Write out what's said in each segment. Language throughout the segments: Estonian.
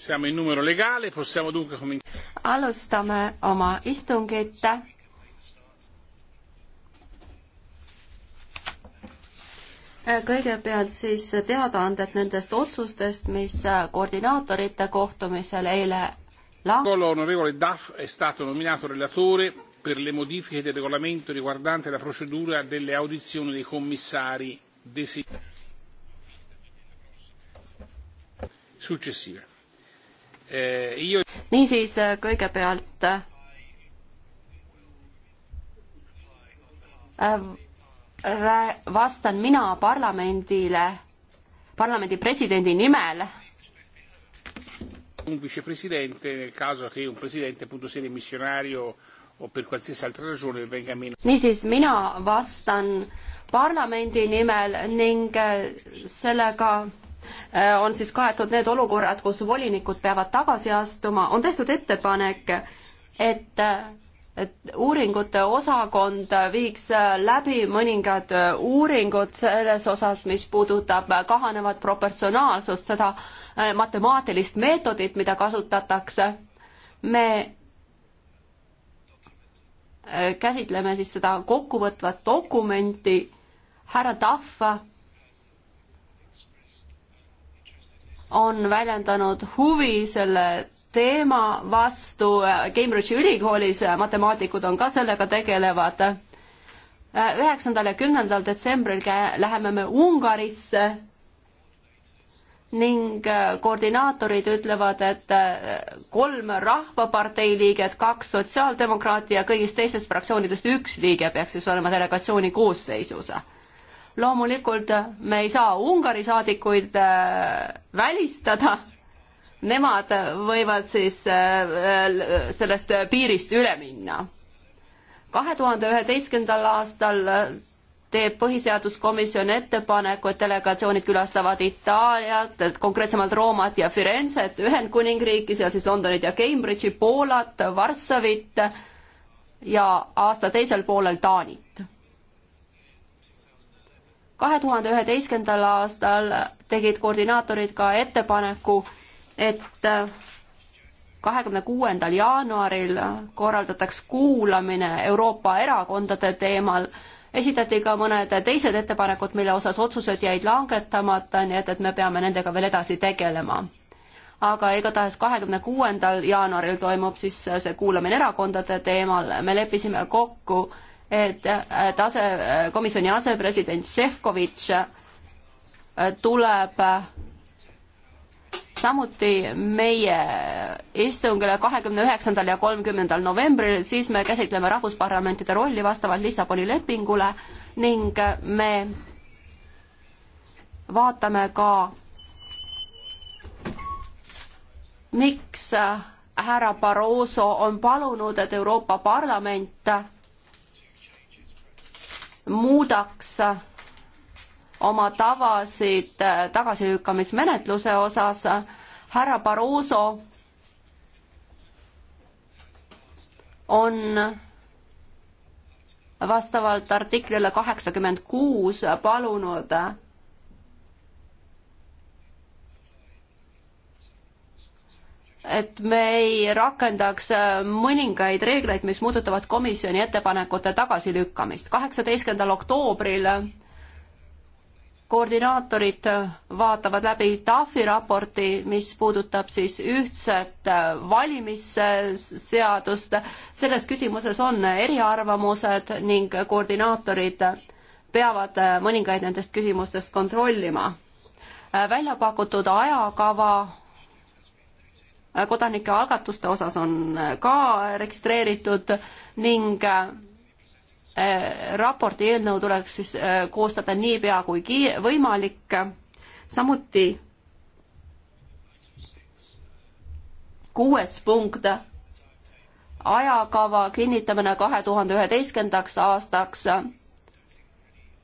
Siamo in numero legale, possiamo dunque cominciare. Alustame oma istungit. kõigepealt siis teadaanded nendest otsustest, mis koordinaatorite kohtumisel eile la-. L'onorevole Duff è stato nominato relatore per le modifiche del regolamento riguardante la procedura delle audizioni dei commissari desiderati successive. Eh, niisiis, eh, kõigepealt eh, vastan mina parlamendile, parlamendi presidendi nimel. un vicepresidente nel caso che un presidente appunto sia dimissionario o per qualsiasi altra ragione venga meno. niisiis, mina vastan parlamendi nimel ning sellega Äh, on siis kaetud need olukorrad, kus volinikud peavad tagasi astuma, on tehtud ettepanek, et et uuringute osakond viiks läbi mõningad uuringud selles osas, mis puudutab kahanevat proportsionaalsust, seda äh, matemaatilist meetodit, mida kasutatakse. me äh, käsitleme siis seda kokkuvõtvat dokumenti, härra Tahva on väljendanud huvi selle teema vastu Cambridge'i ülikoolis, matemaatikud on ka sellega tegelevad. Üheksandal ja kümnendal detsembril läheme me Ungarisse ning koordinaatorid ütlevad, et kolm Rahvapartei liiget, kaks sotsiaaldemokraati ja kõigist teistest fraktsioonidest üks liige peaks siis olema delegatsiooni koosseisus loomulikult me ei saa Ungari saadikuid äh, välistada, nemad võivad siis äh, äh, sellest piirist üle minna. kahe tuhande üheteistkümnendal aastal teeb põhiseaduskomisjon ettepaneku, et delegatsioonid külastavad Itaaliat, konkreetsemalt Roomat ja Firenzet, Ühendkuningriiki, seal siis Londonit ja Cambridge'i, Poolat, Varssavit ja aasta teisel poolel Taanit kahe tuhande üheteistkümnendal aastal tegid koordinaatorid ka ettepaneku, et kahekümne kuuendal jaanuaril korraldataks kuulamine Euroopa erakondade teemal. esitati ka mõned teised ettepanekud, mille osas otsused jäid langetamata, nii et, et me peame nendega veel edasi tegelema. aga igatahes kahekümne kuuendal jaanuaril toimub siis see kuulamine erakondade teemal, me leppisime kokku, et, et ase, komisjoni asepresident Šefkovitš äh, tuleb äh, samuti meie istungile kahekümne üheksandal ja kolmkümnendal novembril, siis me käsitleme rahvusparlamentide rolli vastavalt Lissaboni lepingule ning äh, me vaatame ka, miks härra Barroso on palunud, et Euroopa Parlament muudaks oma tavasid tagasilükkamismenetluse osas. härra Barroso on vastavalt artiklile kaheksakümmend kuus palunud et me ei rakendaks äh, mõningaid reegleid, mis muudutavad komisjoni ettepanekute tagasilükkamist. kaheksateistkümnendal oktoobril koordinaatorid vaatavad läbi TAFi raporti, mis puudutab siis ühtset äh, valimisseadust. selles küsimuses on eriarvamused ning koordinaatorid peavad äh, mõningaid nendest küsimustest kontrollima. välja pakutud ajakava Äh, kodanike algatuste osas on äh, ka registreeritud ning äh, raporti eelnõu tuleks siis koostada niipea kui võimalik. samuti kuues punkt, ajakava kinnitamine kahe tuhande üheteistkümnendaks aastaks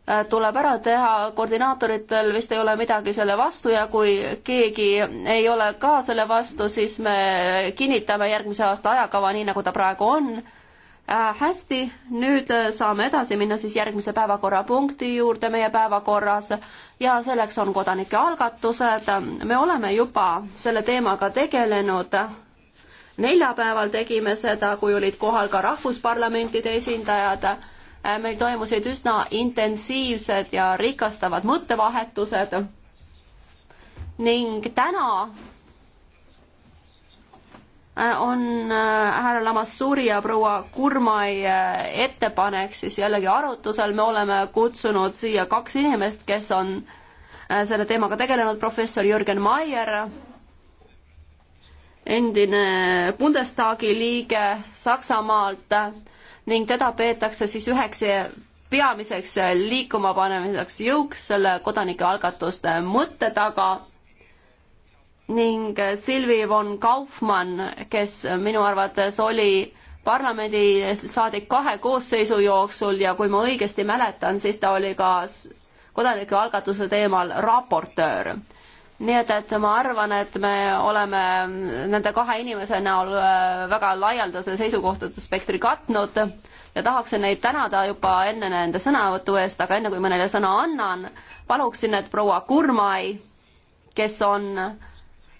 Äh, tuleb ära teha, koordinaatoritel vist ei ole midagi selle vastu ja kui keegi ei ole ka selle vastu, siis me kinnitame järgmise aasta ajakava, nii nagu ta praegu on äh,. hästi, nüüd äh, saame edasi minna siis järgmise päevakorrapunkti juurde meie päevakorras ja selleks on kodanike algatused. me oleme juba selle teemaga tegelenud neljapäeval tegime seda, kui olid kohal ka rahvusparlamentide esindajad Äh, meil toimusid üsna intensiivsed ja rikastavad mõttevahetused ning täna äh, on äh, härra Lamassuuri ja proua Kurmai ettepanek siis jällegi arutusel, me oleme kutsunud siia kaks inimest, kes on selle teemaga tegelenud, professor Jürgen Maier, endine Bundestagi liige Saksamaalt ning teda peetakse siis üheks peamiseks liikuma panemiseks jõuks selle kodanikealgatuste mõtte taga ning Silvi von Kaufmann, kes minu arvates oli parlamendisaadik kahe koosseisu jooksul ja kui ma õigesti mäletan, siis ta oli ka kodanikealgatuse teemal raportöör nii et, et ma arvan, et me oleme nende kahe inimese näol äh, väga laialdase seisukohtade spektri katnud ja tahaksin neid tänada juba enne nende sõnavõtu eest, aga enne kui ma neile sõna annan, paluksin, et proua Kurmai, kes on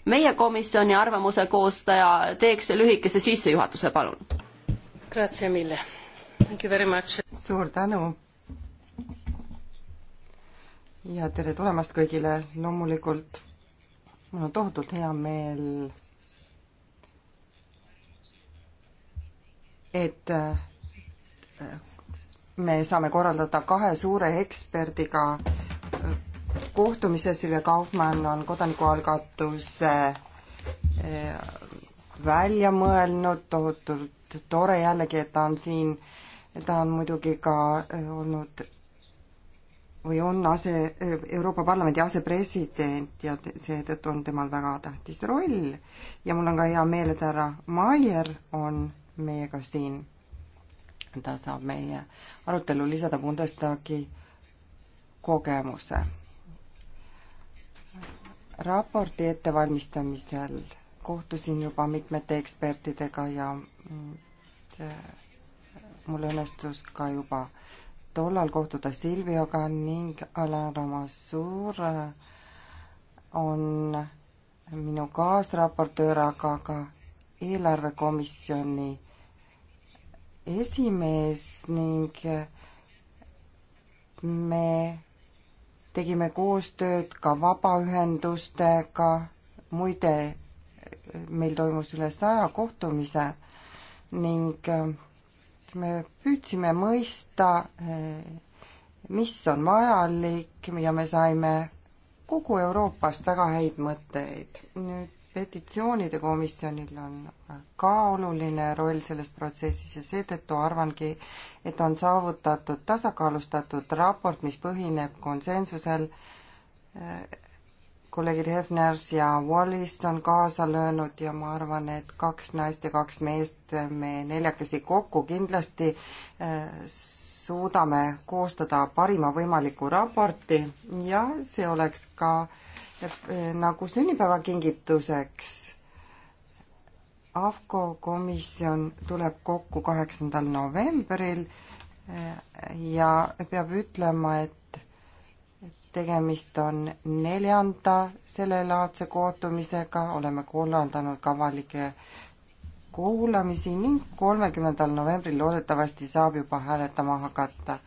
meie komisjoni arvamuse koostaja, teeks lühikese sissejuhatuse, palun. suur tänu ja tere tulemast kõigile loomulikult mul on tohutult hea meel, et äh, me saame korraldada kahe suure eksperdiga äh, kohtumise, Silvia Kaufmann on kodanikualgatuse äh, välja mõelnud, tohutult tore jällegi, et ta on siin, ta on muidugi ka olnud või on ase, Euroopa Parlamendi asepresident ja seetõttu on temal väga tähtis roll ja mul on ka hea meel, et härra Maier on meiega siin. ta saab meie arutelu lisada Bundestagi kogemuse. raporti ettevalmistamisel kohtusin juba mitmete ekspertidega ja mm, mul õnnestus ka juba äh, tollal kohtuda Silvioga ning Alain Ramassour äh, on minu kaasraportöör, aga ka eelarvekomisjoni esimees ning äh, me tegime koostööd ka vabaühendustega, muide, äh, meil toimus üle saja kohtumise ning et me püüdsime mõista, eh, mis on vajalik ja me saime kogu Euroopast väga häid mõtteid. nüüd petitsioonide komisjonil on ka oluline roll selles protsessis ja seetõttu arvangi, et on saavutatud tasakaalustatud raport, mis põhineb konsensusel eh, kolleegid Hefners ja Wallist on kaasa löönud ja ma arvan, et kaks naist ja kaks meest, me neljakesi kokku kindlasti eh, suudame koostada parima võimaliku raporti ja see oleks ka eh, nagu sünnipäevakingituseks. AFCO komisjon tuleb kokku kaheksandal novembril eh, ja peab ütlema, et tegemist on neljanda sellelaadse kohtumisega, oleme korraldanud ka avalikke kuulamisi ning kolmekümnendal novembril loodetavasti saab juba hääletama hakata.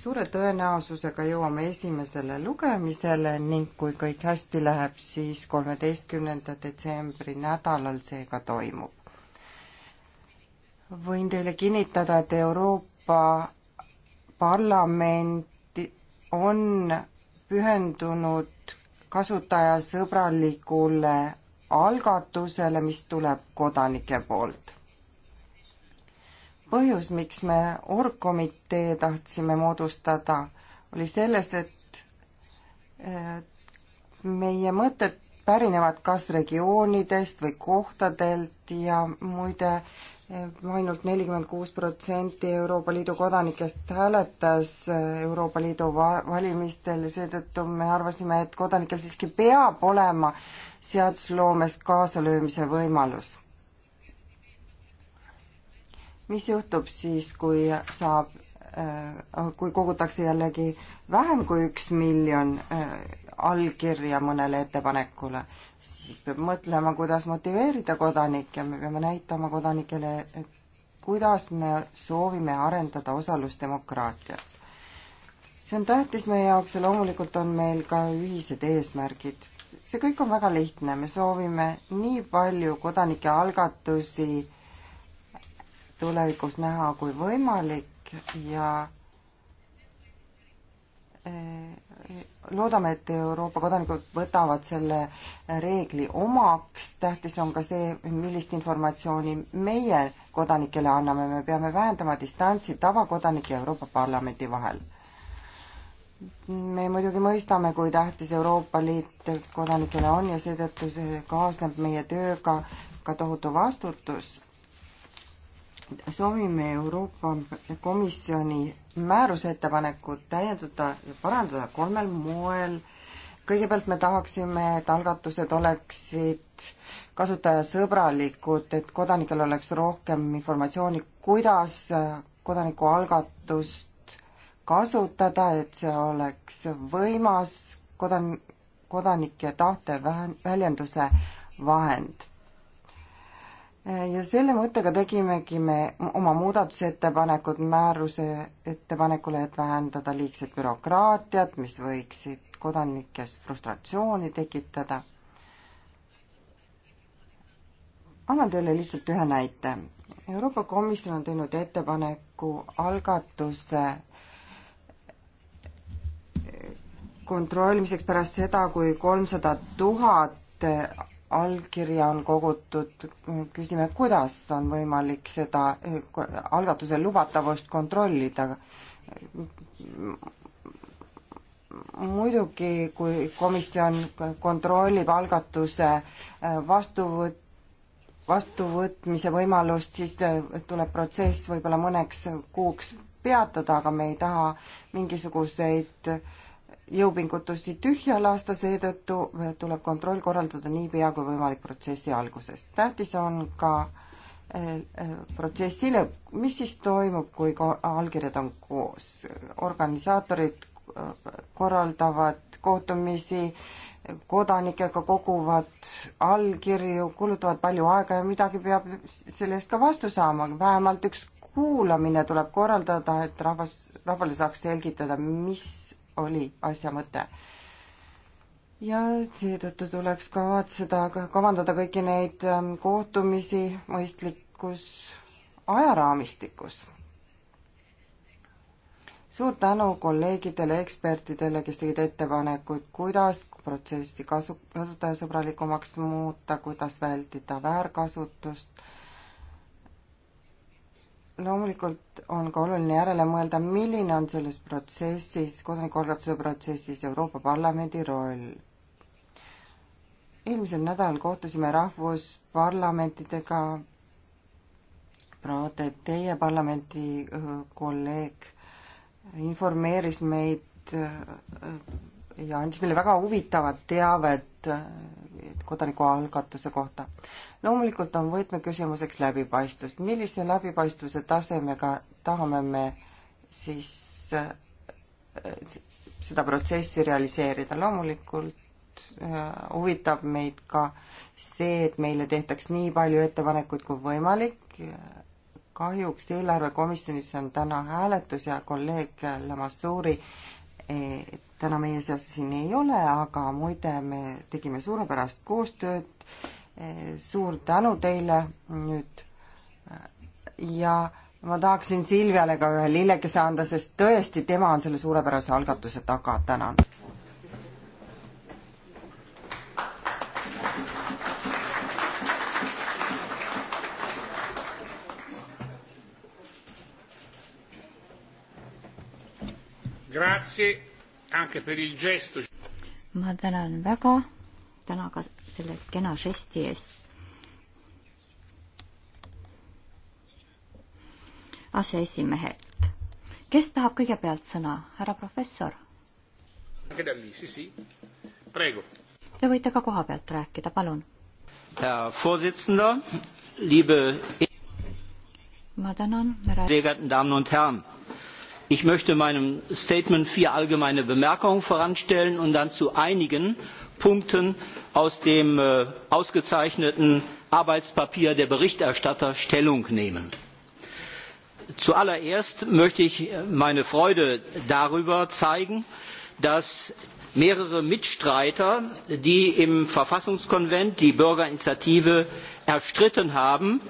suure tõenäosusega jõuame esimesele lugemisele ning kui kõik hästi läheb, siis kolmeteistkümnenda detsembri nädalal see ka toimub. võin teile kinnitada, et Euroopa Parlament on pühendunud kasutajasõbralikule algatusele, mis tuleb kodanike poolt. põhjus, miks me orgkomitee tahtsime moodustada, oli selles, et meie mõtted pärinevad kas regioonidest või kohtadelt ja muide, ainult nelikümmend kuus protsenti Euroopa Liidu kodanikest hääletas Euroopa Liidu va-, valimistel, seetõttu me arvasime, et kodanikel siiski peab olema seadusloomes kaasalöömise võimalus. mis juhtub siis, kui saab, kui kogutakse jällegi vähem kui üks miljon allkirja mõnele ettepanekule, siis peab mõtlema, kuidas motiveerida kodanikke, me peame näitama kodanikele, et kuidas me soovime arendada osalusdemokraatiat. see on tähtis meie jaoks ja loomulikult on meil ka ühised eesmärgid. see kõik on väga lihtne, me soovime nii palju kodanike algatusi tulevikus näha kui võimalik ja eh, loodame, et Euroopa kodanikud võtavad selle reegli omaks, tähtis on ka see, millist informatsiooni meie kodanikele anname, me peame vähendama distantsi tavakodanike ja Euroopa Parlamendi vahel. me muidugi mõistame, kui tähtis Euroopa Liit kodanikele on ja seetõttu see kaasneb meie tööga ka tohutu vastutus. soovime Euroopa Komisjoni määruse ettepanekut täiendada ja parandada kolmel moel. kõigepealt me tahaksime, et algatused oleksid kasutajasõbralikud, et kodanikel oleks rohkem informatsiooni, kuidas kodanikualgatust kasutada, et see oleks võimas kodan-, kodanike tahte väljenduse vahend ja selle mõttega tegimegi me oma muudatusettepanekud määruse ettepanekule, et vähendada liigset bürokraatiat, mis võiksid kodanikes frustratsiooni tekitada. annan teile lihtsalt ühe näite. Euroopa Komisjon on teinud ettepaneku algatuse kontrollimiseks pärast seda, kui kolmsada tuhat allkirja on kogutud, küsime, kuidas on võimalik seda eh, algatuse lubatavust kontrollida. muidugi, kui komisjon kontrollib algatuse eh, vastuvõtt, vastuvõtmise võimalust, siis eh, tuleb protsess võib-olla mõneks kuuks peatada, aga me ei taha mingisuguseid äh, jõupingutusi tühja lasta, seetõttu tuleb kontroll korraldada niipea kui võimalik protsessi alguses. tähtis on ka eh, eh, protsessi lõpp, mis siis toimub, kui allkirjad on koos. organisaatorid eh, korraldavad kohtumisi, kodanikega koguvad allkirju, kulutavad palju aega ja midagi peab selle eest ka vastu saama, vähemalt üks kuulamine tuleb korraldada, et rahvas, rahvale saaks selgitada, mis oli asja mõte. ja seetõttu tuleks kavatseda, kavandada kõiki neid ähm, kohtumisi mõistlikus ajaraamistikus. suur tänu kolleegidele, ekspertidele, kes tegid ettepanekuid, kuidas protsessi kasu, kasutajasõbralikumaks muuta, kuidas vältida väärkasutust loomulikult on ka oluline järele mõelda, milline on selles protsessis, kodanikualgatuse protsessis Euroopa Parlamendi roll. eelmisel nädalal kohtusime rahvusparlamentidega, proua, teie parlamendi äh, kolleeg informeeris meid äh, ja andis meile väga huvitavat teavet kodanikualgatuse kohta. loomulikult on võtmeküsimuseks läbipaistvus. millise läbipaistvuse tasemega tahame me siis eh, seda protsessi realiseerida, loomulikult eh, huvitab meid ka see, et meile tehtaks nii palju ettepanekuid kui võimalik. kahjuks eelarvekomisjonis on täna hääletus ja kolleeg Lamassuuri eh, täna meie seas siin ei ole, aga muide, me tegime suurepärast koostööd. suur tänu teile nüüd ja ma tahaksin Silviale ka ühe lillekese anda, sest tõesti, tema on selle suurepärase algatuse taga, tänan. Grazie ma tänan väga, täna ka selle kena žesti eest. aseesimehelt, kes tahab kõigepealt sõna, härra professor? Te võite ka koha pealt rääkida, palun. ma tänan, härra. Ich möchte meinem Statement vier allgemeine Bemerkungen voranstellen und dann zu einigen Punkten aus dem äh, ausgezeichneten Arbeitspapier der Berichterstatter Stellung nehmen. Zuallererst möchte ich äh, meine Freude darüber zeigen, dass mehrere Mitstreiter, die im Verfassungskonvent die Bürgerinitiative erstritten haben,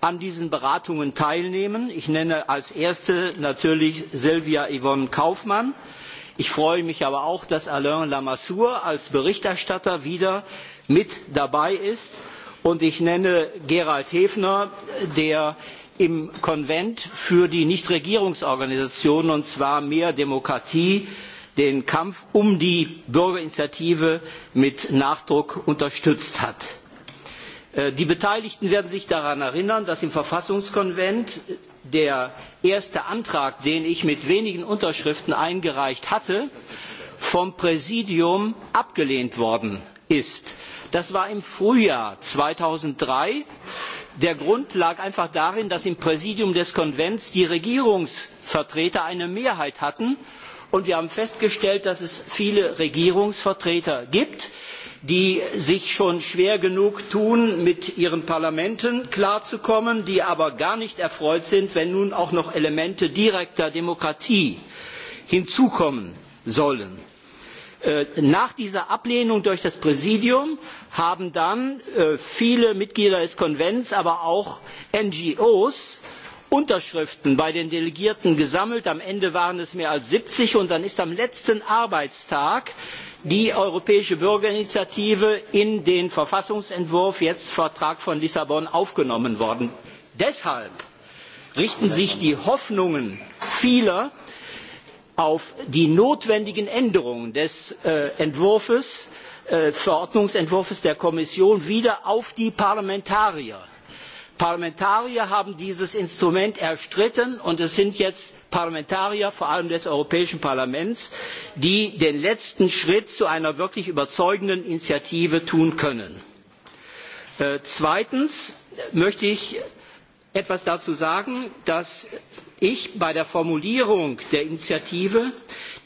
an diesen Beratungen teilnehmen. Ich nenne als erste natürlich Silvia Yvonne Kaufmann. Ich freue mich aber auch, dass Alain Lamassoure als Berichterstatter wieder mit dabei ist. Und ich nenne Gerald Hefner, der im Konvent für die Nichtregierungsorganisationen, und zwar mehr Demokratie, den Kampf um die Bürgerinitiative mit Nachdruck unterstützt hat. Äh, die beteiligten werden sich daran erinnern dass im verfassungskonvent der erste antrag den ich mit wenigen unterschriften eingereicht hatte vom präsidium abgelehnt worden ist. das war im frühjahr. zweitausenddrei der grund lag einfach darin dass im präsidium des konvents die regierungsvertreter eine mehrheit hatten und wir haben festgestellt dass es viele regierungsvertreter gibt die sich schon schwer genug tun, mit ihren Parlamenten klarzukommen, die aber gar nicht erfreut sind, wenn nun auch noch Elemente direkter Demokratie hinzukommen sollen äh, nach dieser Ablehnung durch das Präsidium haben dann äh, viele Mitglieder des Konvents, aber auch NGOs Unterschriften bei den Delegierten gesammelt. Am Ende waren es mehr als 70 und dann ist am letzten Arbeitstag die europäische bürgerinitiative in den verfassungsentwurf jetzt vertrag von lissabon aufgenommen worden. deshalb richten sich die hoffnungen vieler auf die notwendigen änderungen des äh, entwurfs, äh, verordnungsentwurfs der kommission wieder auf die parlamentarier parlamentarier haben dieses instrument erstritten und es sind jetzt parlamentarier vor allem des europäischen parlaments die den letzten schritt zu einer wirklich überzeugenden initiative tun können. Äh, zweitens möchte ich etwas dazu sagen dass ich bei der formulierung der initiative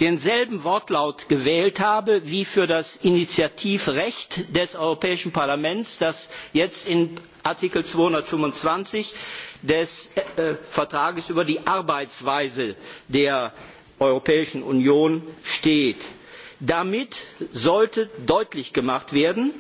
denselben wortlaut gewählt habe wie für das initiativrecht des europäischen parlaments das jetzt in artikel zweihundertfünfundzwanzig des äh, vertrags über die arbeitsweise der europäischen union steht. damit sollte deutlich gemacht werden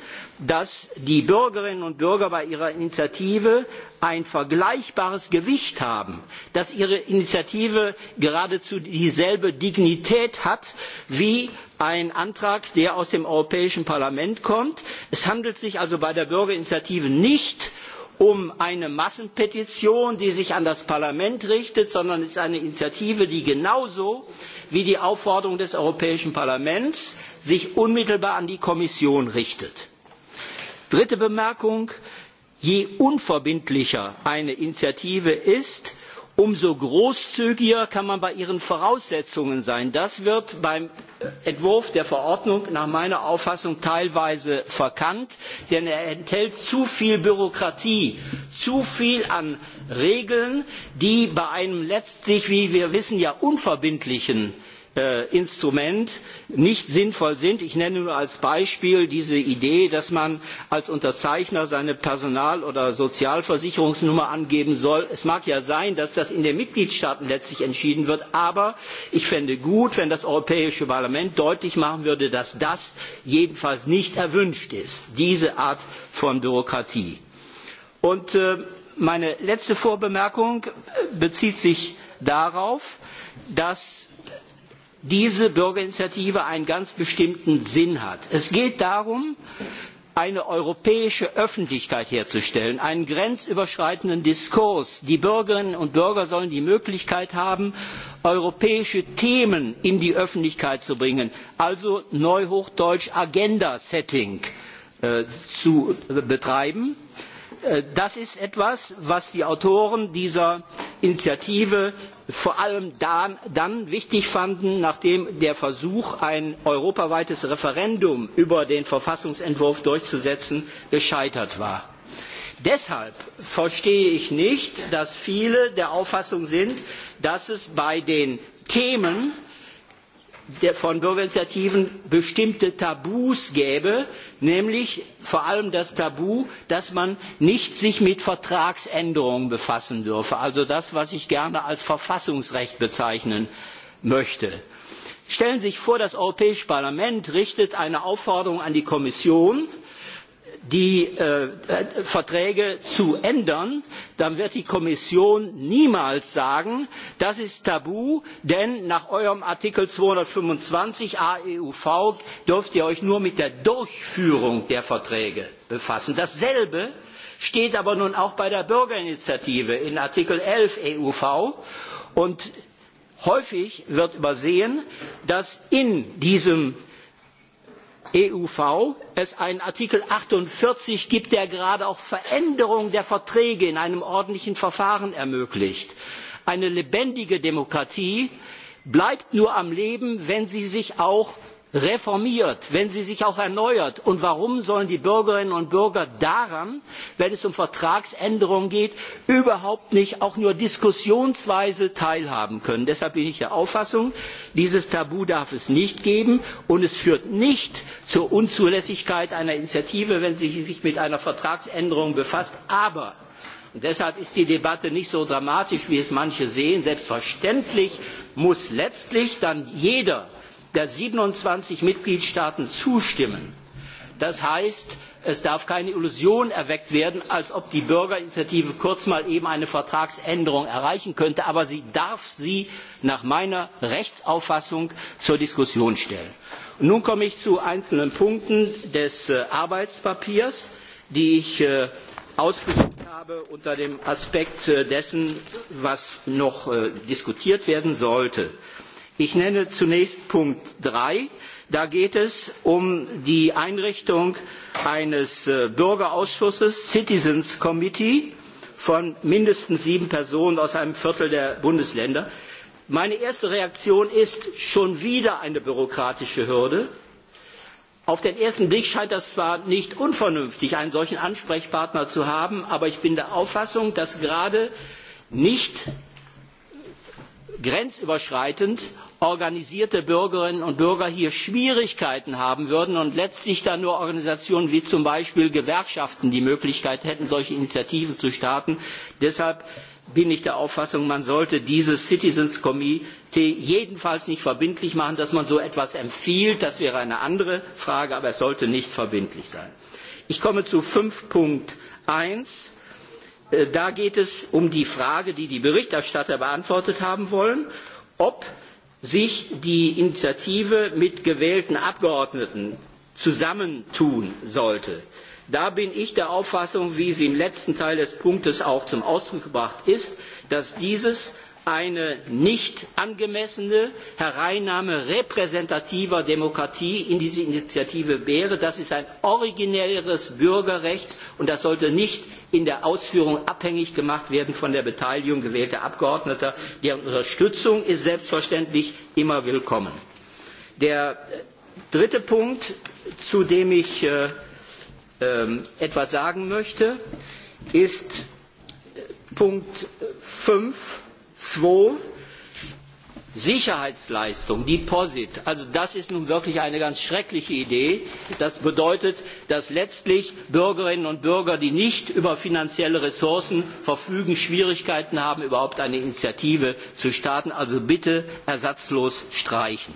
dass die Bürgerinnen und Bürger bei ihrer Initiative ein vergleichbares Gewicht haben, dass ihre Initiative geradezu dieselbe Dignität hat wie ein Antrag, der aus dem Europäischen Parlament kommt. Es handelt sich also bei der Bürgerinitiative nicht um eine Massenpetition, die sich an das Parlament richtet, sondern es ist eine Initiative, die genauso wie die Aufforderung des Europäischen Parlaments sich unmittelbar an die Kommission richtet. Dritte Bemerkung. Je unverbindlicher eine Initiative ist, umso großzügiger kann man bei ihren Voraussetzungen sein. Das wird beim Entwurf der Verordnung nach meiner Auffassung teilweise verkannt, denn er enthält zu viel Bürokratie, zu viel an Regeln, die bei einem letztlich, wie wir wissen, ja unverbindlichen äh, Instrument nicht sinnvoll sind. Ich nenne nur als Beispiel diese Idee, dass man als Unterzeichner seine Personal- oder Sozialversicherungsnummer angeben soll. Es mag ja sein, dass das in den Mitgliedstaaten letztlich entschieden wird, aber ich fände gut, wenn das Europäische Parlament deutlich machen würde, dass das jedenfalls nicht erwünscht ist, diese Art von Bürokratie. Und äh, meine letzte Vorbemerkung äh, bezieht sich darauf, dass diese Bürgerinitiative einen ganz bestimmten Sinn hat. Es geht darum, eine europäische Öffentlichkeit herzustellen, einen grenzüberschreitenden Diskurs. Die Bürgerinnen und Bürger sollen die Möglichkeit haben, europäische Themen in die Öffentlichkeit zu bringen, also neuhochdeutsch Agenda Setting äh, zu äh, betreiben. Äh, das ist etwas, was die Autoren dieser Initiative vor allem dann, dann wichtig fanden, nachdem der Versuch, ein europaweites Referendum über den Verfassungsentwurf durchzusetzen, gescheitert war. Deshalb verstehe ich nicht, dass viele der Auffassung sind, dass es bei den Themen, der, von Bürgerinitiativen bestimmte Tabus gäbe, nämlich vor allem das Tabu, dass man nicht sich mit Vertragsänderungen befassen dürfe, also das, was ich gerne als Verfassungsrecht bezeichnen möchte. Stellen Sie sich vor, das Europäische Parlament richtet eine Aufforderung an die Kommission, die äh, Verträge zu ändern, dann wird die Kommission niemals sagen, das ist tabu, denn nach eurem Artikel 225 AEUV dürft ihr euch nur mit der Durchführung der Verträge befassen. Dasselbe steht aber nun auch bei der Bürgerinitiative in Artikel 11 EUV und häufig wird übersehen, dass in diesem euv es einen artikel achtundvierzig gibt der gerade auch veränderungen der verträge in einem ordentlichen verfahren ermöglicht. eine lebendige demokratie bleibt nur am leben wenn sie sich auch reformiert, wenn sie sich auch erneuert. Und warum sollen die Bürgerinnen und Bürger daran, wenn es um Vertragsänderungen geht, überhaupt nicht auch nur diskussionsweise teilhaben können? Deshalb bin ich der Auffassung, dieses Tabu darf es nicht geben und es führt nicht zur Unzulässigkeit einer Initiative, wenn sie sich mit einer Vertragsänderung befasst. Aber Und deshalb ist die Debatte nicht so dramatisch, wie es manche sehen. Selbstverständlich muss letztlich dann jeder der siebenundzwanzig mitgliedstaaten zustimmen. das heißt es darf keine illusion erweckt werden als ob die bürgerinitiative kurz mal eben eine vertragsänderung erreichen könnte aber sie darf sie nach meiner rechtsauffassung zur diskussion stellen. nun komme ich zu einzelnen punkten des äh, arbeitspapiers die ich äh, ausgesucht habe unter dem aspekt äh, dessen was noch diskutiert werden sollte. Ich nenne zunächst Punkt 3. Da geht es um die Einrichtung eines äh, Bürgerausschusses, Citizens Committee, von mindestens sieben Personen aus einem Viertel der Bundesländer. Meine erste Reaktion ist schon wieder eine bürokratische Hürde. Auf den ersten Blick scheint das zwar nicht unvernünftig, einen solchen Ansprechpartner zu haben, aber ich bin der Auffassung, dass gerade nicht grenzüberschreitend organisierte Bürgerinnen und Bürger hier Schwierigkeiten haben würden und letztlich dann nur Organisationen wie zum Beispiel Gewerkschaften die Möglichkeit hätten, solche Initiativen zu starten. Deshalb bin ich der Auffassung, man sollte dieses Citizens Committee jedenfalls nicht verbindlich machen. Dass man so etwas empfiehlt, das wäre eine andere Frage, aber es sollte nicht verbindlich sein. Ich komme zu 5.1. Äh, da geht es um die Frage, die die Berichterstatter beantwortet haben wollen, ob sich die Initiative mit gewählten Abgeordneten zusammentun sollte. Da bin ich der Auffassung, wie sie im letzten Teil des Punktes auch zum Ausdruck gebracht ist, dass dieses eine nicht angemessene Hereinnahme repräsentativer Demokratie in diese Initiative wäre. Das ist ein originäres Bürgerrecht und das sollte nicht in der Ausführung abhängig gemacht werden von der Beteiligung gewählter Abgeordneter. Deren Unterstützung ist selbstverständlich immer willkommen. Der dritte Punkt, zu dem ich äh, äh, etwas sagen möchte, ist Punkt 5 Zwei, Sicherheitsleistung, die POSIT, also das ist nun wirklich eine ganz schreckliche Idee. Das bedeutet, dass letztlich Bürgerinnen und Bürger, die nicht über finanzielle Ressourcen verfügen, Schwierigkeiten haben, überhaupt eine Initiative zu starten. Also bitte ersatzlos streichen.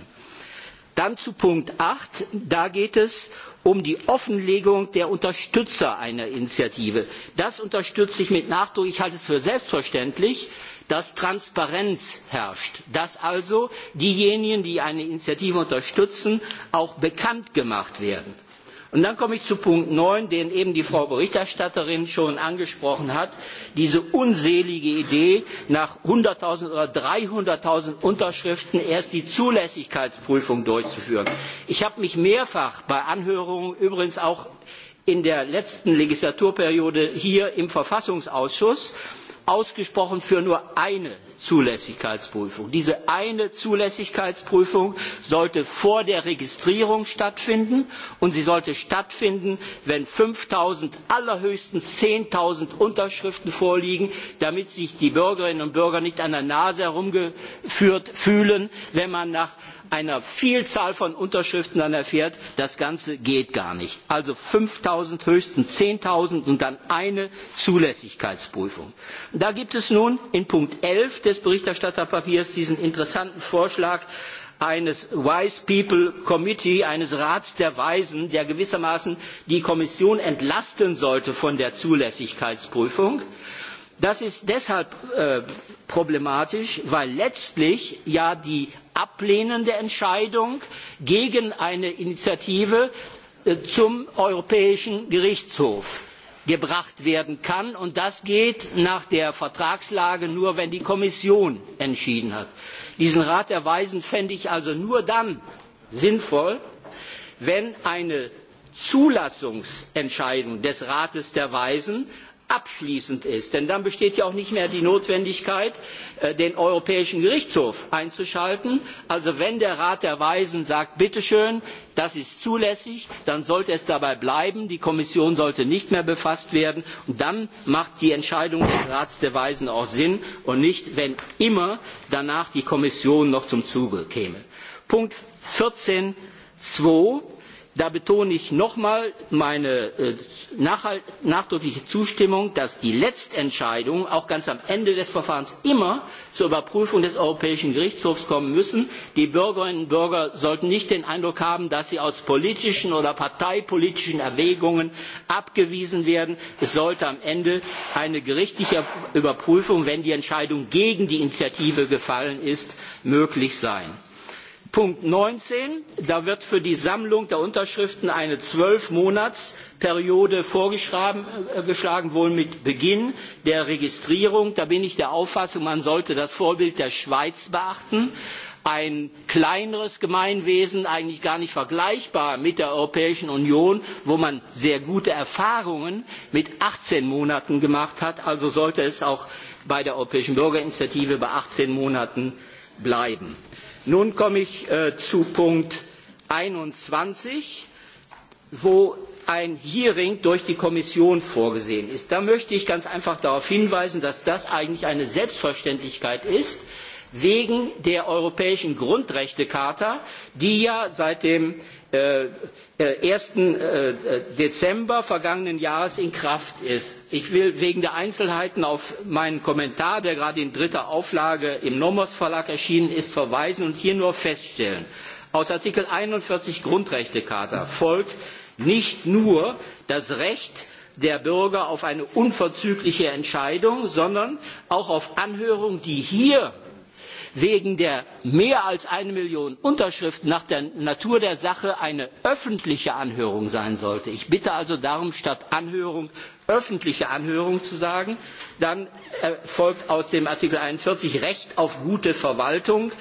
Dann zu Punkt 8. Da geht es um die Offenlegung der Unterstützer einer Initiative. Das unterstütze ich mit Nachdruck. Ich halte es für selbstverständlich, dass Transparenz herrscht, dass also diejenigen, die eine Initiative unterstützen, auch bekannt gemacht werden. Und dann komme ich zu Punkt 9, den eben die Frau Berichterstatterin schon angesprochen hat, diese unselige Idee, nach 100.000 oder 300.000 Unterschriften erst die Zulässigkeitsprüfung durchzuführen. Ich habe mich mehrfach bei Anhörungen, übrigens auch in der letzten Legislaturperiode hier im Verfassungsausschuss, äh, ausgesprochen für nur eine Zulässigkeitsprüfung. Diese eine Zulässigkeitsprüfung sollte vor der Registrierung stattfinden und sie sollte stattfinden, wenn 5.000, allerhöchstens 10.000 Unterschriften vorliegen, damit sich die Bürgerinnen und Bürger nicht an der Nase herumgeführt fühlen, wenn man nach einer Vielzahl von Unterschriften dann erfährt, das Ganze geht gar nicht. Also 5000, höchstens 10.000 und dann eine Zulässigkeitsprüfung. Da gibt es nun in Punkt 11 des Berichterstatterpapiers diesen interessanten Vorschlag, eines Wise People Committee, eines Rats der Weisen, der gewissermaßen die Kommission entlasten sollte von der Zulässigkeitsprüfung. Das ist deshalb äh, problematisch, weil letztlich ja die ablehnende Entscheidung gegen eine Initiative äh, zum Europäischen Gerichtshof gebracht werden kann. Und das geht nach der Vertragslage nur, wenn die Kommission entschieden hat. Diesen Rat der Weisen fände ich also nur dann sinnvoll, wenn eine Zulassungsentscheidung des Rates der Weisen abschließend ist. Denn dann besteht ja auch nicht mehr die Notwendigkeit, äh, den Europäischen Gerichtshof einzuschalten. Also wenn der Rat der Weisen sagt, bitteschön, das ist zulässig, dann sollte es dabei bleiben. Die Kommission sollte nicht mehr befasst werden. Und dann macht die Entscheidung des Rats der Weisen auch Sinn und nicht, wenn immer danach die Kommission noch zum Zuge käme. Punkt 14.2 da betone ich nochmal meine äh, nachdrückliche zustimmung dass die letztentscheidungen auch ganz am ende des verfahrens immer zur überprüfung des europäischen gerichtshofs kommen müssen. die bürgerinnen und bürger sollten nicht den eindruck haben dass sie aus politischen oder parteipolitischen erwägungen abgewiesen werden. es sollte am ende eine gerichtliche überprüfung wenn die entscheidung gegen die initiative gefallen ist möglich sein. Punkt 19, da wird für die Sammlung der Unterschriften eine Zwölfmonatsperiode vorgeschlagen, äh, wohl mit Beginn der Registrierung. Da bin ich der Auffassung, man sollte das Vorbild der Schweiz beachten. Ein kleineres Gemeinwesen, eigentlich gar nicht vergleichbar mit der Europäischen Union, wo man sehr gute Erfahrungen mit 18 Monaten gemacht hat. Also sollte es auch bei der Europäischen Bürgerinitiative bei 18 Monaten bleiben. Nun komme ich äh, zu Punkt 21, wo ein Hearing durch die Kommission vorgesehen ist. Da möchte ich ganz einfach darauf hinweisen, dass das eigentlich eine Selbstverständlichkeit ist, wegen der Europäischen Grundrechtecharta, die ja seit dem 1. Äh, äh, Dezember vergangenen Jahres in Kraft ist. Ich will wegen der Einzelheiten auf meinen Kommentar, der gerade in dritter Auflage im Nomos Verlag erschienen ist, verweisen und hier nur feststellen. Aus Artikel 41 Grundrechtecharta folgt nicht nur das Recht der Bürger auf eine unverzügliche Entscheidung, sondern auch auf Anhörung, die hier wegen der mehr als eine million unterschriften nach der natur der sache eine öffentliche anhörung sein sollte. ich bitte also darum statt anhörung öffentliche Anhörung zu sagen. Dann äh, folgt aus dem Artikel 41 Recht auf gute Verwaltung,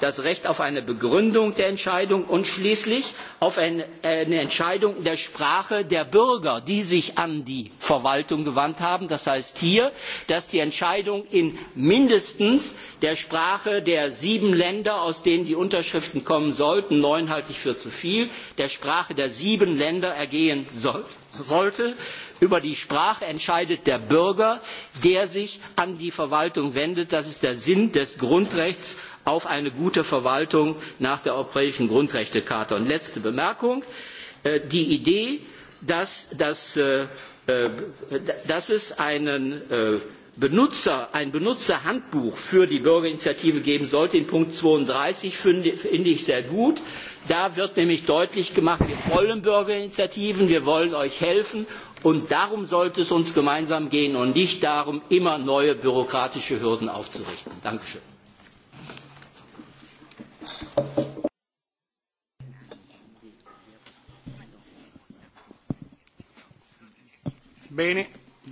das Recht auf eine Begründung der Entscheidung und schließlich auf eine Entscheidung in der Sprache der Bürger, die sich an die Verwaltung gewandt haben. Das heißt hier, dass die Entscheidung in mindestens der Sprache der sieben Länder, aus denen die Unterschriften kommen sollten, neun halte ich für zu viel, der Sprache der sieben Länder ergehen soll, sollte über die sprache entscheidet der bürger der sich an die verwaltung wendet. das ist der sinn des grundrechts auf eine gute verwaltung nach der europäischen grundrechtecharta. und letzte bemerkung äh, die idee dass, dass, äh, äh, dass es einen Benutzer, ein Benutzerhandbuch für die Bürgerinitiative geben sollte. In Punkt 32 finde, finde ich sehr gut, Da wird nämlich deutlich gemacht, wir wollen Bürgerinitiativen, wir wollen euch helfen und darum sollte es uns gemeinsam gehen und nicht darum, immer neue bürokratische Hürden aufzurichten. Dankeschön. Bene,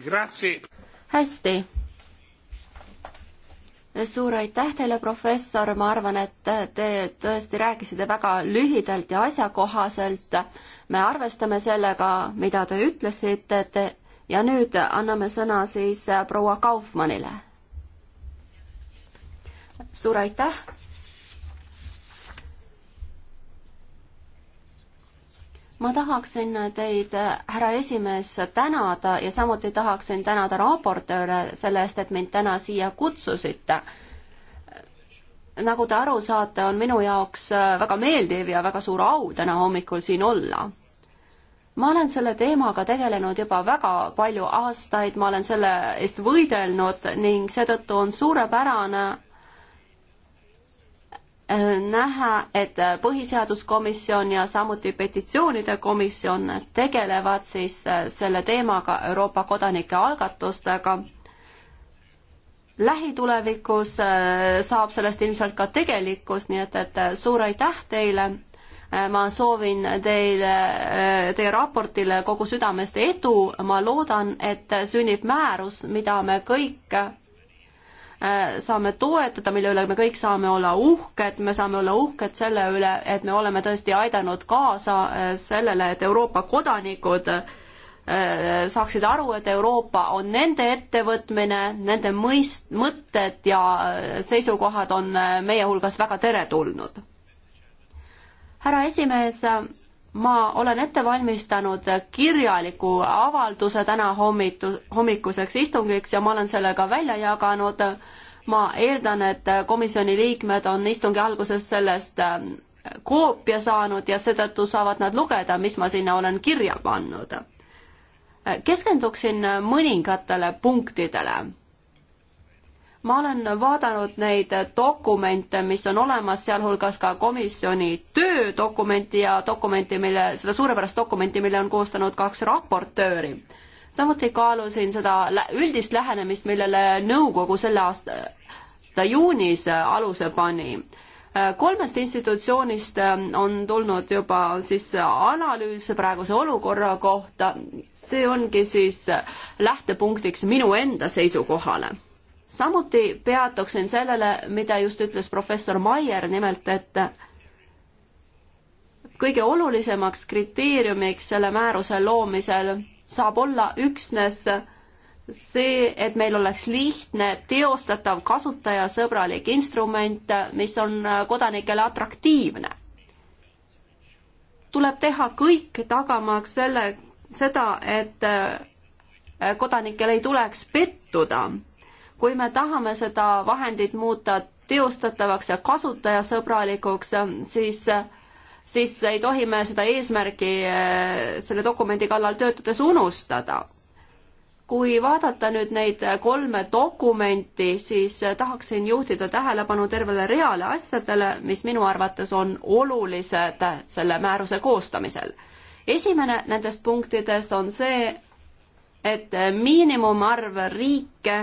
grazie. hästi suur aitäh teile, professor, ma arvan, et te tõesti rääkisite väga lühidalt ja asjakohaselt. me arvestame sellega, mida te ütlesite, te ja nüüd anname sõna siis proua Kaufmannile. suur aitäh ma tahaksin teid, härra esimees, tänada ja samuti tahaksin tänada raportööre selle eest, et mind täna siia kutsusite. nagu te aru saate, on minu jaoks väga meeldiv ja väga suur au täna hommikul siin olla. ma olen selle teemaga tegelenud juba väga palju aastaid, ma olen selle eest võidelnud ning seetõttu on suurepärane näha, et põhiseaduskomisjon ja samuti petitsioonide komisjon tegelevad siis äh, selle teemaga Euroopa kodanike algatustega. lähitulevikus äh, saab sellest ilmselt ka tegelikkus, nii et, et äh, suur aitäh teile. ma soovin teile, teie raportile kogu südamest edu, ma loodan, et sünnib määrus, mida me kõik Äh, saame toetada, mille üle me kõik saame olla uhked, me saame olla uhked selle üle, et me oleme tõesti aidanud kaasa äh, sellele, et Euroopa kodanikud äh, saaksid aru, et Euroopa on nende ettevõtmine, nende mõist-, mõtted ja seisukohad on meie hulgas väga teretulnud. härra esimees, ma olen ette valmistanud kirjaliku avalduse täna hommitu-, hommikuseks istungiks ja ma olen selle ka välja jaganud. ma eeldan, et komisjoni liikmed on istungi alguses sellest ähm, koopia saanud ja seetõttu saavad nad lugeda, mis ma sinna olen kirja pannud. Äh, keskenduksin mõningatele punktidele ma olen vaadanud neid dokumente, mis on olemas, sealhulgas ka komisjoni töödokumenti ja dokumenti, mille, seda suurepärast dokumenti, mille on koostanud kaks raportööri. samuti kaalusin seda üldist lähenemist, millele nõukogu selle aasta juunis aluse pani kolmest institutsioonist ähm, on tulnud juba siis analüüs praeguse olukorra kohta, see ongi siis äh, lähtepunktiks minu enda seisukohale samuti peatuksin sellele, mida just ütles professor Maier, nimelt et kõige olulisemaks kriteeriumiks selle määruse loomisel saab olla üksnes see, et meil oleks lihtne, teostatav, kasutajasõbralik instrument, mis on kodanikele atraktiivne. tuleb teha kõik, tagamaks selle, seda, et kodanikel ei tuleks pettuda kui me tahame seda vahendit muuta teostatavaks ja kasutajasõbralikuks, siis siis ei tohi me seda eesmärgi eh, selle dokumendi kallal töötades unustada. kui vaadata nüüd neid kolme dokumenti, siis tahaksin juhtida tähelepanu tervele reale asjadele, mis minu arvates on olulised selle määruse koostamisel. esimene nendest punktidest on see, et miinimumarv riike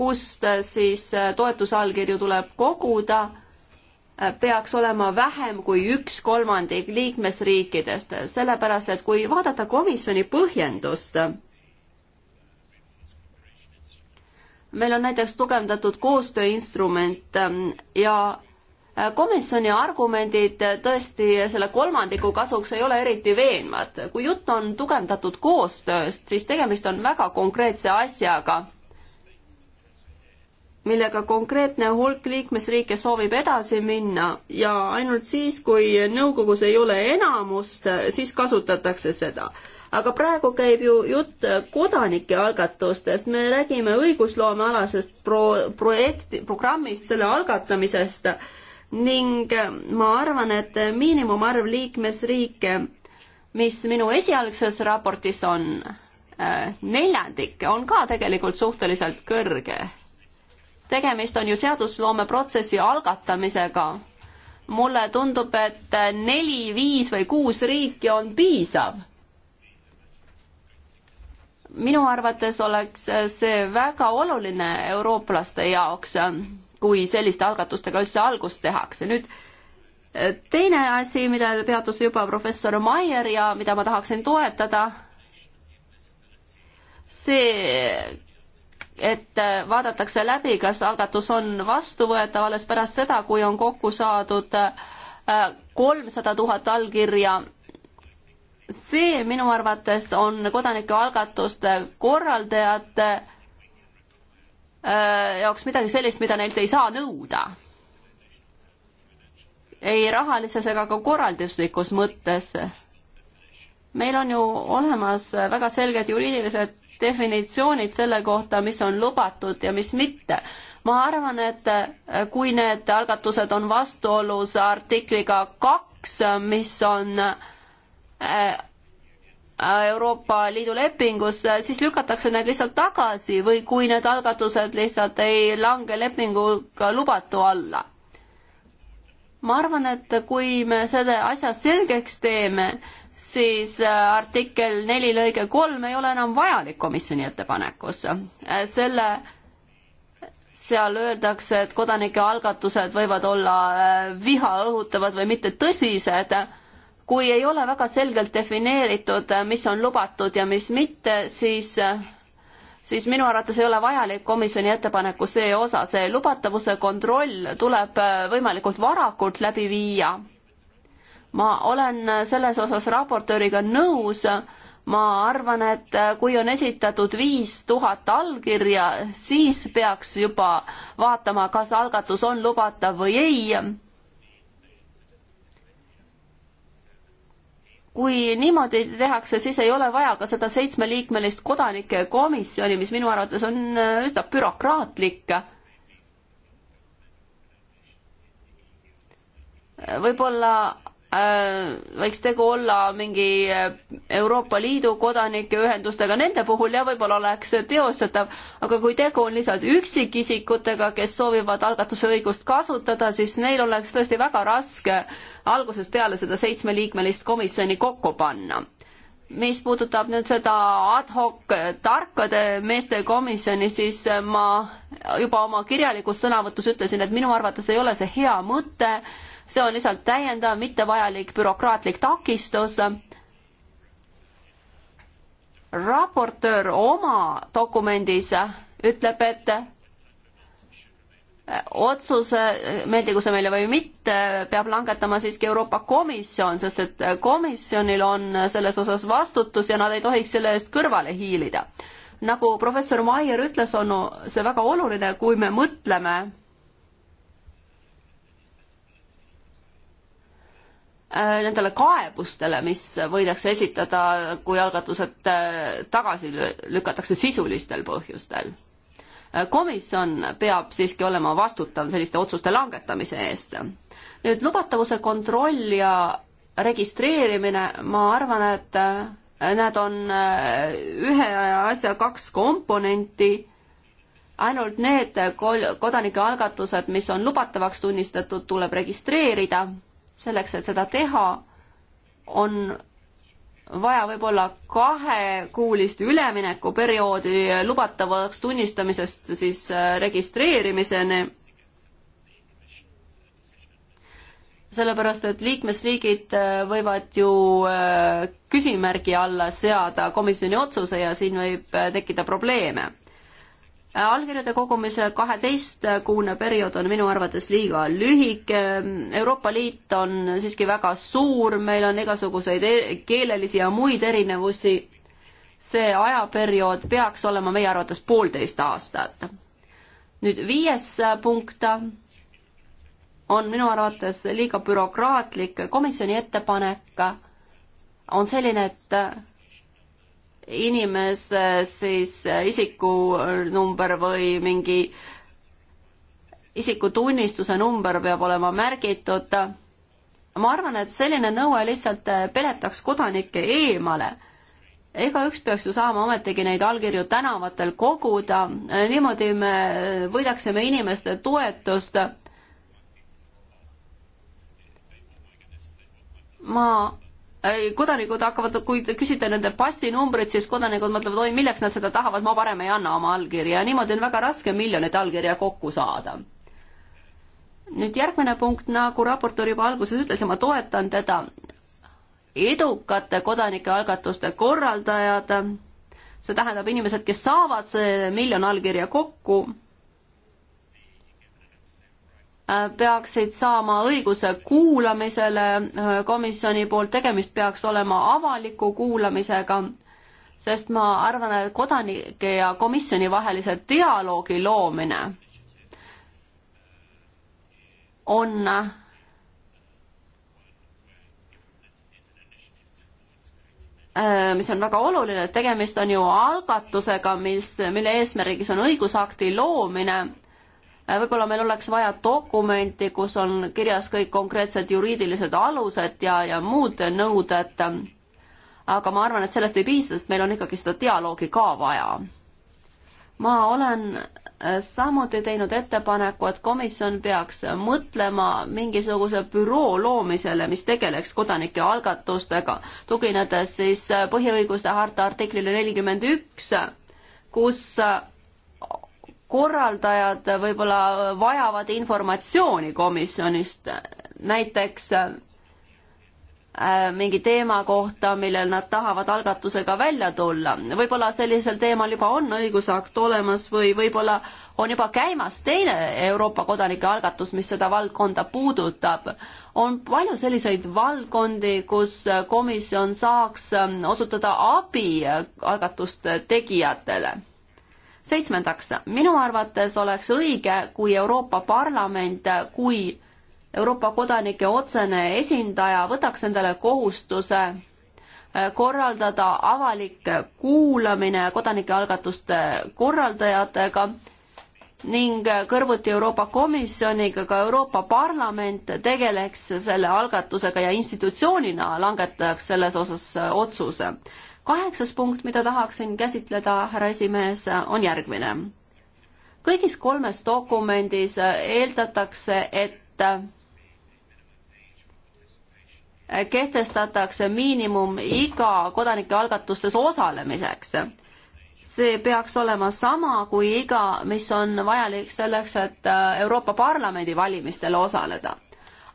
kust äh, siis äh, toetusallkirju tuleb koguda, äh, peaks olema vähem kui üks kolmandik liikmesriikidest, sellepärast et kui vaadata komisjoni põhjendust, meil on näiteks tugevdatud koostööinstrument ähm, ja komisjoni argumendid tõesti selle kolmandiku kasuks ei ole eriti veenvad. kui jutt on tugevdatud koostööst, siis tegemist on väga konkreetse asjaga millega konkreetne hulk liikmesriike soovib edasi minna ja ainult siis, kui nõukogus ei ole enamust, siis kasutatakse seda. aga praegu käib ju jutt kodanike algatustest, me räägime õigusloomealasest pro-, projekti, programmist, selle algatamisest ning ma arvan, et miinimumarv liikmesriike, mis minu esialgses raportis on, eh, neljandik on ka tegelikult suhteliselt kõrge tegemist on ju seadusloomeprotsessi algatamisega. mulle tundub, et neli, viis või kuus riiki on piisav. minu arvates oleks see väga oluline eurooplaste jaoks, kui selliste algatustega üldse algust tehakse. nüüd teine asi, mida peatus juba professor Maier ja mida ma tahaksin toetada, see et äh, vaadatakse läbi, kas algatus on vastuvõetav alles pärast seda, kui on kokku saadud äh, kolmsada tuhat allkirja. see minu arvates on kodanikualgatuste korraldajate äh, jaoks midagi sellist, mida neilt ei saa nõuda. ei rahalises ega ka korralduslikus mõttes meil on ju olemas väga selged juriidilised definitsioonid selle kohta, mis on lubatud ja mis mitte. ma arvan, et äh, kui need algatused on vastuolus artikliga kaks, mis on äh, Euroopa Liidu lepingus, siis lükatakse need lihtsalt tagasi või kui need algatused lihtsalt ei lange lepinguga lubatu alla. ma arvan, et kui me selle asja selgeks teeme, siis äh, artikkel neli lõige kolm ei ole enam vajalik komisjoni ettepanekus. Äh, selle, seal öeldakse, et kodanike algatused võivad olla äh, viha õhutavad või mitte tõsised, kui ei ole väga selgelt defineeritud, mis on lubatud ja mis mitte, siis siis minu arvates ei ole vajalik komisjoni ettepaneku see osa, see lubatavuse kontroll tuleb võimalikult varakult läbi viia ma olen selles osas raportööriga nõus, ma arvan, et kui on esitatud viis tuhat allkirja, siis peaks juba vaatama, kas algatus on lubatav või ei. kui niimoodi tehakse, siis ei ole vaja ka seda seitsmeliikmelist kodanike komisjoni, mis minu arvates on üsna bürokraatlik võib-olla Äh, võiks tegu olla mingi äh, Euroopa Liidu kodanike ühendustega, nende puhul jah, võib-olla oleks teostatav, aga kui tegu on lihtsalt üksikisikutega, kes soovivad algatuse õigust kasutada, siis neil oleks tõesti väga raske algusest peale seda seitsmeliikmelist komisjoni kokku panna. mis puudutab nüüd seda ad hoc tarkade meeste komisjoni, siis äh, ma juba oma kirjalikus sõnavõtus ütlesin, et minu arvates ei ole see hea mõte see on lihtsalt täiendav mittevajalik bürokraatlik takistus. raportöör oma dokumendis ütleb, et otsuse, meeldigu see meile või mitte, peab langetama siiski Euroopa Komisjon, sest et komisjonil on selles osas vastutus ja nad ei tohiks selle eest kõrvale hiilida. nagu professor Maier ütles, on see väga oluline, kui me mõtleme Äh, nendele kaebustele, mis võidakse esitada, kui algatused äh, tagasi lükatakse sisulistel põhjustel. Äh, komisjon peab siiski olema vastutav selliste otsuste langetamise eest. nüüd lubatavuse kontroll ja registreerimine, ma arvan, et nad on ühe asja kaks komponenti ainult need kodanikealgatused, mis on lubatavaks tunnistatud, tuleb registreerida selleks, et seda teha, on vaja võib-olla kahekuulist üleminekuperioodi lubatavaks tunnistamisest siis äh, registreerimiseni. sellepärast, et liikmesriigid äh, võivad ju äh, küsimärgi alla seada komisjoni otsuse ja siin võib tekkida probleeme allkirjade kogumise kaheteistkuune periood on minu arvates liiga lühike, Euroopa Liit on siiski väga suur, meil on igasuguseid e keelelisi ja muid erinevusi, see ajaperiood peaks olema meie arvates poolteist aastat. nüüd viies punkt on minu arvates liiga bürokraatlik, komisjoni ettepanek on selline, et inimese siis isikunumber või mingi isikutunnistuse number peab olema märgitud. ma arvan, et selline nõue lihtsalt peletaks kodanikke eemale igaüks peaks ju saama ometigi neid allkirju tänavatel koguda, niimoodi me võidaksime inimeste toetust. ma kodanikud hakkavad, kui te küsite nende passinumbrit, siis kodanikud mõtlevad, oi, milleks nad seda tahavad, ma parem ei anna oma allkirja ja niimoodi on väga raske miljonit allkirja kokku saada. nüüd järgmine punkt, nagu raportöör juba alguses ütles ja ma toetan teda, edukate kodanikealgatuste korraldajad, see tähendab inimesed, kes saavad see miljon allkirja kokku peaksid saama õiguse kuulamisele äh, komisjoni poolt, tegemist peaks olema avaliku kuulamisega, sest ma arvan, et kodanike ja komisjoni vahelise dialoogi loomine on äh, mis on väga oluline, et tegemist on ju algatusega, mis, mille eesmärgiks on õigusakti loomine Äh, võib-olla meil oleks vaja dokumenti, kus on kirjas kõik konkreetsed juriidilised alused ja, ja muud nõuded. aga ma arvan, et sellest ei piisa, sest meil on ikkagi seda dialoogi ka vaja. ma olen äh, samuti teinud ettepaneku, et komisjon peaks mõtlema mingisuguse büroo loomisele, mis tegeleks kodanike algatustega, tuginedes siis äh, põhiõiguste harta artiklile nelikümmend üks, kus korraldajad võib-olla vajavad informatsiooni komisjonist, näiteks äh, mingi teema kohta, millel nad tahavad algatusega välja tulla. võib-olla sellisel teemal juba on õigusakt olemas või võib-olla on juba käimas teine Euroopa kodanike algatus, mis seda valdkonda puudutab. on palju selliseid valdkondi, kus komisjon saaks ähm, osutada abi äh, algatuste tegijatele seitsmendaks, minu arvates oleks õige, kui Euroopa Parlament, kui Euroopa kodanike otsene esindaja võtaks endale kohustuse äh, korraldada avalik kuulamine kodanikealgatuste korraldajatega ning kõrvuti Euroopa Komisjoniga ka Euroopa Parlament tegeleks selle algatusega ja institutsioonina langetajaks selles osas otsuse kaheksas punkt, mida tahaksin käsitleda, härra esimees, on järgmine. kõigis kolmes dokumendis eeldatakse, et kehtestatakse miinimum iga kodanikealgatustes osalemiseks. see peaks olema sama kui iga, mis on vajalik selleks, et Euroopa Parlamendi valimistel osaleda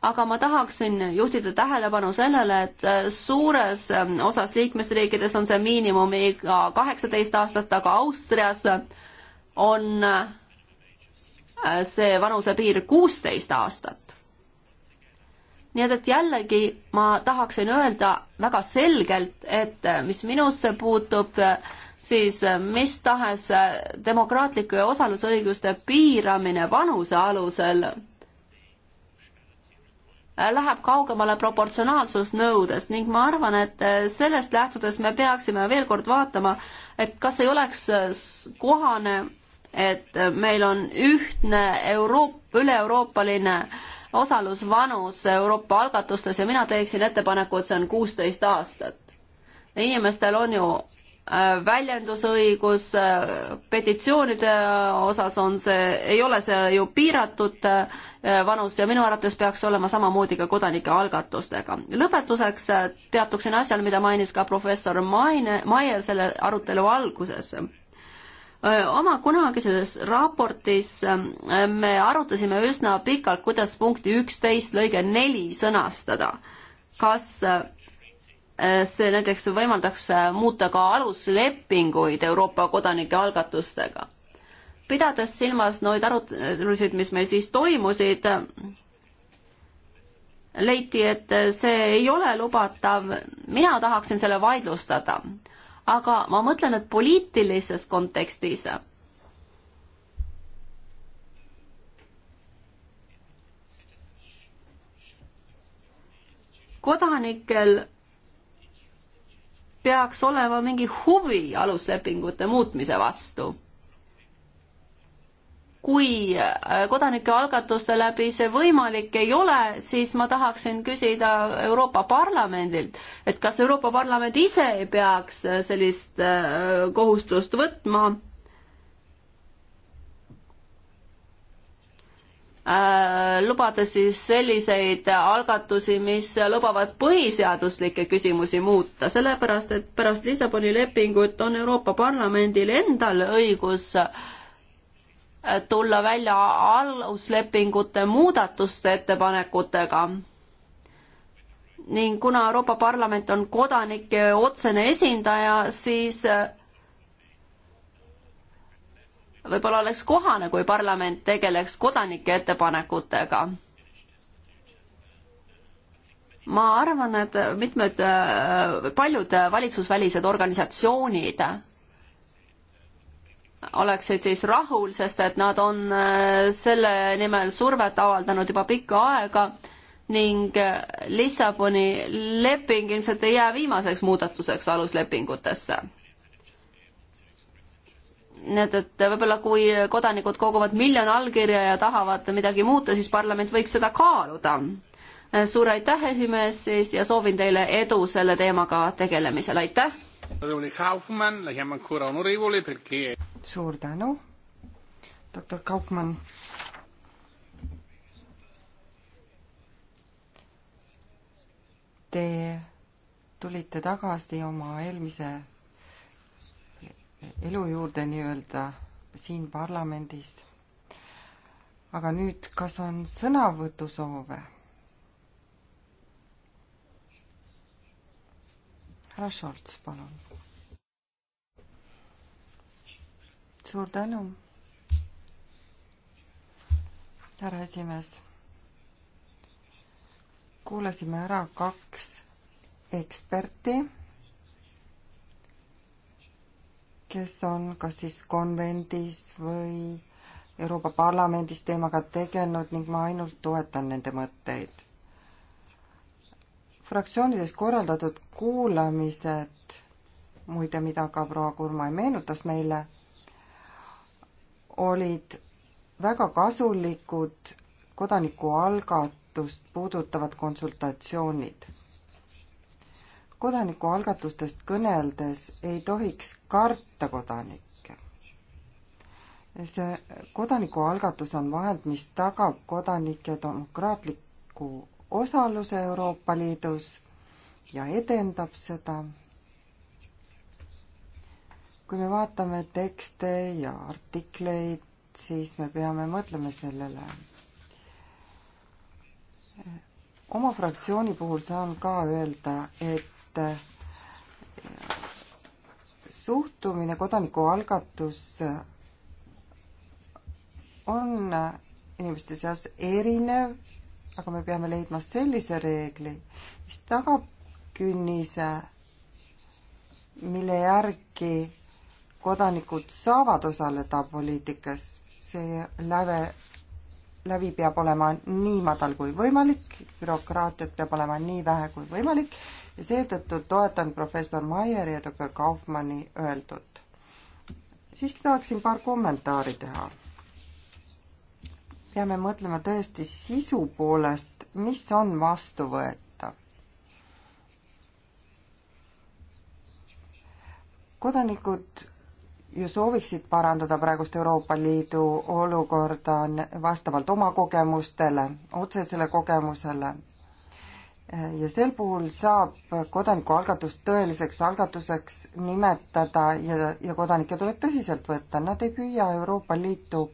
aga ma tahaksin juhtida tähelepanu sellele, et äh, suures ähm, osas liikmesriikides on see miinimumiga kaheksateist aastat, aga Austrias on äh, see vanusepiir kuusteist aastat. nii et, et jällegi ma tahaksin öelda väga selgelt, et äh, mis minusse puutub, siis mis tahes demokraatlike osalusõiguste piiramine vanuse alusel Äh, läheb kaugemale proportsionaalsusnõudest ning ma arvan, et äh, sellest lähtudes me peaksime veel kord vaatama, et kas ei oleks äh, kohane, et meil on ühtne Euroop-, üle-euroopaline osalusvanus Euroopa algatustes ja mina teeksin ettepaneku, et see on kuusteist aastat. inimestel on ju Äh, väljendusõigus äh, petitsioonide äh, osas on see, ei ole see ju piiratud vanus ja minu arvates peaks olema samamoodi ka kodanike algatustega. lõpetuseks peatuksin asjal, mida mainis ka professor Maine, Maier selle arutelu alguses. oma kunagises raportis me arutasime üsna pikalt, kuidas punkti üksteist lõige neli sõnastada. kas Äh, see näiteks võimaldaks äh, muuta ka aluslepinguid Euroopa kodanike algatustega. pidades silmas neid arutelusid, mis meil siis toimusid, leiti, et see ei ole lubatav, mina tahaksin selle vaidlustada. aga ma mõtlen, et poliitilises kontekstis kodanikel peaks olema mingi huvi aluslepingute muutmise vastu kui äh, kodanike algatuste läbi see võimalik ei ole, siis ma tahaksin küsida Euroopa Parlamendilt, et kas Euroopa Parlament ise ei peaks äh, sellist äh, kohustust võtma Äh, lubades siis selliseid algatusi, mis lubavad põhiseaduslikke küsimusi muuta, sellepärast et pärast Lissaboni lepingut on Euroopa Parlamendil endal õigus äh, tulla välja aluslepingute muudatuste ettepanekutega. ning kuna Euroopa Parlament on kodanike otsene esindaja, siis äh, võib-olla oleks kohane, kui parlament tegeleks kodanike ettepanekutega. ma arvan, et mitmed, äh, paljud valitsusvälised organisatsioonid oleksid siis rahul, sest et nad on äh, selle nimel survet avaldanud juba pikka aega ning äh, Lissaboni leping ilmselt ei jää viimaseks muudatuseks aluslepingutesse nii et, et võib-olla kui kodanikud koguvad miljon allkirja ja tahavad midagi muuta, siis parlament võiks seda kaaluda. suur aitäh, esimees, siis ja soovin teile edu selle teemaga tegelemisel, aitäh! suur tänu, doktor Kaupmann. Te tulite tagasi oma eelmise elu juurde nii-öelda siin parlamendis. aga nüüd, kas on sõnavõtusoove? härra Šolts, palun. suur tänu, härra esimees. kuulasime ära kaks eksperti kes on kas siis konvendis või Euroopa Parlamendis teemaga tegelenud ning ma ainult toetan nende mõtteid. fraktsioonides korraldatud kuulamised, muide, mida ka proua Kurmai meenutas meile, olid väga kasulikud kodanikualgatust puudutavad konsultatsioonid kodanikualgatustest kõneldes ei tohiks karta kodanikke. see kodanikualgatus on vahend, mis tagab kodanike demokraatliku osaluse Euroopa Liidus ja edendab seda. kui me vaatame tekste ja artikleid, siis me peame mõtlema sellele. oma fraktsiooni puhul saan ka öelda, et et eh, suhtumine kodanikualgatusse on inimeste seas erinev, aga me peame leidma sellise reegli, mis tagab künnise, mille järgi kodanikud saavad osaleda poliitikas. see läve, lävi peab olema nii madal kui võimalik, bürokraatiat peab olema nii vähe kui võimalik ja seetõttu toetan professor Maieri ja doktor Kaufmanni öeldut. siiski tahaksin paar kommentaari teha. peame mõtlema tõesti sisu poolest, mis on vastuvõetav. kodanikud ju sooviksid parandada praegust Euroopa Liidu olukorda vastavalt oma kogemustele, otsesele kogemusele ja sel puhul saab kodanikualgatust tõeliseks algatuseks nimetada ja, ja kodanikke tuleb tõsiselt võtta, nad ei püüa Euroopa Liitu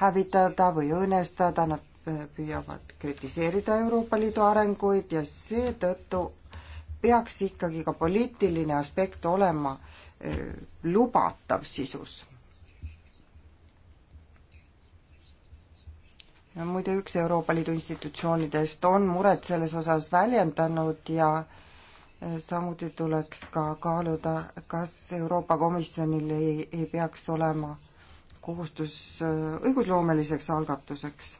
hävitada või õõnestada, nad äh, püüavad kritiseerida Euroopa Liidu arenguid ja seetõttu peaks ikkagi ka poliitiline aspekt olema äh, lubatav sisus. muide, üks Euroopa Liidu institutsioonidest on muret selles osas väljendanud ja eh, samuti tuleks ka kaaluda, kas Euroopa Komisjonil ei, ei peaks olema kohustus eh, õigusloomeliseks algatuseks.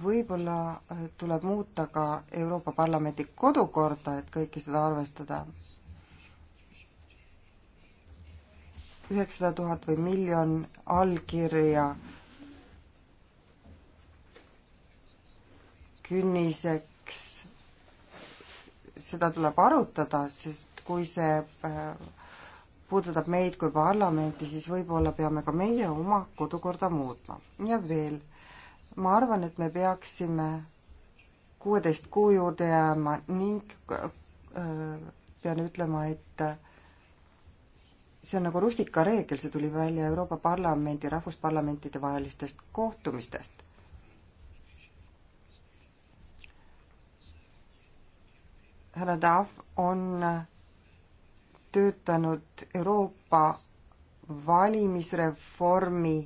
võib-olla eh, tuleb muuta ka Euroopa Parlamendi kodukorda, et kõike seda arvestada üheksasada tuhat või miljon allkirja künniseks, seda tuleb arutada, sest kui see äh, puudutab meid kui parlamenti, siis võib-olla peame ka meie oma kodukorda muutma. ja veel, ma arvan, et me peaksime kuueteist kuu juurde jääma ning äh, pean ütlema, et äh, see on nagu rusikareegel, see tuli välja Euroopa Parlamendi, rahvusparlamentide vahelistest kohtumistest. härra Dav on töötanud Euroopa valimisreformi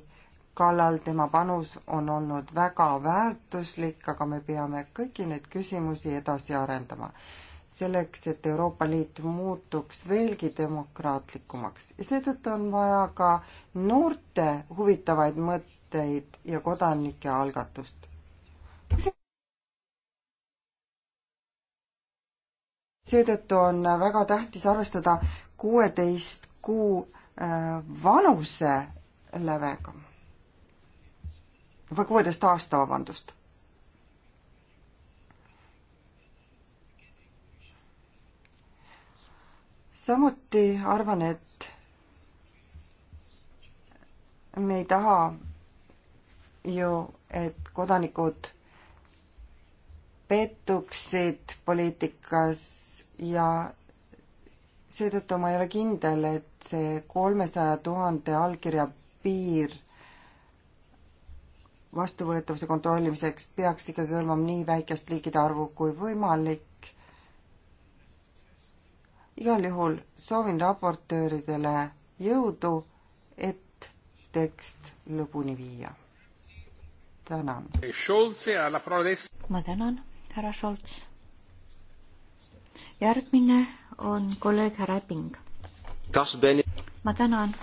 kallal, tema panus on olnud väga väärtuslik, aga me peame kõiki neid küsimusi edasi arendama selleks, et Euroopa Liit muutuks veelgi demokraatlikumaks ja seetõttu on vaja ka noorte huvitavaid mõtteid ja kodanike algatust. seetõttu on väga tähtis arvestada kuueteist kuu äh, vanuse lävega või kuueteist aasta, vabandust samuti arvan, et me ei taha ju, et kodanikud pettuksid poliitikas ja seetõttu ma ei ole kindel, et see kolmesaja tuhande allkirja piir vastuvõetavuse kontrollimiseks peaks ikkagi hõlmama nii väikest liikide arvu kui võimalik igal juhul soovin raportööridele jõudu, et tekst lõpuni viia. tänan. ma tänan, härra Scholz. järgmine on kolleeg härra Epping. ma tänan.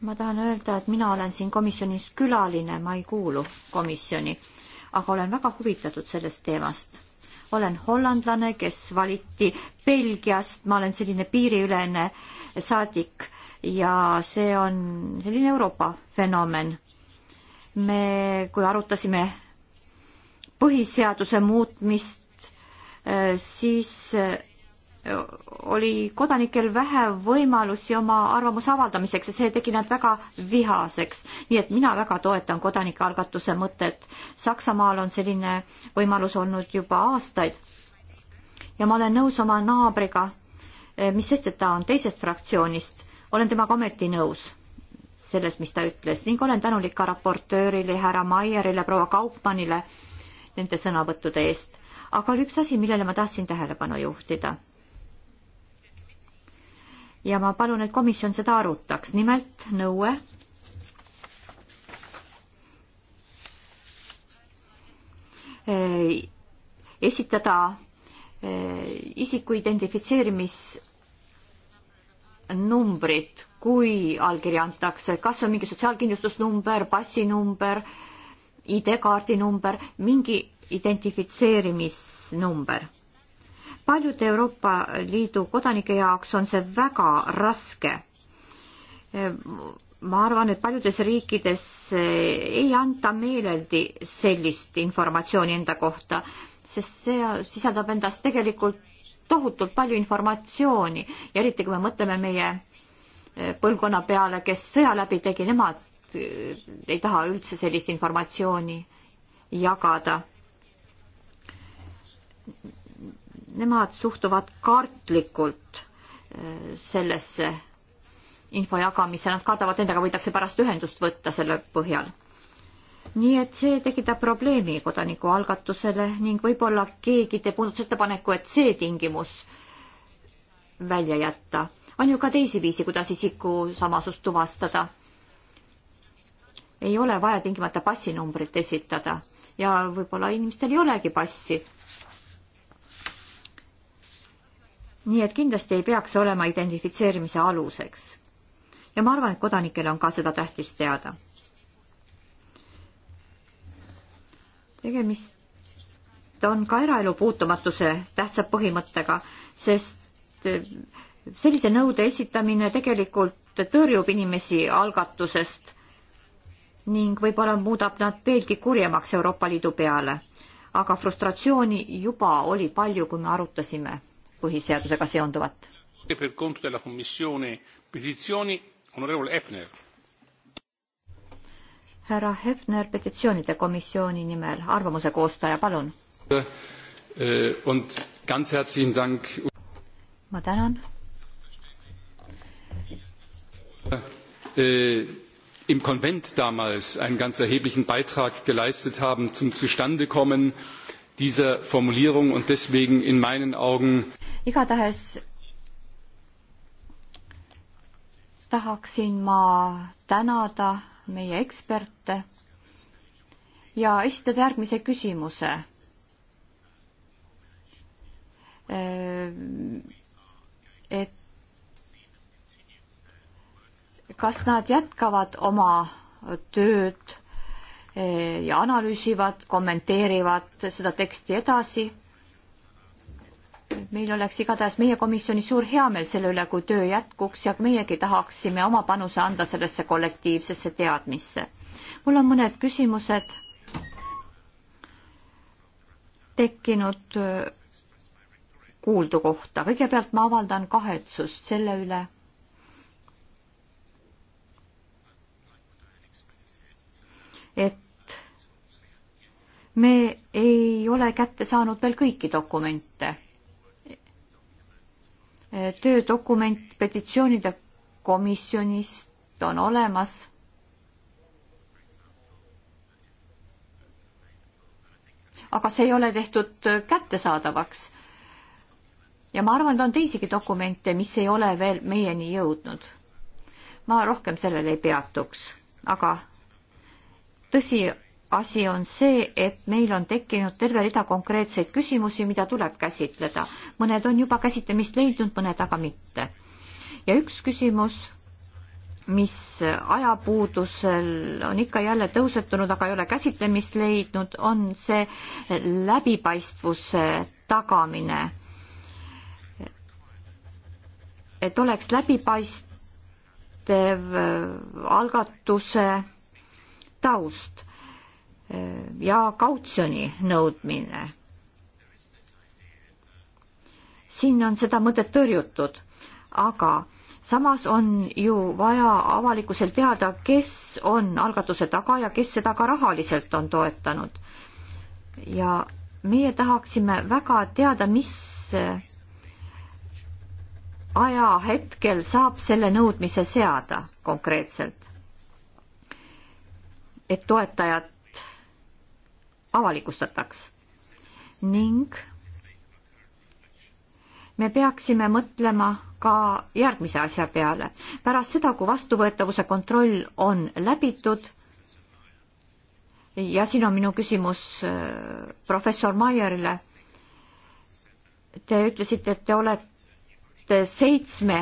ma tahan öelda, et mina olen siin komisjonis külaline, ma ei kuulu komisjoni, aga olen väga huvitatud sellest teemast olen hollandlane, kes valiti Belgiast, ma olen selline piiriülene saadik ja see on selline Euroopa fenomen. me, kui arutasime põhiseaduse muutmist, siis oli kodanikel vähe võimalusi oma arvamuse avaldamiseks ja see tegi nad väga vihaseks. nii et mina väga toetan kodanikealgatuse mõtet. Saksamaal on selline võimalus olnud juba aastaid. ja ma olen nõus oma naabriga, eh, mis sest, et ta on teisest fraktsioonist, olen temaga ometi nõus selles, mis ta ütles ning olen tänulik ka raportöörile, härra Maierile, proua Kaupmanile nende sõnavõttude eest. aga oli üks asi, millele ma tahtsin tähelepanu juhtida ja ma palun, et komisjon seda arutaks. nimelt nõue eh, esitada eh, isiku identifitseerimisnumbrid, kui allkiri antakse, kas on mingi sotsiaalkindlustusnumber, passinumber, ID-kaardi number, mingi identifitseerimisnumber paljude Euroopa Liidu kodanike jaoks on see väga raske. ma arvan, et paljudes riikides ei anta meeleldi sellist informatsiooni enda kohta, sest see sisaldab endas tegelikult tohutult palju informatsiooni ja eriti, kui me mõtleme meie põlvkonna peale, kes sõja läbi tegi, nemad ei taha üldse sellist informatsiooni jagada nemad suhtuvad kartlikult eh, sellesse info jagamisse, nad kardavad, nendega võidakse pärast ühendust võtta selle põhjal. nii et see tekitab probleemi kodanikualgatusele ning võib-olla keegi teeb muudatusettepaneku, et see tingimus välja jätta. on ju ka teisi viise, kuidas isiku samasust tuvastada. ei ole vaja tingimata passinumbrit esitada ja võib-olla inimestel ei olegi passi nii et kindlasti ei peaks olema identifitseerimise aluseks. ja ma arvan, et kodanikele on ka seda tähtis teada. tegemist on ka eraelu puutumatuse tähtsa põhimõttega, sest eh, sellise nõude esitamine tegelikult tõrjub inimesi algatusest ning võib-olla muudab nad veelgi kurjemaks Euroopa Liidu peale. aga frustratsiooni juba oli palju, kui me arutasime põhiseadusega seonduvat. härra Hefner petitsioonide komisjoni nimel, arvamuse koostaja, palun. Eh, ma tänan. Eh, im Konvent damals einen ganz erheblichen Beitrag geleistet haben zum Zustandekommen dieser Formulierung und deswegen in meinen Augen igatahes tahaksin ma tänada meie eksperte ja esitada järgmise küsimuse. Äh, et kas nad jätkavad oma tööd äh, ja analüüsivad, kommenteerivad seda teksti edasi meil oleks igatahes meie komisjonis suur heameel selle üle, kui töö jätkuks ja meiegi tahaksime oma panuse anda sellesse kollektiivsesse teadmisse. mul on mõned küsimused tekkinud äh, kuuldu kohta. kõigepealt ma avaldan kahetsust selle üle, et me ei ole kätte saanud veel kõiki dokumente töödokument petitsioonide komisjonist on olemas aga see ei ole tehtud kättesaadavaks. ja ma arvan, et on teisigi dokumente, mis ei ole veel meieni jõudnud. ma rohkem sellele ei peatuks, aga tõsi asi on see, et meil on tekkinud terve rida konkreetseid küsimusi, mida tuleb käsitleda. mõned on juba käsitlemist leidnud, mõned aga mitte. ja üks küsimus, mis ajapuudusel on ikka jälle tõusetunud, aga ei ole käsitlemist leidnud, on see läbipaistvuse tagamine. et oleks läbipaistev algatuse taust ja kautsjoni nõudmine. siin on seda mõtet tõrjutud, aga samas on ju vaja avalikkusel teada, kes on algatuse taga ja kes seda ka rahaliselt on toetanud. ja meie tahaksime väga teada, mis ajahetkel saab selle nõudmise seada konkreetselt. et toetajad avalikustataks. ning me peaksime mõtlema ka järgmise asja peale. pärast seda, kui vastuvõetavuse kontroll on läbitud ja siin on minu küsimus äh, professor Maierile. Te ütlesite, et te olete seitsme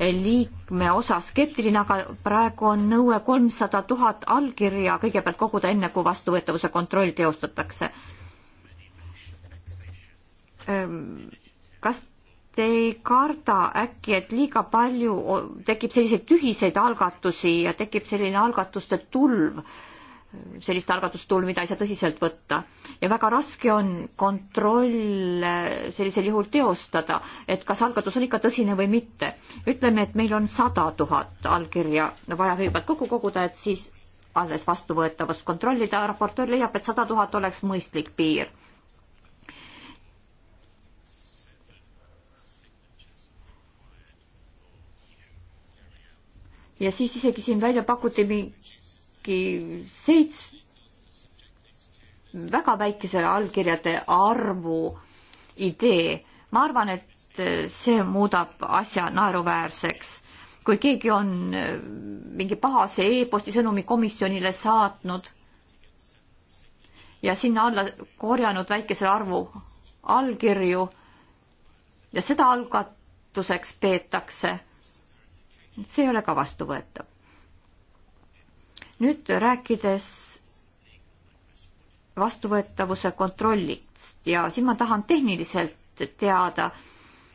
liikme osas skeptiline, aga praegu on nõue kolmsada tuhat allkirja kõigepealt koguda, enne kui vastuvõetavuse kontroll teostatakse. Ehm, kas te ei karda äkki, et liiga palju tekib selliseid tühiseid algatusi ja tekib selline algatuste tulv? sellist algatust tulnud, mida ei saa tõsiselt võtta. ja väga raske on kontrolle sellisel juhul teostada, et kas algatus on ikka tõsine või mitte. ütleme, et meil on sada tuhat allkirja vaja kõigepealt kokku koguda, et siis alles vastuvõetavust kontrollida, raportöör leiab, et sada tuhat oleks mõistlik piir. ja siis isegi siin välja pakuti mingi äkki seits-, väga väikesele allkirjade arvu idee. ma arvan, et see muudab asja naeruväärseks. kui keegi on äh, mingi pahase e-posti sõnumi komisjonile saatnud ja sinna alla korjanud väikese arvu allkirju ja seda algatuseks peetakse, see ei ole ka vastuvõetav nüüd rääkides vastuvõetavuse kontrollist ja siin ma tahan tehniliselt teada,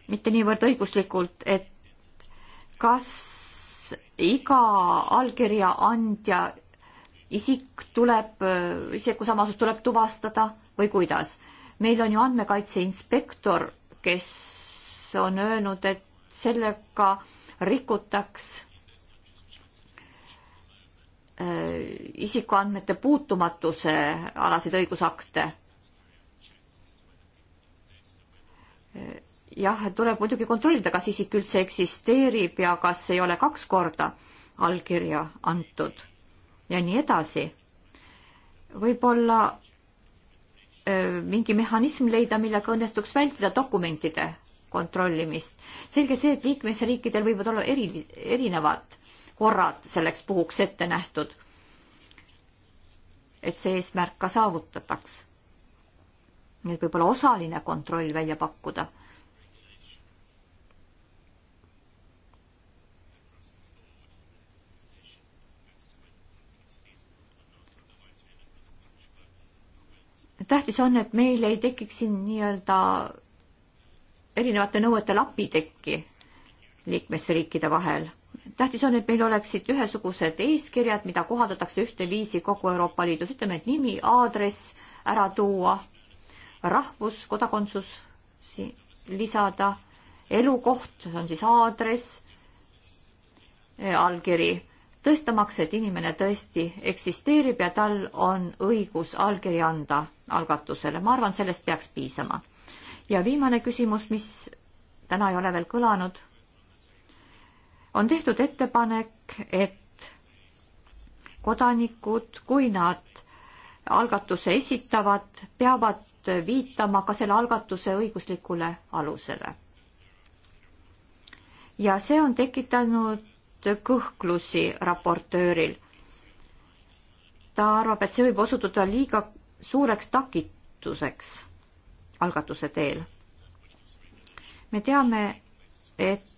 mitte niivõrd õiguslikult, et kas iga allkirja andja isik tuleb, isiku samasus tuleb tuvastada või kuidas? meil on ju andmekaitse inspektor, kes on öelnud, et sellega rikutaks Äh, isikuandmete puutumatuse alaseid õigusakte. jah, tuleb muidugi kontrollida, kas isik üldse eksisteerib ja kas ei ole kaks korda allkirja antud ja nii edasi. võib-olla äh, mingi mehhanism leida, millega õnnestuks vältida dokumentide kontrollimist. selge see, et liikmesriikidel võivad olla eri, erinevad korrad selleks puhuks ette nähtud, et see eesmärk ka saavutataks. nii et võib-olla osaline kontroll välja pakkuda. tähtis on, et meil ei tekiks siin nii-öelda erinevate nõuete lapitekki liikmesriikide vahel tähtis on, et meil oleksid ühesugused eeskirjad, mida kohaldatakse ühteviisi kogu Euroopa Liidus, ütleme, et nimi, aadress ära tuua, rahvus, kodakondsus lisada, elukoht, see on siis aadress, eh, allkiri, tõestamaks, et inimene tõesti eksisteerib ja tal on õigus allkiri anda algatusele. ma arvan, sellest peaks piisama. ja viimane küsimus, mis täna ei ole veel kõlanud on tehtud ettepanek, et kodanikud, kui nad algatuse esitavad, peavad viitama ka selle algatuse õiguslikule alusele. ja see on tekitanud kõhklusi raportööril. ta arvab, et see võib osutuda liiga suureks takituseks algatuse teel. me teame, et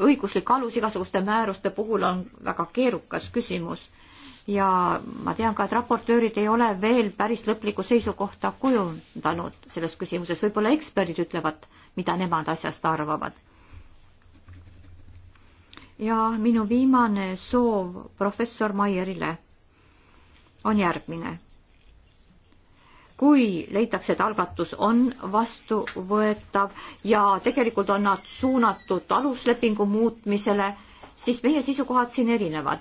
õiguslik alus igasuguste määruste puhul on väga keerukas küsimus ja ma tean ka, et raportöörid ei ole veel päris lõplikku seisukohta kujundanud selles küsimuses, võib-olla eksperdid ütlevad, mida nemad asjast arvavad. ja minu viimane soov professor Maierile on järgmine kui leitakse, et algatus on vastuvõetav ja tegelikult on nad suunatud aluslepingu muutmisele, siis meie seisukohad siin erinevad.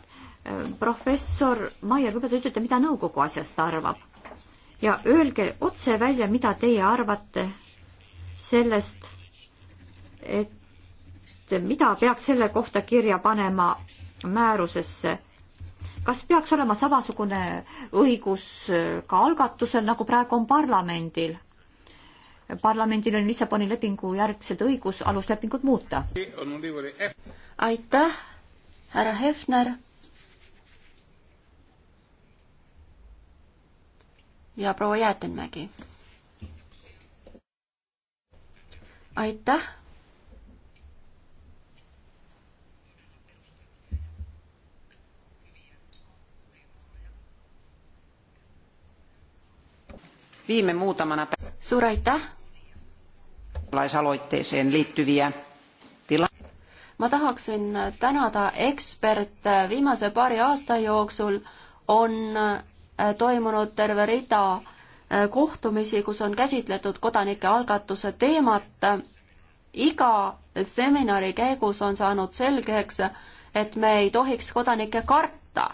professor Maier, võib-olla te ütlete, mida nõukogu asjast arvab? ja öelge otse välja, mida teie arvate sellest, et mida peaks selle kohta kirja panema määrusesse kas peaks olema samasugune õigus äh, ka algatusel, nagu praegu on parlamendil? parlamendil on Lissaboni lepingu järgselt õigus aluslepingut muuta. aitäh, härra Hefner. ja proua Jäätenmägi. aitäh viime muutamana suur aitäh! kansalaisaloitteeseen liittyviä tila- ma tahaksin tänada eksperte, viimase paari aasta jooksul on äh, toimunud terve rida äh, kohtumisi, kus on käsitletud kodanike algatuse teemat. iga seminari käigus on saanud selgeks, et me ei tohiks kodanikke karta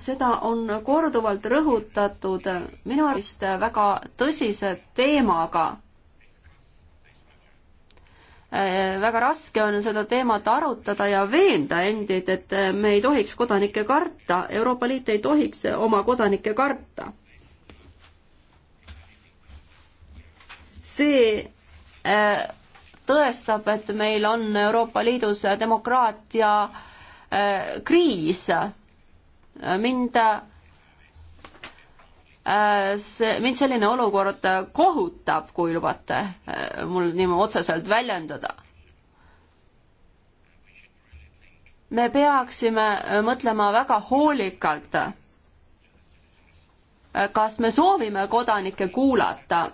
seda on korduvalt rõhutatud minu arust väga tõsise teemaga. väga raske on seda teemat arutada ja veenda endid, et me ei tohiks kodanikke karta, Euroopa Liit ei tohiks oma kodanikke karta. see äh, tõestab, et meil on Euroopa Liidus demokraatia äh, kriis mind äh, see, mind selline olukord kohutab, kui lubate äh, mul niimoodi otseselt väljendada. me peaksime mõtlema väga hoolikalt, kas me soovime kodanikke kuulata.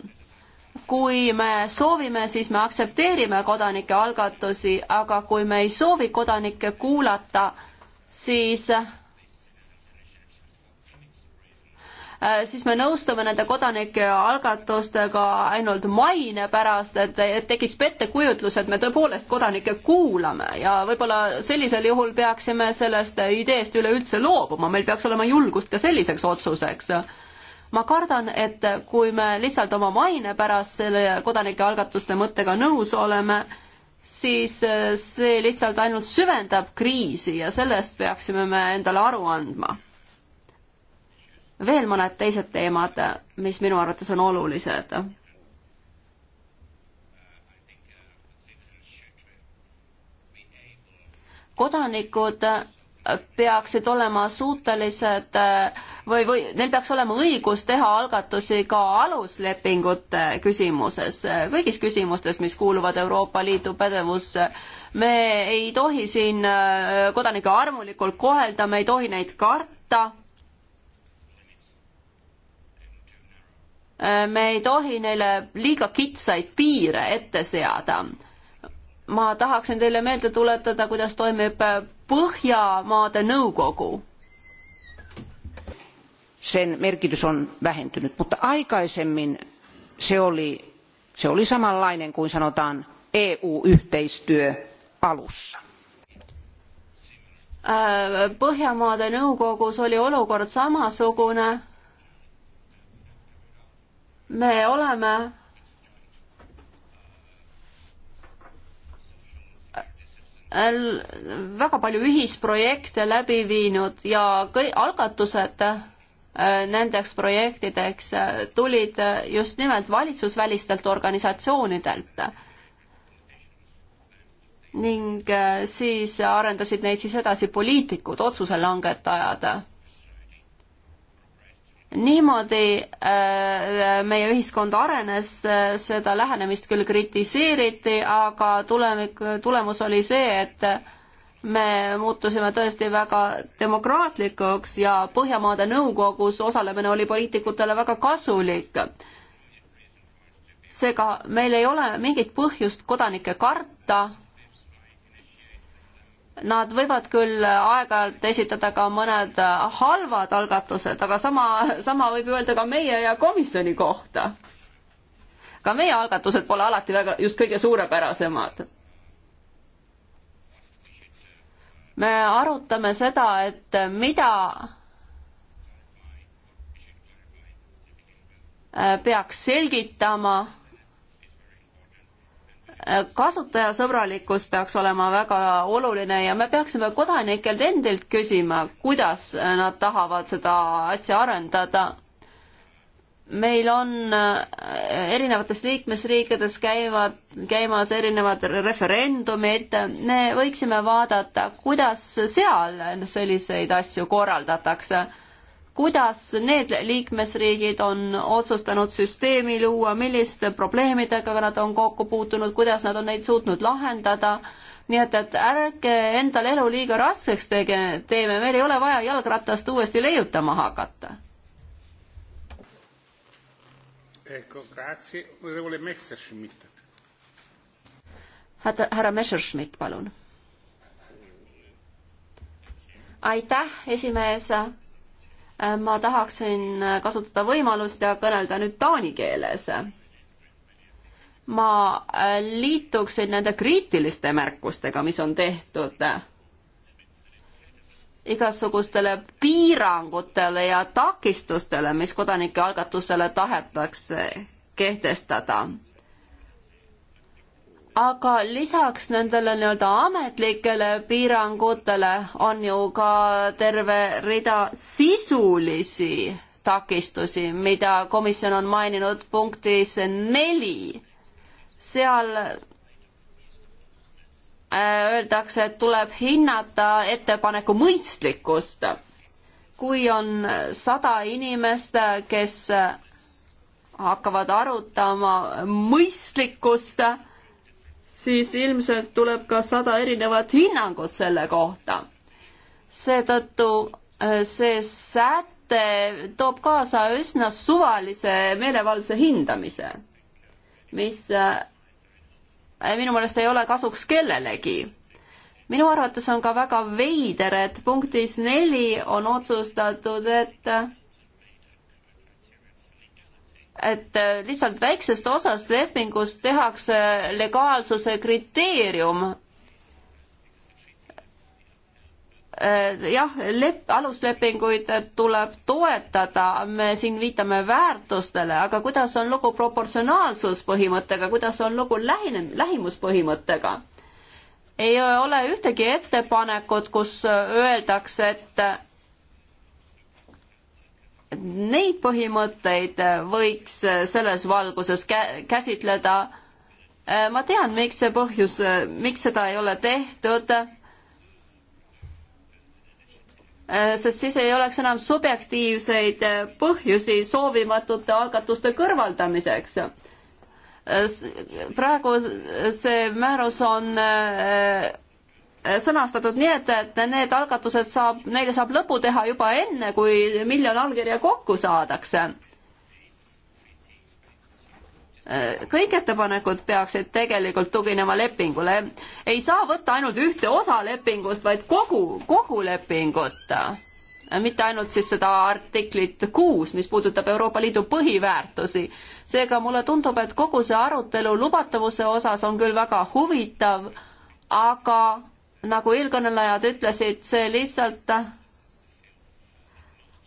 kui me soovime, siis me aktsepteerime kodanike algatusi, aga kui me ei soovi kodanikke kuulata, siis Äh, siis me nõustume nende kodanike algatustega ainult maine pärast, et, et tekiks pettekujutlus, et me tõepoolest kodanikke kuulame ja võib-olla sellisel juhul peaksime sellest ideest üleüldse loobuma, meil peaks olema julgust ka selliseks otsuseks ma kardan, et kui me lihtsalt oma maine pärast selle kodanike algatuste mõttega nõus oleme, siis äh, see lihtsalt ainult süvendab kriisi ja sellest peaksime me endale aru andma veel mõned teised teemad, mis minu arvates on olulised. kodanikud peaksid olema suutelised või, või neil peaks olema õigus teha algatusi ka aluslepingute küsimuses, kõigis küsimustes, mis kuuluvad Euroopa Liidu pädevusse. me ei tohi siin kodanikke armulikult kohelda, me ei tohi neid karta me ei tohi neile liiga kitsaid piire ette seada. ma tahaksin teile meelde tuletada, kuidas toimib Põhjamaade Nõukogu. sen merkitys on vähentynyt, mutta aikaisemmin se oli, se oli samanlainen kuin sanotaan EU-yhteistyö alussa. Äh, Põhjamaade Nõukogus oli olukord samasugune me oleme väga palju ühisprojekte läbi viinud ja kõik algatused äh, nendeks projektideks äh, tulid äh, just nimelt valitsusvälistelt organisatsioonidelt. ning siis arendasid neid siis edasi poliitikud, otsuse langetajad niimoodi äh, meie ühiskond arenes, äh, seda lähenemist küll kritiseeriti, aga tulemik, tulemus oli see, et me muutusime tõesti väga demokraatlikuks ja Põhjamaade Nõukogus osalemine oli poliitikutele väga kasulik. seega meil ei ole mingit põhjust kodanikke karta Nad võivad küll aeg-ajalt esitada ka mõned halvad algatused, aga sama, sama võib öelda ka meie ja komisjoni kohta. ka meie algatused pole alati väga, just kõige suurepärasemad. me arutame seda, et mida peaks selgitama kasutajasõbralikkus peaks olema väga oluline ja me peaksime kodanikelt endilt küsima, kuidas nad tahavad seda asja arendada. meil on äh, erinevates liikmesriikides käivad, käimas erinevad referendumid, me võiksime vaadata, kuidas seal selliseid asju korraldatakse kuidas need liikmesriigid on otsustanud süsteemi luua, milliste probleemidega nad on kokku puutunud, kuidas nad on neid suutnud lahendada, nii et, et ärge endale elu liiga raskeks tege-, teeme, meil ei ole vaja jalgratast uuesti leiutama hakata. härra Messerschmidt, palun. aitäh, esimees ma tahaksin kasutada võimalust ja kõnelda nüüd taani keeles. ma liituksin nende kriitiliste märkustega, mis on tehtud igasugustele piirangutele ja takistustele, mis kodanike algatusele tahetakse kehtestada aga lisaks nendele nii-öelda ametlikele piirangutele on ju ka terve rida sisulisi takistusi, mida komisjon on maininud punktis neli. seal äh, öeldakse, et tuleb hinnata ettepaneku mõistlikkust. kui on sada inimest, kes hakkavad arutama mõistlikkust, siis ilmselt tuleb ka sada erinevat hinnangut selle kohta. seetõttu äh, see säte toob kaasa üsna suvalise meelevaldse hindamise, mis äh, minu meelest ei ole kasuks kellelegi. minu arvates on ka väga veider, et punktis neli on otsustatud, et et äh, lihtsalt väiksest osast lepingust tehakse legaalsuse kriteerium. Äh, jah, lep-, aluslepinguid tuleb toetada, me siin viitame väärtustele, aga kuidas on lugu proportsionaalsuspõhimõttega, kuidas on lugu lähine, lähimuspõhimõttega? ei ole ühtegi ettepanekut, kus öeldakse, et neid põhimõtteid võiks selles valguses käsitleda. ma tean, miks see põhjus, miks seda ei ole tehtud. sest siis ei oleks enam subjektiivseid põhjusi soovimatute algatuste kõrvaldamiseks. praegu see määrus on sõnastatud nii, et, et need algatused saab, neile saab lõpu teha juba enne, kui miljon allkirja kokku saadakse. kõik ettepanekud peaksid tegelikult tuginema lepingule. ei saa võtta ainult ühte osa lepingust, vaid kogu, kogu lepingut. mitte ainult siis seda artiklit kuus, mis puudutab Euroopa Liidu põhiväärtusi. seega mulle tundub, et kogu see arutelu lubatavuse osas on küll väga huvitav, aga nagu eelkõnelejad ütlesid, see lihtsalt äh,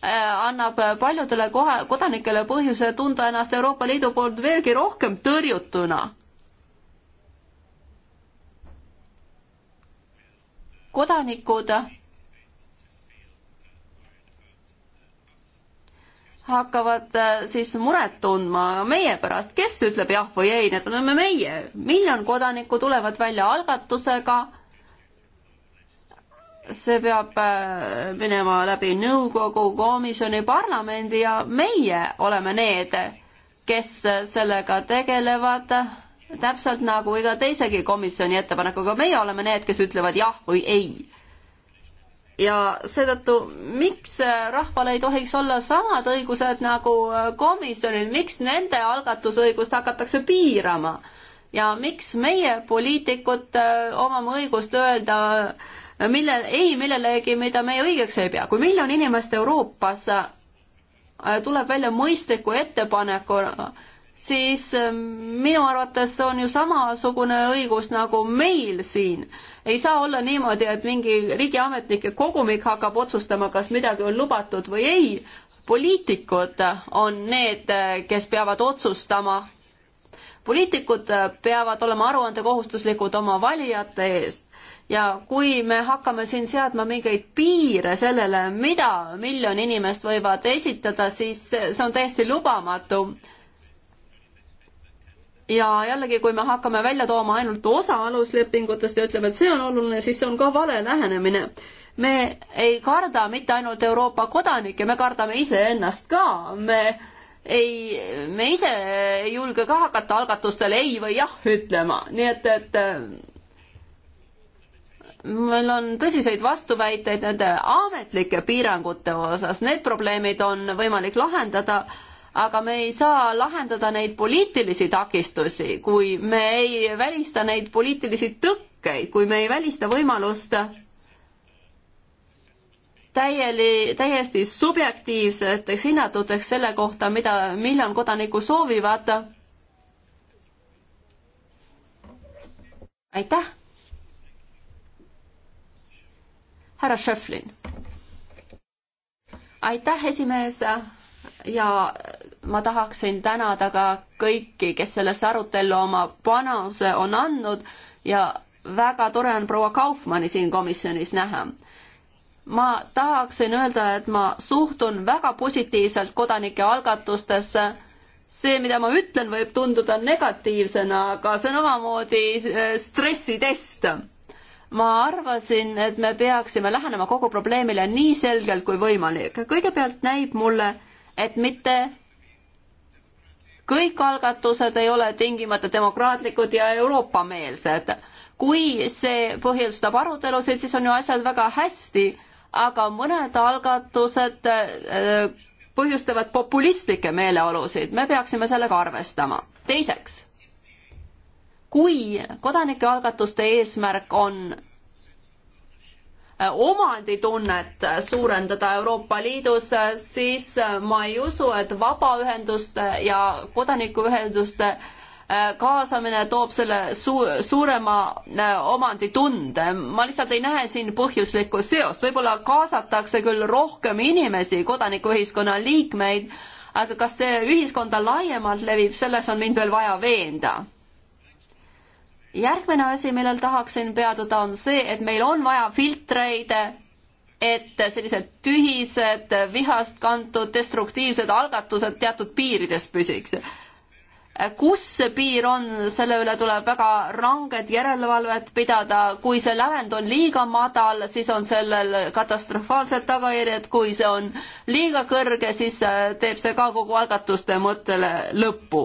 annab paljudele koha, kodanikele põhjuse tunda ennast Euroopa Liidu poolt veelgi rohkem tõrjutuna. kodanikud hakkavad äh, siis muret tundma meie pärast, kes ütleb jah või ei, need oleme meie. miljon kodanikku tulevad välja algatusega see peab äh, minema läbi nõukogu, komisjoni, parlamendi ja meie oleme need, kes sellega tegelevad, täpselt nagu iga teisegi komisjoni ettepanekuga, meie oleme need, kes ütlevad jah või ei. ja seetõttu, miks rahval ei tohiks olla samad õigused nagu komisjonil, miks nende algatusõigust hakatakse piirama? ja miks meie, poliitikud, äh, omame õigust öelda äh, mille, ei millelegi, mida meie õigeks ei pea. kui miljon inimest Euroopas äh, tuleb välja mõistliku ettepaneku, siis äh, minu arvates see on ju samasugune õigus nagu meil siin. ei saa olla niimoodi, et mingi riigiametnike kogumik hakkab otsustama, kas midagi on lubatud või ei. poliitikud on need, äh, kes peavad otsustama, poliitikud äh, peavad olema aruandekohustuslikud oma valijate ees ja kui me hakkame siin seadma mingeid piire sellele, mida miljon inimest võivad esitada, siis see on täiesti lubamatu. ja jällegi, kui me hakkame välja tooma ainult osa aluslepingutest ja ütleme, et see on oluline, siis see on ka vale lähenemine. me ei karda mitte ainult Euroopa kodanikke, me kardame iseennast ka, me ei, me ise ei julge ka hakata algatustele ei või jah ütlema, nii et, et äh, meil on tõsiseid vastuväiteid nende ametlike piirangute osas, need probleemid on võimalik lahendada, aga me ei saa lahendada neid poliitilisi takistusi, kui me ei välista neid poliitilisi tõkkeid, kui me ei välista võimalust äh, täieli, täiesti subjektiivseteks hinnatuteks selle kohta, mida miljon kodanikku soovivad. aitäh. härra Šeflin. aitäh, esimees ja ma tahaksin tänada ka kõiki, kes sellesse arutellu oma panuse on andnud ja väga tore on proua Kaufmanni siin komisjonis näha ma tahaksin öelda, et ma suhtun väga positiivselt kodanike algatustesse. see, mida ma ütlen, võib tunduda negatiivsena, aga see on omamoodi äh, stressitest. ma arvasin, et me peaksime lähenema kogu probleemile nii selgelt kui võimalik. kõigepealt näib mulle, et mitte kõik algatused ei ole tingimata demokraatlikud ja Euroopa-meelsed. kui see põhjustab arutelusid, siis on ju asjad väga hästi aga mõned algatused äh, põhjustavad populistlikke meeleolusid, me peaksime sellega arvestama. teiseks, kui kodanikealgatuste eesmärk on äh, omanditunnet suurendada Euroopa Liidus, siis ma ei usu, et vabaühenduste ja kodanikuühenduste äh, Äh, kaasamine toob selle su suurema äh, omanditunde. ma lihtsalt ei näe siin põhjuslikku seost, võib-olla kaasatakse küll rohkem inimesi, kodanikuühiskonna liikmeid, aga kas see ühiskonda laiemalt levib, selles on mind veel vaja veenda järgmine asi, millel tahaksin peatuda, on see, et meil on vaja filtreid, et sellised tühised, vihast kantud, destruktiivsed algatused teatud piirides püsiks kus see piir on, selle üle tuleb väga ranged järelevalvet pidada, kui see lävend on liiga madal, siis on sellel katastrofaalsed tagajärjed, kui see on liiga kõrge, siis teeb see ka kogu algatuste mõttele lõppu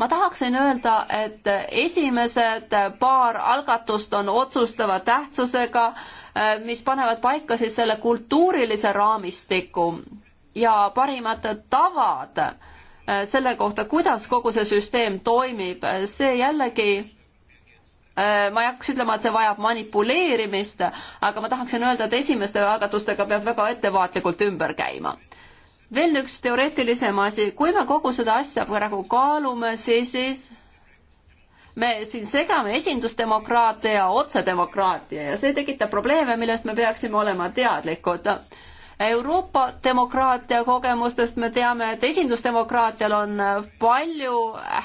ma tahaksin öelda, et esimesed paar algatust on otsustava tähtsusega, mis panevad paika siis selle kultuurilise raamistiku ja parimad tavad Äh, selle kohta, kuidas kogu see süsteem toimib, see jällegi äh, ma ei hakkaks ütlema, et see vajab manipuleerimist, aga ma tahaksin öelda, et esimeste algatustega peab väga ettevaatlikult ümber käima. veel üks teoreetilisem asi, kui me kogu seda asja praegu kaalume, siis, siis me siin segame esindusdemokraatia ja otsedemokraatia ja see tekitab probleeme, millest me peaksime olema teadlikud no Euroopa demokraatia kogemustest me teame, et esindusdemokraatial on palju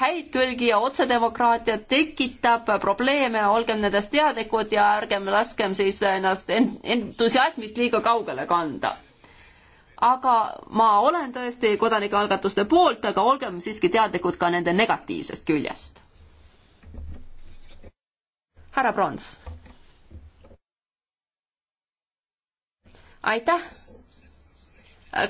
häid külgi ja otsedemokraatia tekitab probleeme, olgem nendest teadlikud ja ärgem laskem siis ennast entusiasmist liiga kaugele kanda. aga ma olen tõesti kodanikualgatuste poolt, aga olgem siiski teadlikud ka nende negatiivsest küljest. härra Prons. aitäh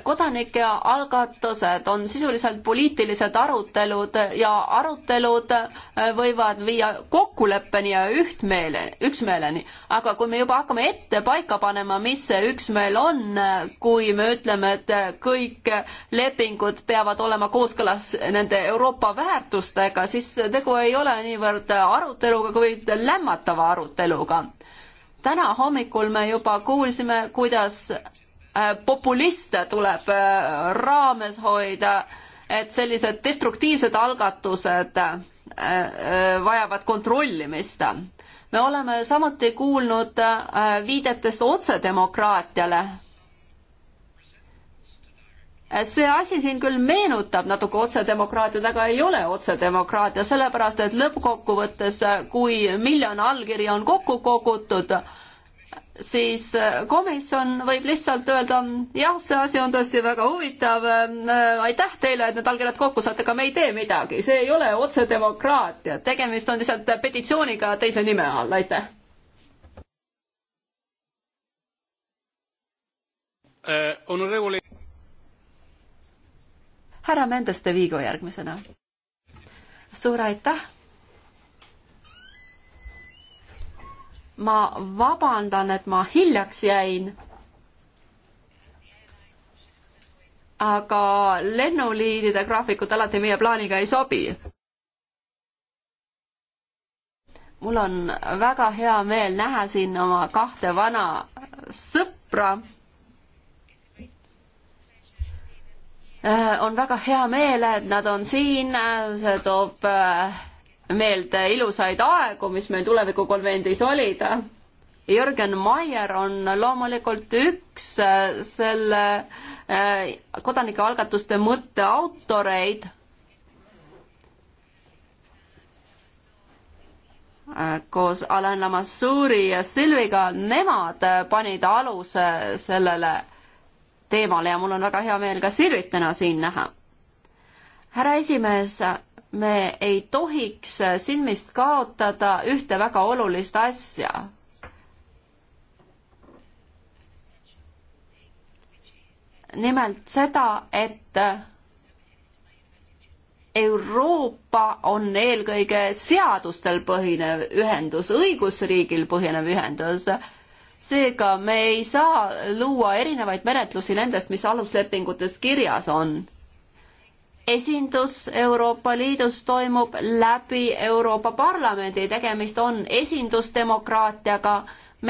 kodanike algatused on sisuliselt poliitilised arutelud ja arutelud äh, võivad viia kokkuleppeni ja ühtmeele, üksmeeleni. aga kui me juba hakkame ette paika panema, mis see üksmeel on, äh, kui me ütleme, et äh, kõik lepingud peavad olema kooskõlas nende Euroopa väärtustega, siis tegu ei ole niivõrd aruteluga, kuid lämmatava aruteluga. täna hommikul me juba kuulsime, kuidas Äh, populiste tuleb äh, raames hoida, et sellised destruktiivsed algatused äh, vajavad kontrollimist. me oleme samuti kuulnud viidetest otsedemokraatiale. see asi siin küll meenutab natuke otsedemokraatiat, aga ei ole otsedemokraatia, sellepärast et lõppkokkuvõttes, kui miljon allkirja on kokku kogutud, siis äh, komisjon võib lihtsalt öelda jah, see asi on tõesti väga huvitav, äh, aitäh teile, et need allkirjad kokku saate, aga me ei tee midagi, see ei ole otsedemokraatia, tegemist on lihtsalt petitsiooniga teise nime all, aitäh. Äh, härra Mendes de Vigo järgmisena. suur aitäh ma vabandan, et ma hiljaks jäin. aga lennuliinide graafikud alati meie plaaniga ei sobi. mul on väga hea meel näha siin oma kahte vana sõpra eh, on väga hea meel, et nad on siin, see toob eh, meelde ilusaid aegu, mis meil tulevikukonvendis olid. Jürgen Maier on loomulikult üks äh, selle äh, kodanikealgatuste mõtte autoreid. Äh, koos Alain Lamassouri ja Silviga, nemad panid aluse sellele teemale ja mul on väga hea meel ka Silvit täna siin näha. härra esimees me ei tohiks silmist kaotada ühte väga olulist asja. nimelt seda, et Euroopa on eelkõige seadustel põhinev ühendus, õigusriigil põhinev ühendus. seega me ei saa luua erinevaid menetlusi nendest, mis aluslepingutes kirjas on esindus Euroopa Liidus toimub läbi Euroopa Parlamendi, tegemist on esindusdemokraatiaga.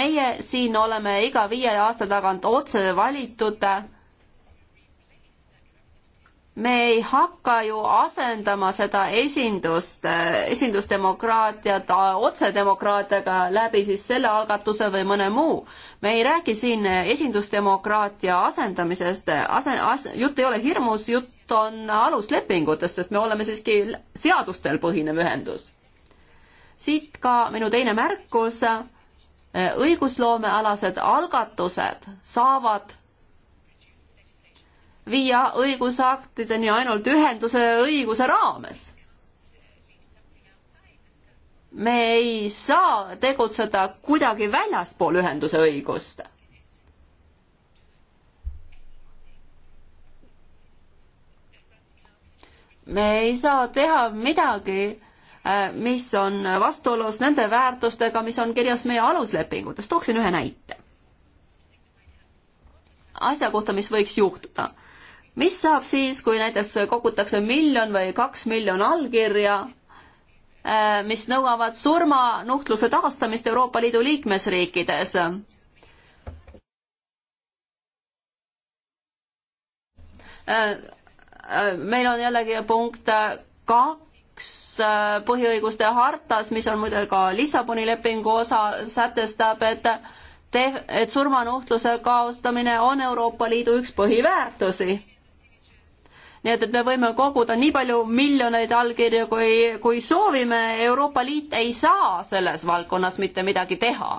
meie siin oleme iga viie aasta tagant otse valitud me ei hakka ju asendama seda esindust, esindusdemokraatiat äh, otsedemokraatiaga läbi siis selle algatuse või mõne muu. me ei räägi siin esindusdemokraatia asendamisest, asen- as,, jutt ei ole hirmus, jutt on aluslepingutest, sest me oleme siiski seadustel põhinev ühendus. siit ka minu teine märkus, õigusloomealased algatused saavad viia õigusaktideni ainult ühenduse õiguse raames. me ei saa tegutseda kuidagi väljaspool ühenduse õigust. me ei saa teha midagi, äh, mis on vastuolus nende väärtustega, mis on kirjas meie aluslepingutes. tooksin ühe näite asja kohta, mis võiks juhtuda mis saab siis, kui näiteks kogutakse miljon või kaks miljon allkirja, äh, mis nõuavad surmanuhtluse taastamist Euroopa Liidu liikmesriikides? Äh, äh, meil on jällegi punkt kaks põhiõiguste hartas, mis on muide ka Lissaboni lepingu osa, sätestab, et te-, et surmanuhtluse kaotamine on Euroopa Liidu üks põhiväärtusi nii et, et me võime koguda nii palju miljoneid allkirju, kui, kui soovime, Euroopa Liit ei saa selles valdkonnas mitte midagi teha.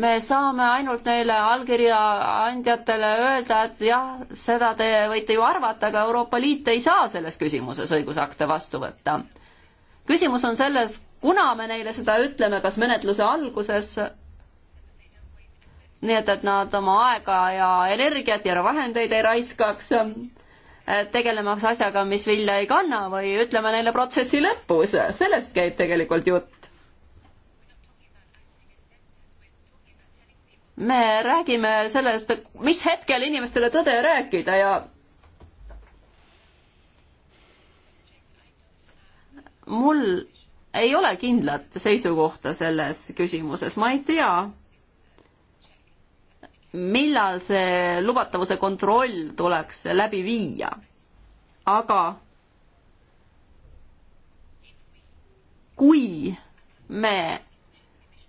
me saame ainult neile allkirja andjatele öelda, et jah, seda te võite ju arvata, aga Euroopa Liit ei saa selles küsimuses õigusakte vastu võtta küsimus on selles, kuna me neile seda ütleme, kas menetluse alguses, nii et, et nad oma aega ja energiat ja vahendeid ei raiskaks, tegelemaks asjaga, mis vilja ei kanna või ütleme neile protsessi lõpus, sellest käib tegelikult jutt. me räägime sellest, mis hetkel inimestele tõde rääkida ja mul ei ole kindlat seisukohta selles küsimuses, ma ei tea, millal see lubatavuse kontroll tuleks läbi viia, aga kui me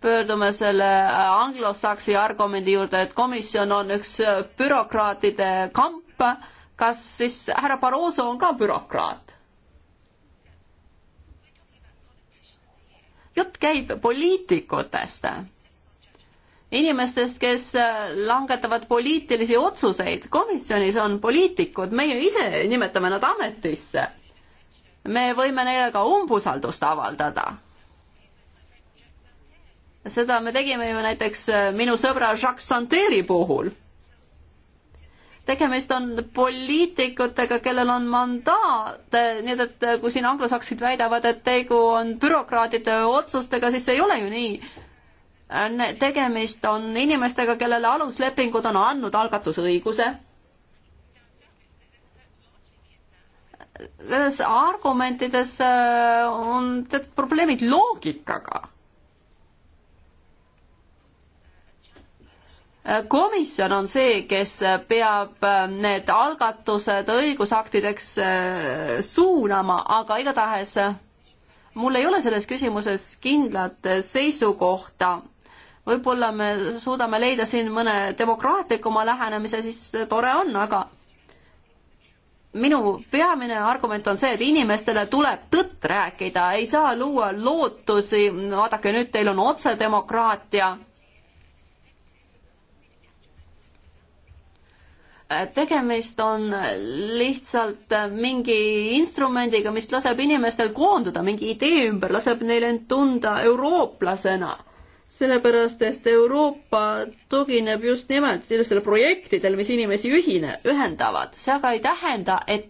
pöördume selle anglosaksi argumendi juurde, et komisjon on üks bürokraatide kamp, kas siis härra Barroso on ka bürokraat? jutt käib poliitikutest, inimestest, kes äh, langetavad poliitilisi otsuseid. komisjonis on poliitikud, meie ise nimetame nad ametisse. me võime neile ka umbusaldust avaldada. seda me tegime ju näiteks äh, minu sõbra Jacques Santeri puhul tegemist on poliitikutega, kellel on mandaat, nii et, et kui siin anglosaksid väidavad, et tegu on bürokraatide otsustega, siis see ei ole ju nii. tegemist on inimestega, kellele aluslepingud on andnud algatusõiguse. selles argumentides äh, on teatud probleemid loogikaga komisjon on see, kes peab äh, need algatused õigusaktideks äh, suunama, aga igatahes äh, mul ei ole selles küsimuses kindlat seisukohta. võib-olla me suudame leida siin mõne demokraatlikuma lähenemise, siis tore on, aga minu peamine argument on see, et inimestele tuleb tõtt rääkida, ei saa luua lootusi, vaadake nüüd, teil on otsedemokraatia tegemist on lihtsalt mingi instrumendiga, mis laseb inimestel koonduda mingi idee ümber, laseb neil end tunda eurooplasena. sellepärast, et Euroopa tugineb just nimelt sellistele projektidele, mis inimesi ühine, ühendavad. see aga ei tähenda, et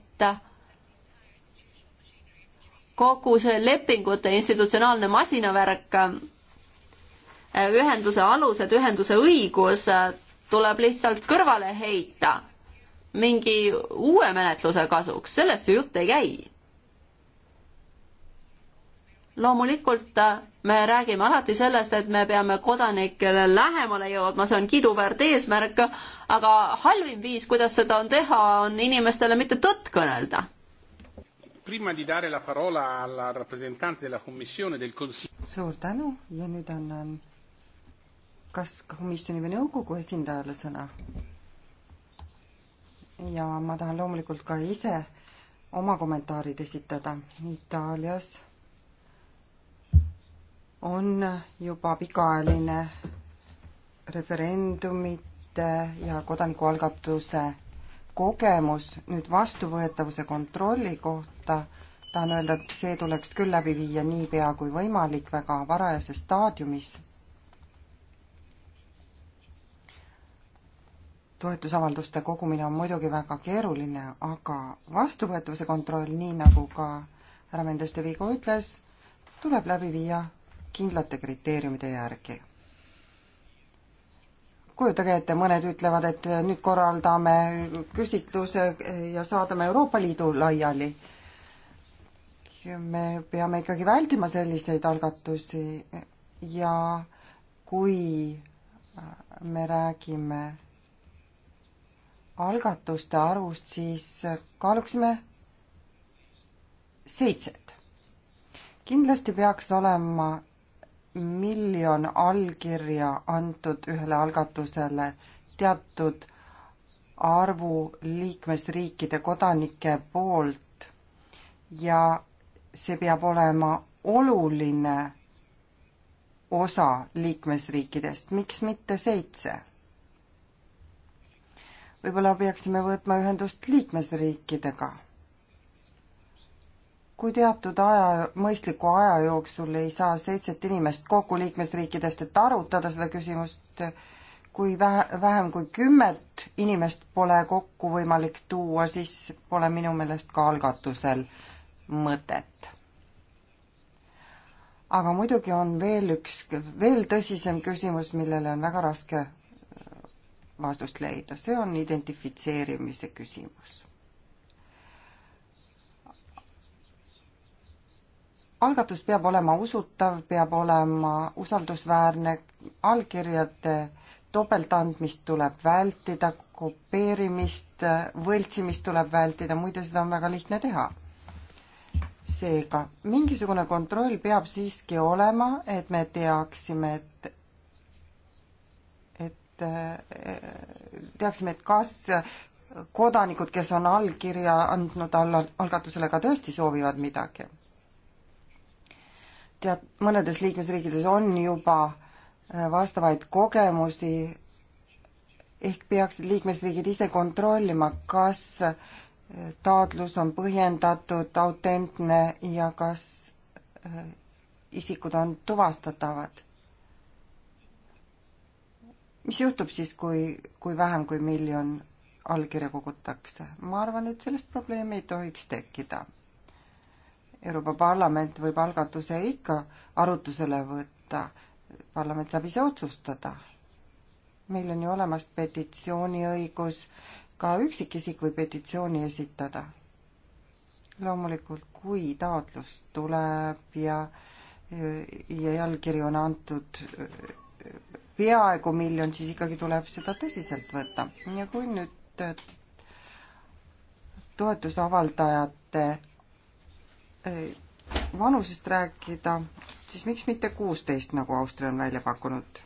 kogu see lepingute institutsionaalne masinavärk, ühenduse alused, ühenduse õigus tuleb lihtsalt kõrvale heita mingi uue menetluse kasuks, sellest ju jutt ei käi. loomulikult äh, me räägime alati sellest, et me peame kodanikele lähemale jõudma, see on kiduväärt eesmärk, aga halvim viis, kuidas seda on teha, on inimestele mitte tõtt kõnelda. suur tänu ja nüüd annan kas komisjoni või nõukogu esindajale sõna? ja ma tahan loomulikult ka ise oma kommentaarid esitada. Itaalias on juba pikaajaline referendumite ja kodanikualgatuse kogemus nüüd vastuvõetavuse kontrolli kohta tahan öelda, et see tuleks küll läbi viia niipea kui võimalik, väga varajases staadiumis toetusavalduste kogumine on muidugi väga keeruline, aga vastuvõetavuse kontroll, nii nagu ka härra Mendes de Vigo ütles, tuleb läbi viia kindlate kriteeriumide järgi. kujutage ette, mõned ütlevad, et nüüd korraldame küsitluse ja saadame Euroopa Liidu laiali. me peame ikkagi vältima selliseid algatusi ja kui me räägime algatuste arvust, siis kaaluksime seitset. kindlasti peaks olema miljon allkirja antud ühele algatusele teatud arvu liikmesriikide kodanike poolt ja see peab olema oluline osa liikmesriikidest, miks mitte seitse võib-olla peaksime võtma ühendust liikmesriikidega. kui teatud aja, mõistliku aja jooksul ei saa seitset inimest kogu liikmesriikidest, et arutada seda küsimust, kui vähe, vähem kui kümmet inimest pole kokku võimalik tuua, siis pole minu meelest ka algatusel mõtet. aga muidugi on veel üks, veel tõsisem küsimus, millele on väga raske vastust leida, see on identifitseerimise küsimus. algatus peab olema usutav, peab olema usaldusväärne, allkirjade topeltandmist tuleb vältida, kopeerimist, võltsimist tuleb vältida, muide seda on väga lihtne teha seega mingisugune kontroll peab siiski olema, et me teaksime, et Eh, teaksime, et kas kodanikud, kes on allkirja andnud alla, algatusele, ka tõesti soovivad midagi. tead, mõnedes liikmesriikides on juba eh, vastavaid kogemusi, ehk peaksid liikmesriigid ise kontrollima, kas eh, taotlus on põhjendatud, autentne ja kas isikud on tuvastatavad mis juhtub siis, kui, kui vähem kui miljon allkirja kogutakse? ma arvan, et sellist probleemi ei tohiks tekkida. Euroopa Parlament võib algatuse ikka arutusele võtta, parlament saab ise otsustada. meil on ju olemas petitsiooniõigus, ka üksikisik võib petitsiooni esitada. loomulikult, kui taotlus tuleb ja ja jalgkiri on antud peaaegu miljon, siis ikkagi tuleb seda tõsiselt võtta. ja kui nüüd äh, toetuse avaldajate äh, vanusest rääkida, siis miks mitte kuusteist, nagu Austria on välja pakkunud?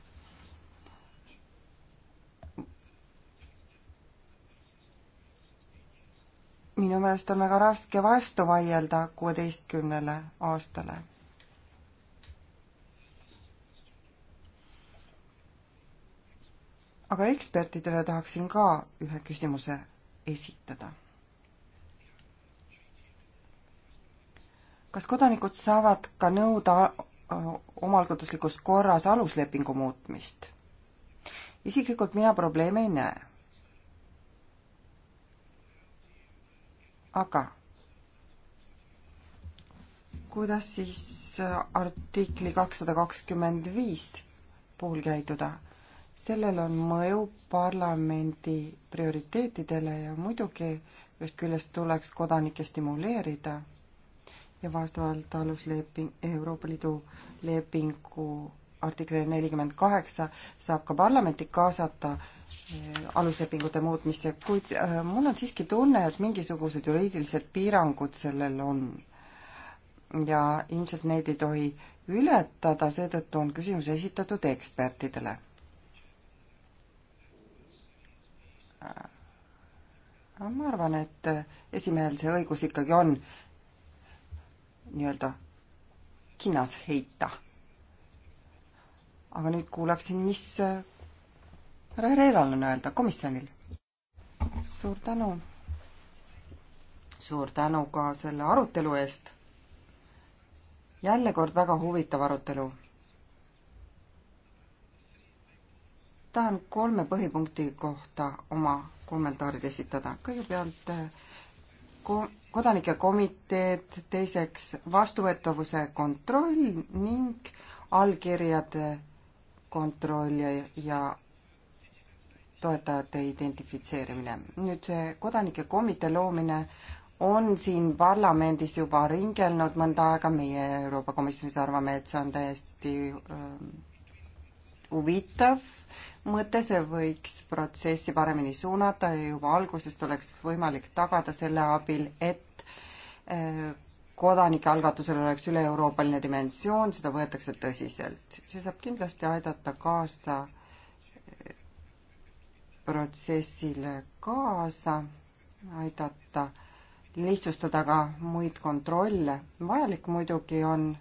minu meelest on väga raske vastu vaielda kuueteistkümnele aastale aga ekspertidele tahaksin ka ühe küsimuse esitada. kas kodanikud saavad ka nõuda äh, omalgatuslikus korras aluslepingu muutmist? isiklikult mina probleeme ei näe. aga kuidas siis äh, artikli kakssada kakskümmend viis puhul käiduda? sellel on mõju parlamendi prioriteetidele ja muidugi ühest küljest tuleks kodanikke stimuleerida ja vastavalt alusleping, Euroopa Liidu lepingu artikli nelikümmend kaheksa saab ka parlamenti kaasata eh, aluslepingute muutmisse, kuid eh, mul on siiski tunne, et mingisugused juriidilised piirangud sellel on. ja ilmselt neid ei tohi ületada, seetõttu on küsimus esitatud ekspertidele ma arvan, et esimehel see õigus ikkagi on nii-öelda kinas heita. aga nüüd kuulaksin, mis härra Herreral on öelda komisjonil. suur tänu. suur tänu ka selle arutelu eest. jälle kord väga huvitav arutelu tahan kolme põhipunkti kohta oma kommentaarid esitada. kõigepealt eh, ko-, kodanike komiteed, teiseks vastuvõetavuse kontroll ning allkirjade kontroll ja, ja toetajate identifitseerimine. nüüd see kodanike komitee loomine on siin parlamendis juba ringelnud mõnda aega, meie Euroopa Komisjonis arvame, et see on täiesti äh, huvitav, mõte, see võiks protsessi paremini suunata ja juba algusest oleks võimalik tagada selle abil, et äh, kodanikealgatusel oleks üle-euroopaline dimensioon, seda võetakse tõsiselt. see saab kindlasti aidata kaasa äh, protsessile kaasa, aidata lihtsustada ka muid kontrolle. vajalik muidugi on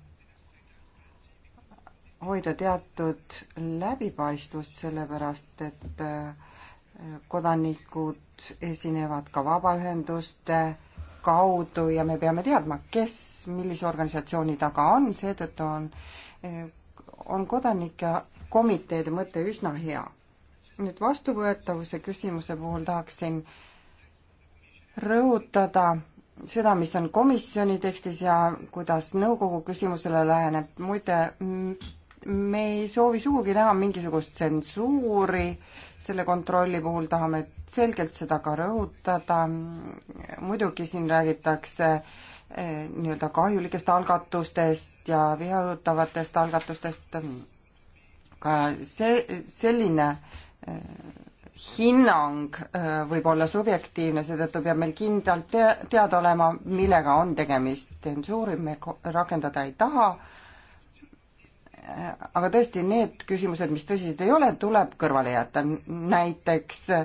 hoida teatud läbipaistvust, sellepärast et äh, kodanikud esinevad ka vabaühenduste kaudu ja me peame teadma, kes millise organisatsiooni taga on, seetõttu on, äh, on kodanike komiteede mõte üsna hea. nüüd vastuvõetavuse küsimuse puhul tahaksin rõhutada seda, mis on komisjoni tekstis ja kuidas nõukogu küsimusele läheneb, muide me ei soovi sugugi näha mingisugust tsensuuri selle kontrolli puhul, tahame selgelt seda ka rõhutada. muidugi siin räägitakse eh, nii-öelda kahjulikest algatustest ja viha õhutavatest algatustest. ka see, selline eh, hinnang eh, võib olla subjektiivne, seetõttu peab meil kindlalt te teada olema, millega on tegemist. tsensuuri me rakendada ei taha aga tõesti, need küsimused, mis tõsised ei ole, tuleb kõrvale jätta, näiteks äh,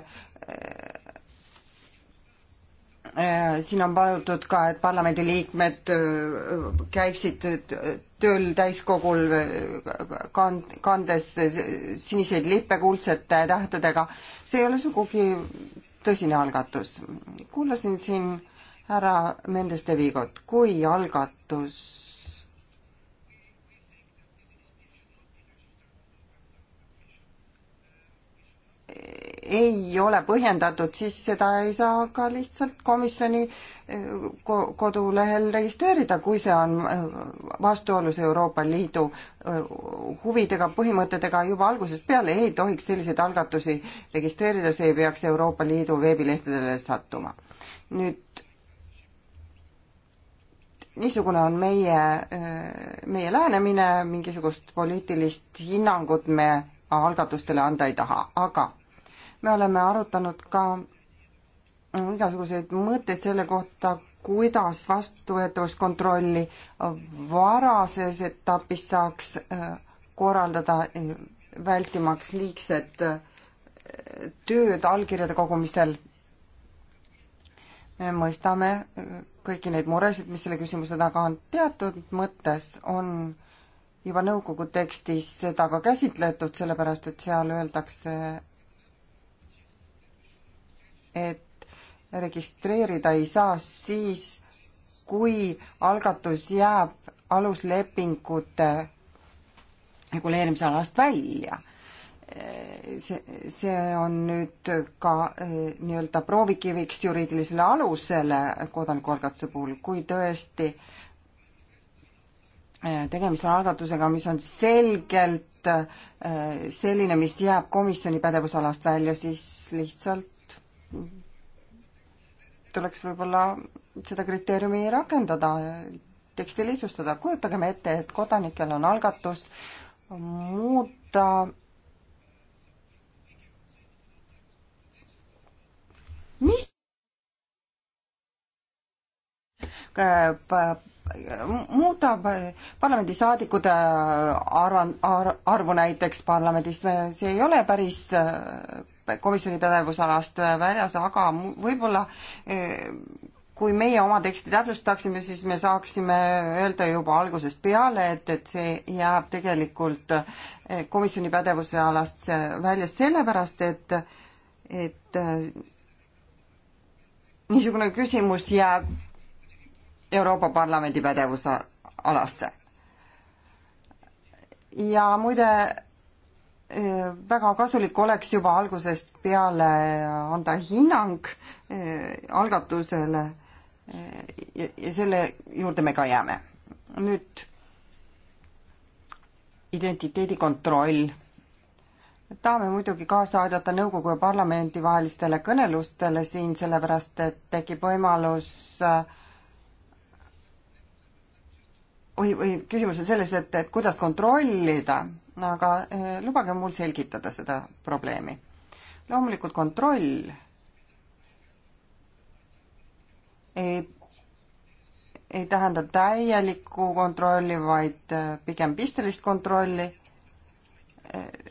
äh, siin on palutud ka, et parlamendiliikmed äh, käiksid tööl täiskogul kand-, kandes siniseid lippe kuldsete tähtedega. see ei ole sugugi tõsine algatus. kuulasin siin härra Mendes de Vigot, kui algatus ei ole põhjendatud, siis seda ei saa ka lihtsalt komisjoni eh, kodulehel registreerida, kui see on eh, vastuolus Euroopa Liidu eh, huvidega, põhimõtetega juba algusest peale ei tohiks selliseid algatusi registreerida, see ei peaks Euroopa Liidu veebilehtedele sattuma. nüüd niisugune on meie, meie lähenemine, mingisugust poliitilist hinnangut me algatustele anda ei taha, aga me oleme arutanud ka igasuguseid mõtteid selle kohta, kuidas vastuvõetavuskontrolli varases etapis saaks äh, korraldada, äh, vältimaks liigset äh, tööd allkirjade kogumisel. me mõistame kõiki neid muresid, mis selle küsimuse taga on. teatud mõttes on juba nõukogu tekstis seda ka käsitletud, sellepärast et seal öeldakse, et registreerida ei saa siis, kui algatus jääb aluslepingute reguleerimisalast välja. see, see on nüüd ka eh, nii-öelda proovikiviks juriidilisele alusele kodanikualgatuse puhul, kui tõesti eh, tegemist on algatusega, mis on selgelt eh, selline, mis jääb komisjoni pädevusalast välja, siis lihtsalt tuleks võib-olla seda kriteeriumi rakendada, teksti lihtsustada, kujutagem ette, et kodanikel on algatus muuta mis muuta parlamendisaadikute arvan- ar,, arvu näiteks parlamendis, see ei ole päris komisjoni pädevusalast väljas, aga võib-olla e, kui meie oma teksti täpsustaksime, siis me saaksime öelda juba algusest peale, et, et see jääb tegelikult e, komisjoni pädevuse alast välja sellepärast, et, et e, niisugune küsimus jääb Euroopa Parlamendi pädevuse alasse. ja muide väga kasulik oleks juba algusest peale anda hinnang eh, algatusele eh, ja selle juurde me ka jääme. nüüd identiteedikontroll. tahame muidugi kaasa aidata nõukogu ja parlamendi vahelistele kõnelustele siin, sellepärast et tekib võimalus eh, või, või küsimus on selles, et, et kuidas kontrollida aga eh, lubage mul selgitada seda probleemi. loomulikult kontroll ei, ei tähenda täielikku kontrolli, vaid eh, pigem pistelist kontrolli. Eh,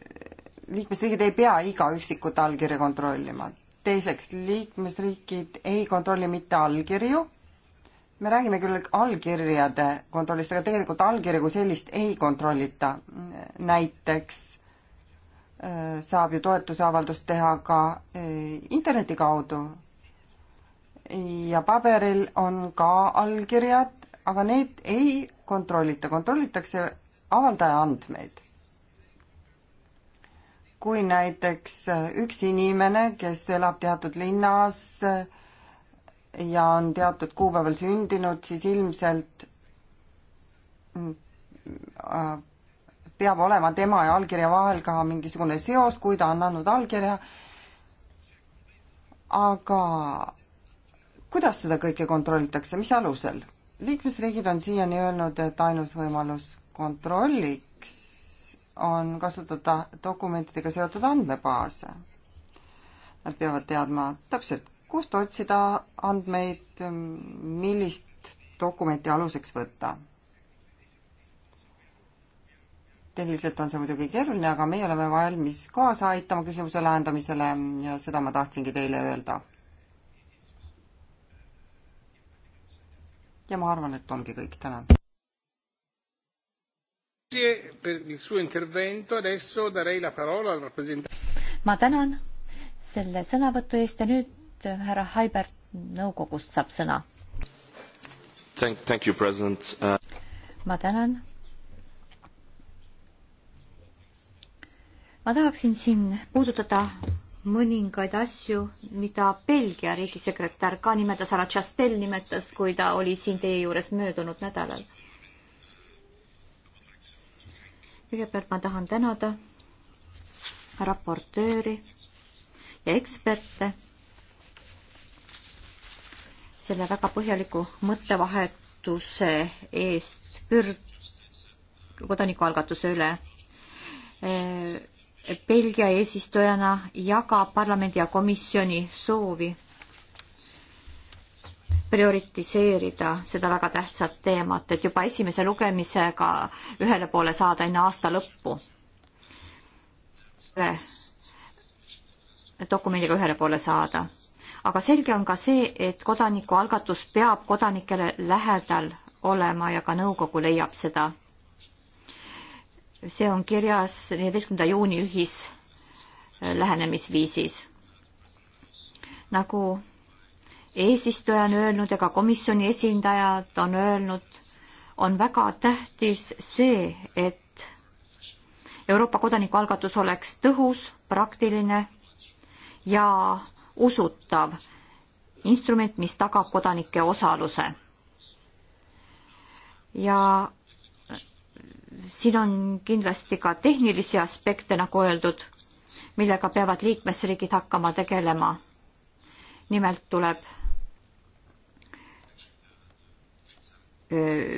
liikmesriigid ei pea iga üksikut allkirja kontrollima. teiseks, liikmesriigid ei kontrolli mitte allkirju me räägime küll allkirjade kontrollist, aga tegelikult allkirja kui sellist ei kontrollita. näiteks äh, saab ju toetusavaldust teha ka äh, interneti kaudu. ja paberil on ka allkirjad, aga need ei kontrollita, kontrollitakse avaldaja andmeid. kui näiteks äh, üks inimene, kes elab teatud linnas, ja on teatud kuupäeval sündinud, siis ilmselt mm, äh, peab olema tema ja allkirja vahel ka mingisugune seos, kui ta on andnud allkirja. aga kuidas seda kõike kontrollitakse, mis alusel? liikmesriigid on siiani öelnud, et ainus võimalus kontrolliks on kasutada dokumentidega seotud andmebaase. Nad peavad teadma täpselt, kust otsida andmeid, millist dokumenti aluseks võtta. tehniliselt on see muidugi keeruline, aga meie oleme valmis kaasa aitama küsimuse lahendamisele ja seda ma tahtsingi teile öelda. ja ma arvan, et ongi kõik, tänan. ma tänan selle sõnavõtu eest ja nüüd nüüd härra Haibert nõukogust saab sõna. Uh, ma tänan. ma tahaksin siin puudutada mõningaid asju, mida Belgia riigisekretär ka nimetas, härra Chastel nimetas, kui ta oli siin teie juures möödunud nädalal. kõigepealt ma tahan tänada raportööri ja eksperte selle väga põhjaliku mõttevahetuse eest pürg-, kodanikualgatuse üle. Belgia eesistujana jagab parlamendi ja komisjoni soovi prioritiseerida seda väga tähtsat teemat, et juba esimese lugemisega ühele poole saada enne aasta lõppu. dokumendiga ühele poole saada aga selge on ka see, et kodanikualgatus peab kodanikele lähedal olema ja ka nõukogu leiab seda. see on kirjas neljateistkümnenda juuni ühislähenemisviisis. Äh, nagu eesistuja on öelnud ja ka komisjoni esindajad on öelnud, on väga tähtis see, et Euroopa kodanikualgatus oleks tõhus, praktiline ja usutav instrument, mis tagab kodanike osaluse. ja siin on kindlasti ka tehnilisi aspekte, nagu öeldud, millega peavad liikmesriigid hakkama tegelema. nimelt tuleb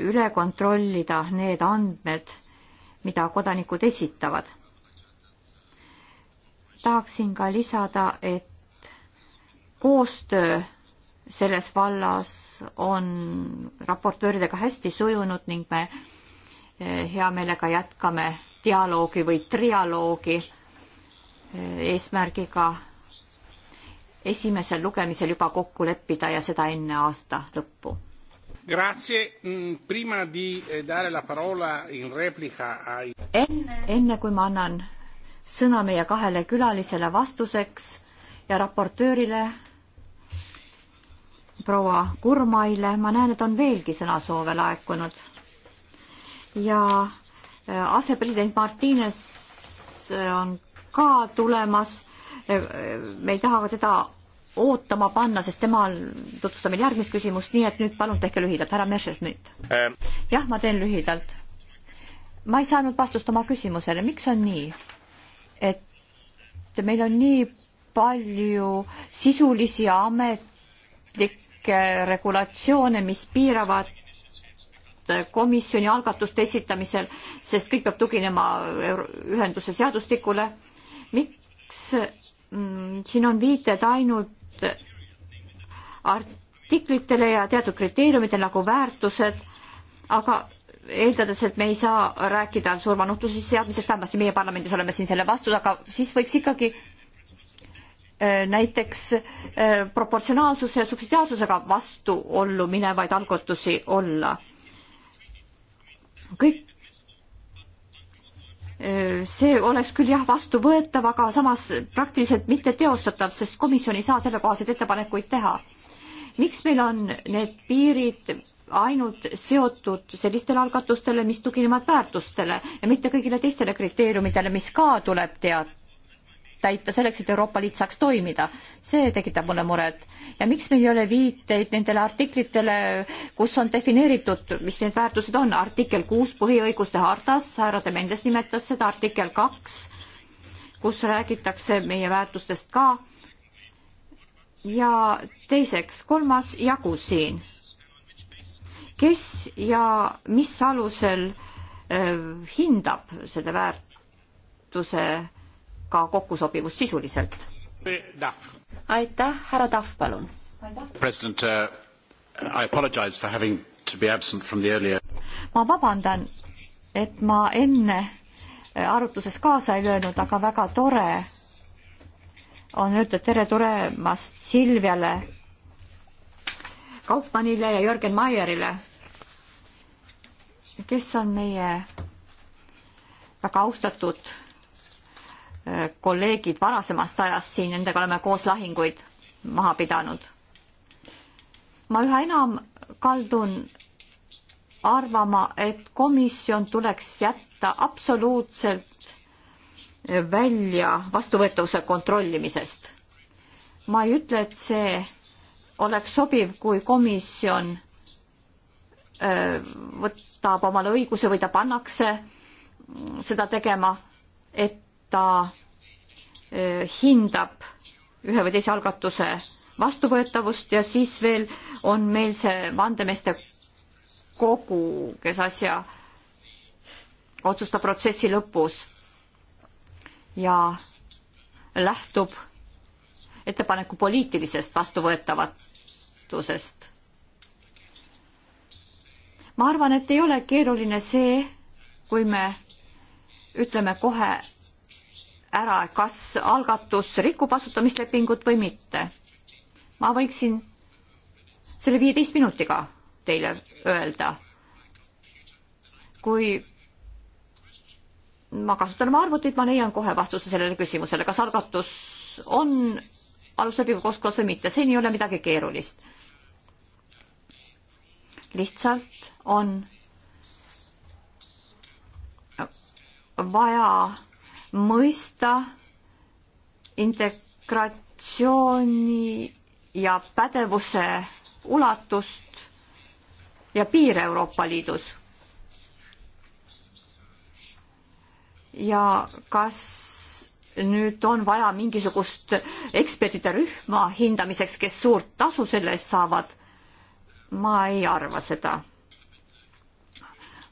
üle kontrollida need andmed, mida kodanikud esitavad. tahaksin ka lisada, et koostöö selles vallas on raportööridega hästi sujunud ning me eh, hea meelega jätkame dialoogi või trialoogi eh, eesmärgiga esimesel lugemisel juba kokku leppida ja seda enne aasta lõppu. Grazie, mm, prima di eh, dare la parola in replica ai... enne, enne kui ma annan sõna meie kahele külalisele vastuseks ja raportöörile proua Kurmaile, ma näen, et on veelgi sõnasoove laekunud. ja äh, asepresident Martines äh, on ka tulemas. Äh, me ei taha teda ootama panna, sest temal tutvustab meil järgmist küsimust, nii et nüüd palun tehke lühidalt, härra Messerschmidt ähm.. jah, ma teen lühidalt. ma ei saanud vastust oma küsimusele, miks on nii, et meil on nii palju sisulisi ametlikke kõikvõimalikke regulatsioone, mis piiravad komisjoni algatuste esitamisel, sest kõik peab tuginema ühenduse seadustikule. miks mm, siin on viited ainult artiklitele ja teatud kriteeriumidele nagu väärtused, aga eeldades, et me ei saa rääkida surmanuhtluse seadmisest, vähemasti meie parlamendis oleme siin selle vastu, aga siis võiks ikkagi Äh, näiteks äh, proportsionaalsuse ja subsidiaarsusega vastuollu minevaid algatusi olla. kõik äh, see oleks küll jah, vastuvõetav, aga samas praktiliselt mitte teostatav, sest komisjon ei saa sellekohaseid ettepanekuid teha. miks meil on need piirid ainult seotud sellistele algatustele, mis tuginevad väärtustele ja mitte kõigile teistele kriteeriumidele, mis ka tuleb teada? täita selleks, et Euroopa Liit saaks toimida. see tekitab mulle muret. ja miks meil ei ole viiteid nendele artiklitele, kus on defineeritud, mis need väärtused on, artikkel kuus põhiõiguste hartas, härra De Mendes nimetas seda, artikkel kaks, kus räägitakse meie väärtustest ka. ja teiseks, kolmas jagu siin. kes ja mis alusel äh, hindab selle väärtuse äh, ka kokkusobivust sisuliselt. aitäh, härra Tahv, palun. president uh,, I apologise for having to be absent from the earlier. ma vabandan, et ma enne eh, arutluses kaasa ei löönud, aga väga tore on öelda tere tulemast Silviale, Kaufmannile ja Jörgen Maierile, kes on meie väga austatud kolleegid varasemast ajast siin, nendega oleme koos lahinguid maha pidanud. ma üha enam kaldun arvama, et komisjon tuleks jätta absoluutselt välja vastuvõetavuse kontrollimisest. ma ei ütle, et see oleks sobiv, kui komisjon äh, võtab omale õiguse või ta pannakse seda tegema, et ta Eh, hindab ühe või teise algatuse vastuvõetavust ja siis veel on meil see vandemeeste kogu, kes asja otsustab protsessi lõpus ja lähtub ettepaneku poliitilisest vastuvõetavatusest. ma arvan, et ei ole keeruline see, kui me ütleme kohe ära, kas algatus rikub asutamislepingut või mitte. ma võiksin selle viieteist minutiga teile öelda. kui ma kasutan oma arvutit, ma leian kohe vastuse sellele küsimusele, kas algatus on aluslepingu kooskõlas või mitte, siin ei ole midagi keerulist. lihtsalt on vaja mõista integratsiooni ja pädevuse ulatust ja piire Euroopa Liidus. ja kas nüüd on vaja mingisugust ekspertide rühma hindamiseks, kes suurt tasu selle eest saavad? ma ei arva seda.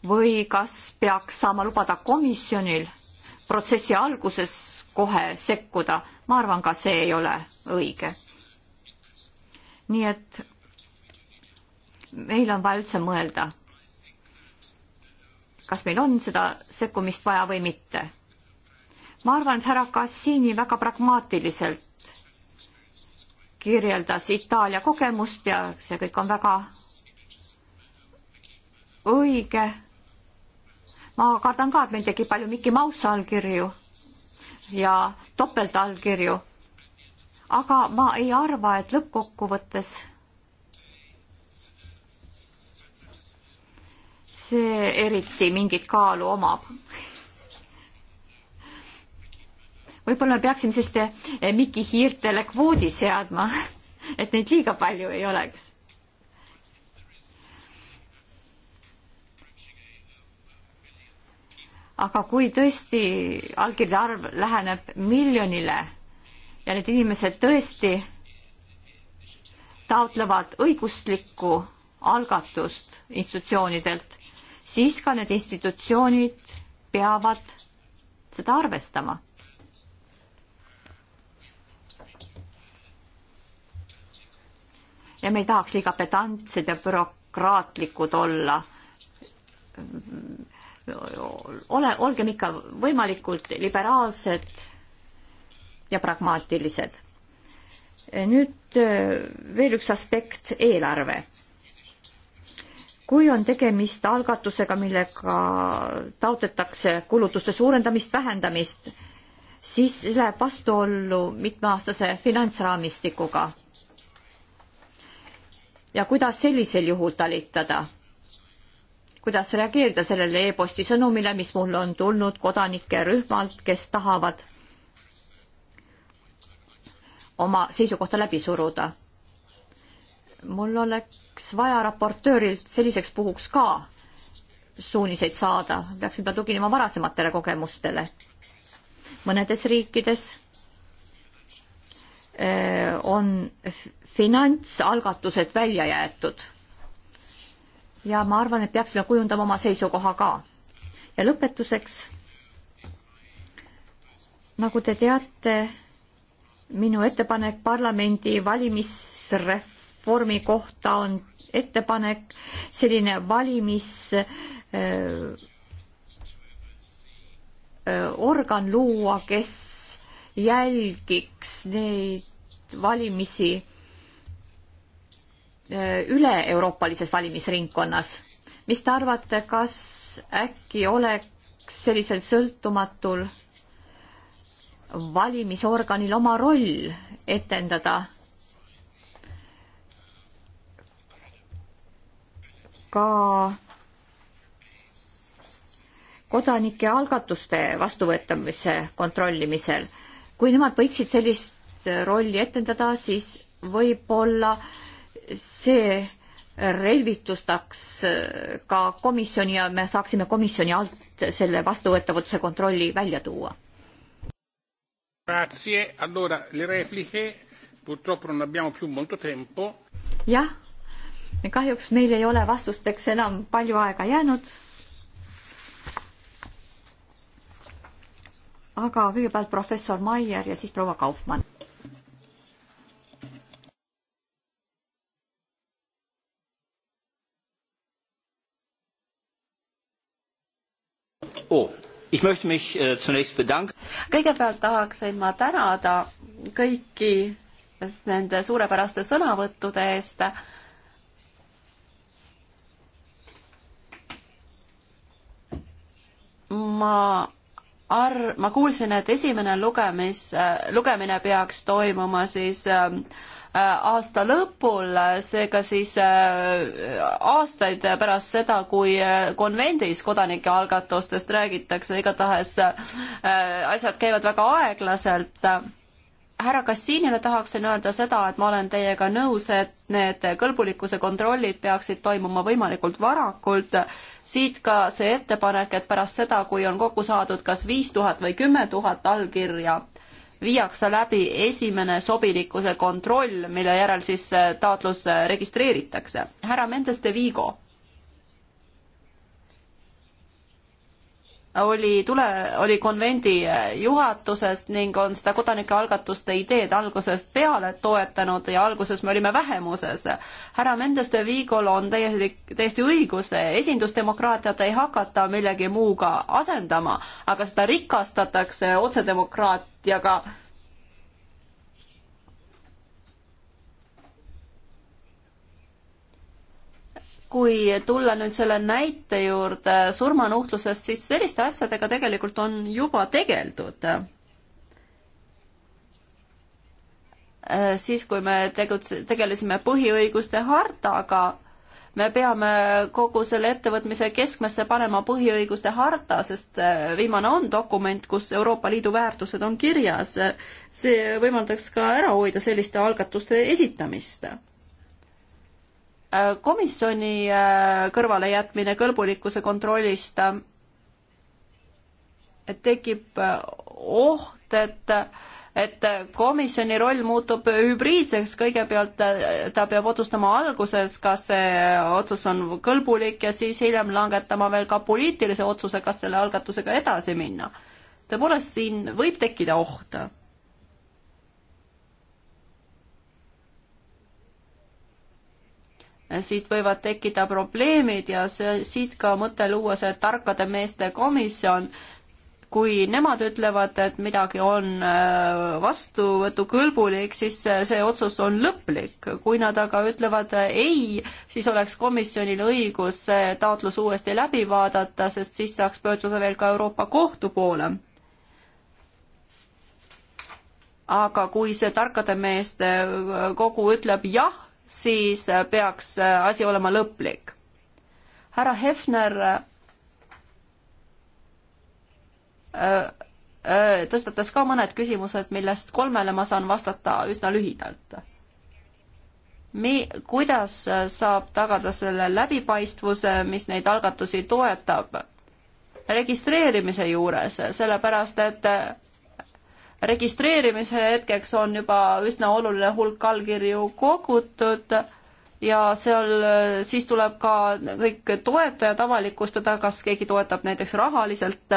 või kas peaks saama lubada komisjonil protsessi alguses kohe sekkuda, ma arvan, ka see ei ole õige. nii et meil on vaja üldse mõelda, kas meil on seda sekkumist vaja või mitte. ma arvan, et härra Cassini väga pragmaatiliselt kirjeldas Itaalia kogemust ja see kõik on väga õige ma kardan ka, et meil tekib palju Mickey Mouse allkirju ja topeltallkirju. aga ma ei arva, et lõppkokkuvõttes see eriti mingit kaalu omab võib-olla me peaksime selliste mikihiirtele kvoodi seadma, et neid liiga palju ei oleks aga kui tõesti allkirjade arv läheneb miljonile ja need inimesed tõesti taotlevad õiguslikku algatust institutsioonidelt, siis ka need institutsioonid peavad seda arvestama. ja me ei tahaks liiga pedantsed ja bürokraatlikud olla ole, olgem ikka võimalikult liberaalsed ja pragmaatilised. nüüd äh, veel üks aspekt, eelarve. kui on tegemist algatusega, millega taotletakse kulutuste suurendamist, vähendamist, siis läheb vastuollu mitmeaastase finantsraamistikuga. ja kuidas sellisel juhul talitada? kuidas reageerida sellele e-posti sõnumile, mis mulle on tulnud kodanike rühmalt, kes tahavad oma seisukohta läbi suruda. mul oleks vaja raportöörilt selliseks puhuks ka suuniseid saada, peaksin ma tuginema varasematele kogemustele. mõnedes riikides eh, on finantsalgatused välja jäetud ja ma arvan, et peaksime kujundama oma seisukoha ka. ja lõpetuseks, nagu te teate, minu ettepanek parlamendi valimisreformi kohta on ettepanek selline valimis öö, äh, öö, äh, organ luua, kes jälgiks neid valimisi Äh, üle-euroopalises valimisringkonnas. mis te arvate, kas äkki oleks sellisel sõltumatul valimisorganil oma roll etendada ka kodanike algatuste vastuvõetamise kontrollimisel. kui nemad võiksid sellist rolli etendada, siis võib-olla äh, see relvitustaks äh, ka komisjoni ja me saaksime komisjoni alt selle vastuvõetavuse kontrolli välja tuua. jah, kahjuks meil ei ole vastusteks enam palju aega jäänud. aga kõigepealt professor Maier ja siis proua Kaufmann oh. mich, äh, kõigepealt tahaksin ma tänada kõiki nende suurepäraste sõnavõttude eest. ma ar-, ma kuulsin, et esimene lugemis, lugemine peaks toimuma siis äh, Äh, aasta lõpul, seega siis äh, aastaid pärast seda, kui äh, konvendis kodanike algatustest räägitakse, igatahes asjad käivad väga aeglaselt härra Kassiinile tahaksin öelda seda, et ma olen teiega nõus, et need kõlbulikkuse kontrollid peaksid toimuma võimalikult varakult. siit ka see ettepanek, et pärast seda, kui on kokku saadud kas viis tuhat või kümme tuhat allkirja, viiakse läbi esimene sobilikkuse kontroll, mille järel siis eh, taotlus eh, registreeritakse. härra Mendes de Vigo oli tule, oli konvendi eh, juhatuses ning on seda kodanikealgatuste ideed algusest peale toetanud ja alguses me olime vähemuses. härra Mendes de Vigol on täiesti, täiesti õigus, esindusdemokraatiat ei hakata millegi muuga asendama, aga seda rikastatakse otsedemokraatiaga kui tulla nüüd selle näite juurde surmanuhtlusest, siis selliste asjadega tegelikult on juba tegeldud. Äh, siis, kui me tegutse-, tegelesime põhiõiguste hartaga, me peame kogu selle ettevõtmise keskmesse panema põhiõiguste harta, sest äh, viimane on dokument, kus Euroopa Liidu väärtused on kirjas. see võimaldaks ka ära hoida selliste algatuste esitamist Äh, komisjoni äh, kõrvalejätmine kõlbulikkuse kontrollist äh, tekib oht, et et komisjoni roll muutub hübriidseks, kõigepealt ta peab otsustama alguses, kas see otsus on kõlbulik ja siis hiljem langetama veel ka poliitilise otsuse, kas selle algatusega edasi minna. tõepoolest, siin võib tekkida oht siit võivad tekkida probleemid ja see, siit ka mõte luua see tarkade meeste komisjon, kui nemad ütlevad, et midagi on äh, vastuvõtukõlbulik, siis see otsus on lõplik. kui nad aga ütlevad äh, ei, siis oleks komisjonil õigus see taotlus uuesti läbi vaadata, sest siis saaks pöörduda veel ka Euroopa Kohtu poole. aga kui see tarkade meeste äh, kogu ütleb jah, siis äh, peaks äh, asi olema lõplik. härra Hefner äh, tõstatas ka mõned küsimused, millest kolmele ma saan vastata üsna lühidalt. Mi-, kuidas saab tagada selle läbipaistvuse, mis neid algatusi toetab? registreerimise juures, sellepärast et registreerimise hetkeks on juba üsna oluline hulk allkirju kogutud ja seal äh, siis tuleb ka kõik toetajad avalikustada, kas keegi toetab näiteks rahaliselt.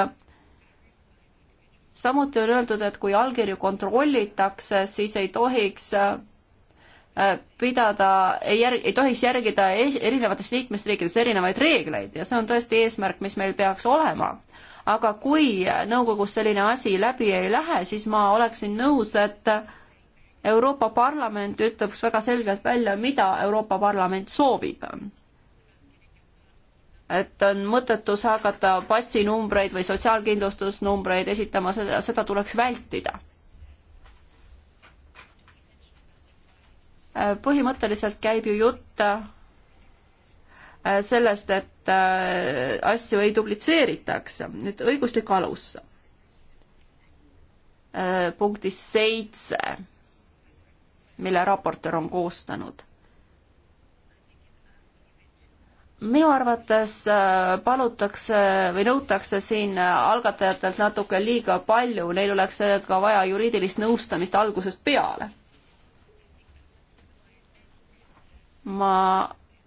samuti on öeldud, et kui allkirju kontrollitakse, siis ei tohiks äh, pidada, ei järg-, ei tohiks järgida e-, erinevates liikmesriikides erinevaid reegleid ja see on tõesti eesmärk, mis meil peaks olema aga kui nõukogus selline asi läbi ei lähe, siis ma oleksin nõus, et Euroopa Parlament ütleks väga selgelt välja, mida Euroopa Parlament soovib. et on mõttetus hakata passinumbreid või sotsiaalkindlustusnumbreid esitama, seda, seda tuleks vältida põhimõtteliselt käib ju jutt Äh, sellest, et äh, asju ei dublitseeritaks. nüüd õiguslik alus. Äh, punktis seitse, mille raportöör on koostanud. minu arvates palutakse või nõutakse siin algatajatelt natuke liiga palju, neil oleks ka vaja juriidilist nõustamist algusest peale. ma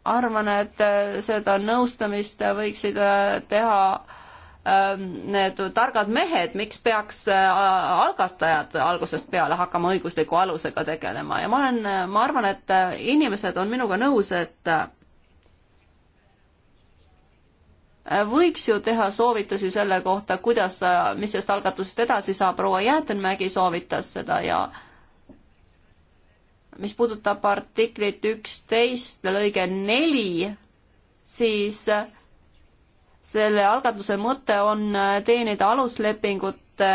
arvan, et äh, seda nõustamist võiksid äh, teha ähm, need targad mehed, miks peaks äh, algatajad algusest peale hakkama õigusliku alusega tegelema ja ma olen, ma arvan, et inimesed on minuga nõus, et võiks ju teha soovitusi selle kohta, kuidas, mis sellest algatusest edasi saab, proua Jäätenmägi soovitas seda ja äh, mis puudutab artiklit üksteist lõige neli, siis selle algatuse mõte on teenida aluslepingute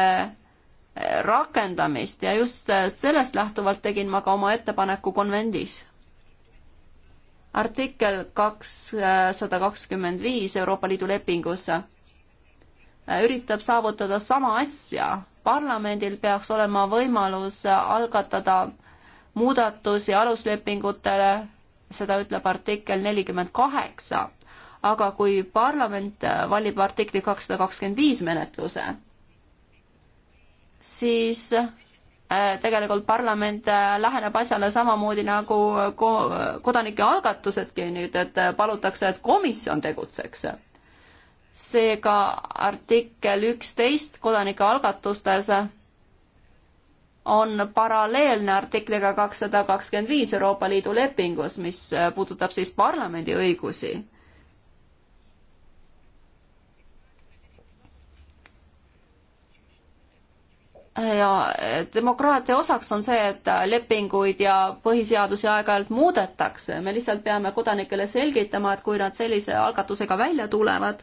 rakendamist ja just sellest lähtuvalt tegin ma ka oma ettepaneku konvendis. artikkel kakssada kakskümmend viis Euroopa Liidu lepingus üritab saavutada sama asja. parlamendil peaks olema võimalus algatada äh, muudatusi aluslepingutele, seda ütleb artikkel nelikümmend kaheksa, aga kui parlament valib artikli kakssada kakskümmend viis menetluse, siis äh, tegelikult parlament äh, läheneb asjale samamoodi nagu ko-, kodanike algatusedki nüüd, et äh, palutakse, et komisjon tegutseks. seega artikkel üksteist kodanike algatustes on paralleelne artikliga kakssada kakskümmend viis Euroopa Liidu lepingus, mis äh, puudutab siis parlamendi õigusi. ja äh, demokraatia osaks on see, et äh, lepinguid ja põhiseadusi aeg-ajalt muudetakse, me lihtsalt peame kodanikele selgitama, et kui nad sellise algatusega välja tulevad,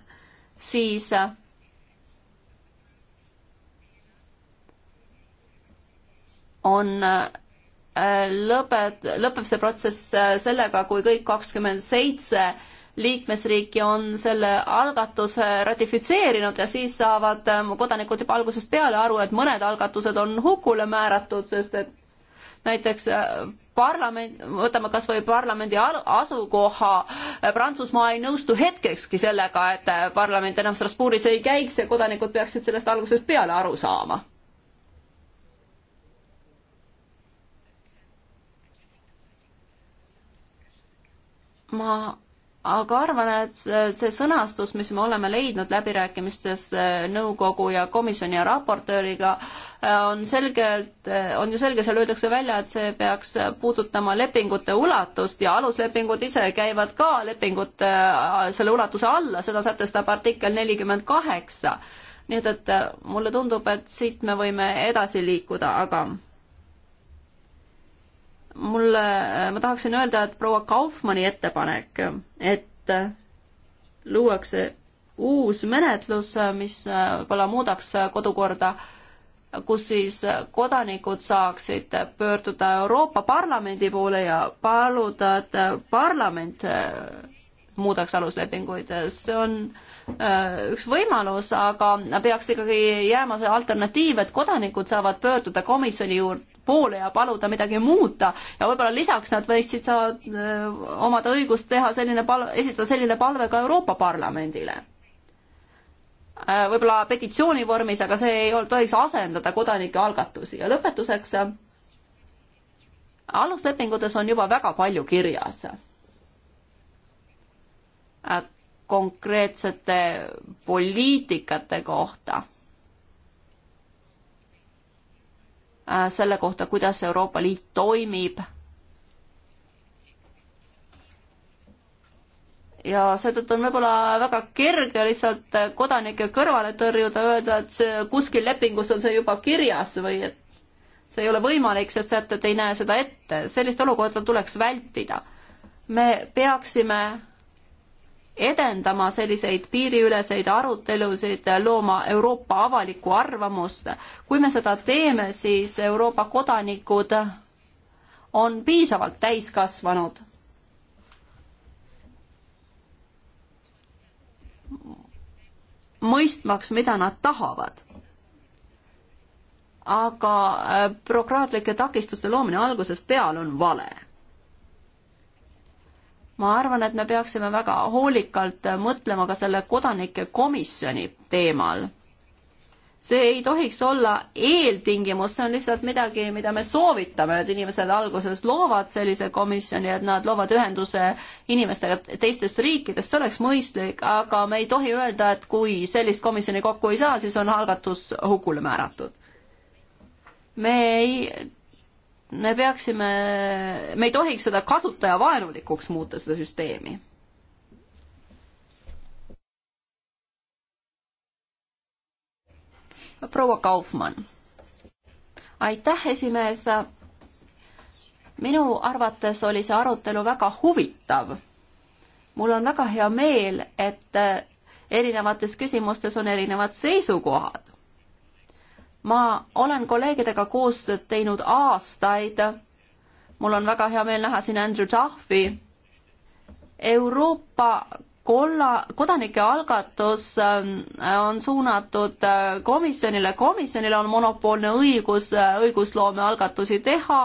siis on äh, lõpeb, lõpeb see protsess äh, sellega, kui kõik kakskümmend seitse liikmesriiki on selle algatuse ratifitseerinud ja siis saavad äh, kodanikud juba algusest peale aru, et mõned algatused on hukule määratud, sest et näiteks parlament, võtame kas või parlamendi asukoha, Prantsusmaa ei nõustu hetkekski sellega, et parlament enam Strasbourgis ei käiks ja kodanikud peaksid sellest algusest peale aru saama ma aga arvan, et see sõnastus, mis me oleme leidnud läbirääkimistes äh, nõukogu ja komisjoni ja raportööriga, äh, on selgelt, äh, on ju selge, seal öeldakse välja, et see peaks puudutama lepingute ulatust ja aluslepingud ise käivad ka lepingute, selle ulatuse alla, seda sätestab artikkel nelikümmend kaheksa. nii et, et mulle tundub, et siit me võime edasi liikuda, aga mulle, ma tahaksin öelda, et proua Kaufmanni ettepanek, et luuakse uus menetlus, mis võib-olla muudaks kodukorda, kus siis kodanikud saaksid pöörduda Euroopa Parlamendi poole ja paluda, et parlament muudaks aluslepinguid, see on äh, üks võimalus, aga peaks ikkagi jääma see alternatiiv, et kodanikud saavad pöörduda komisjoni juurde, poole ja paluda midagi muuta ja võib-olla lisaks nad võiksid saada, omada õigust teha selline pal-, esitada selline palve ka Euroopa Parlamendile. võib-olla petitsiooni vormis, aga see ei tohiks asendada kodanike algatusi ja lõpetuseks aluslepingutes on juba väga palju kirjas. konkreetsete poliitikate kohta Äh, selle kohta, kuidas Euroopa Liit toimib. ja seetõttu on võib-olla väga kerge lihtsalt kodanikke kõrvale tõrjuda, öelda, et see kuskil lepingus on see juba kirjas või et see ei ole võimalik, sest sätted ei näe seda ette. sellist olukorda tuleks vältida. me peaksime edendama selliseid piiriüleseid arutelusid, looma Euroopa avalikku arvamust. kui me seda teeme, siis Euroopa kodanikud on piisavalt täiskasvanud. mõistmaks, mida nad tahavad. aga bürokraatlike äh, takistuste loomine algusest peale on vale ma arvan, et me peaksime väga hoolikalt mõtlema ka selle kodanike komisjoni teemal. see ei tohiks olla eeltingimus, see on lihtsalt midagi, mida me soovitame, et inimesed alguses loovad sellise komisjoni, et nad loovad ühenduse inimestega teistest riikidest, see oleks mõistlik, aga me ei tohi öelda, et kui sellist komisjoni kokku ei saa, siis on algatus hukule määratud me ei me peaksime, me ei tohiks seda kasutajavaenulikuks muuta, seda süsteemi. proua Kaufmann. aitäh, esimees. minu arvates oli see arutelu väga huvitav. mul on väga hea meel, et erinevates küsimustes on erinevad seisukohad ma olen kolleegidega koostööd teinud aastaid. mul on väga hea meel näha siin Andrew Duffy. Euroopa kolla, kodanike algatus ähm, on suunatud äh, komisjonile, komisjonil on monopoolne õigus äh, õigusloome algatusi teha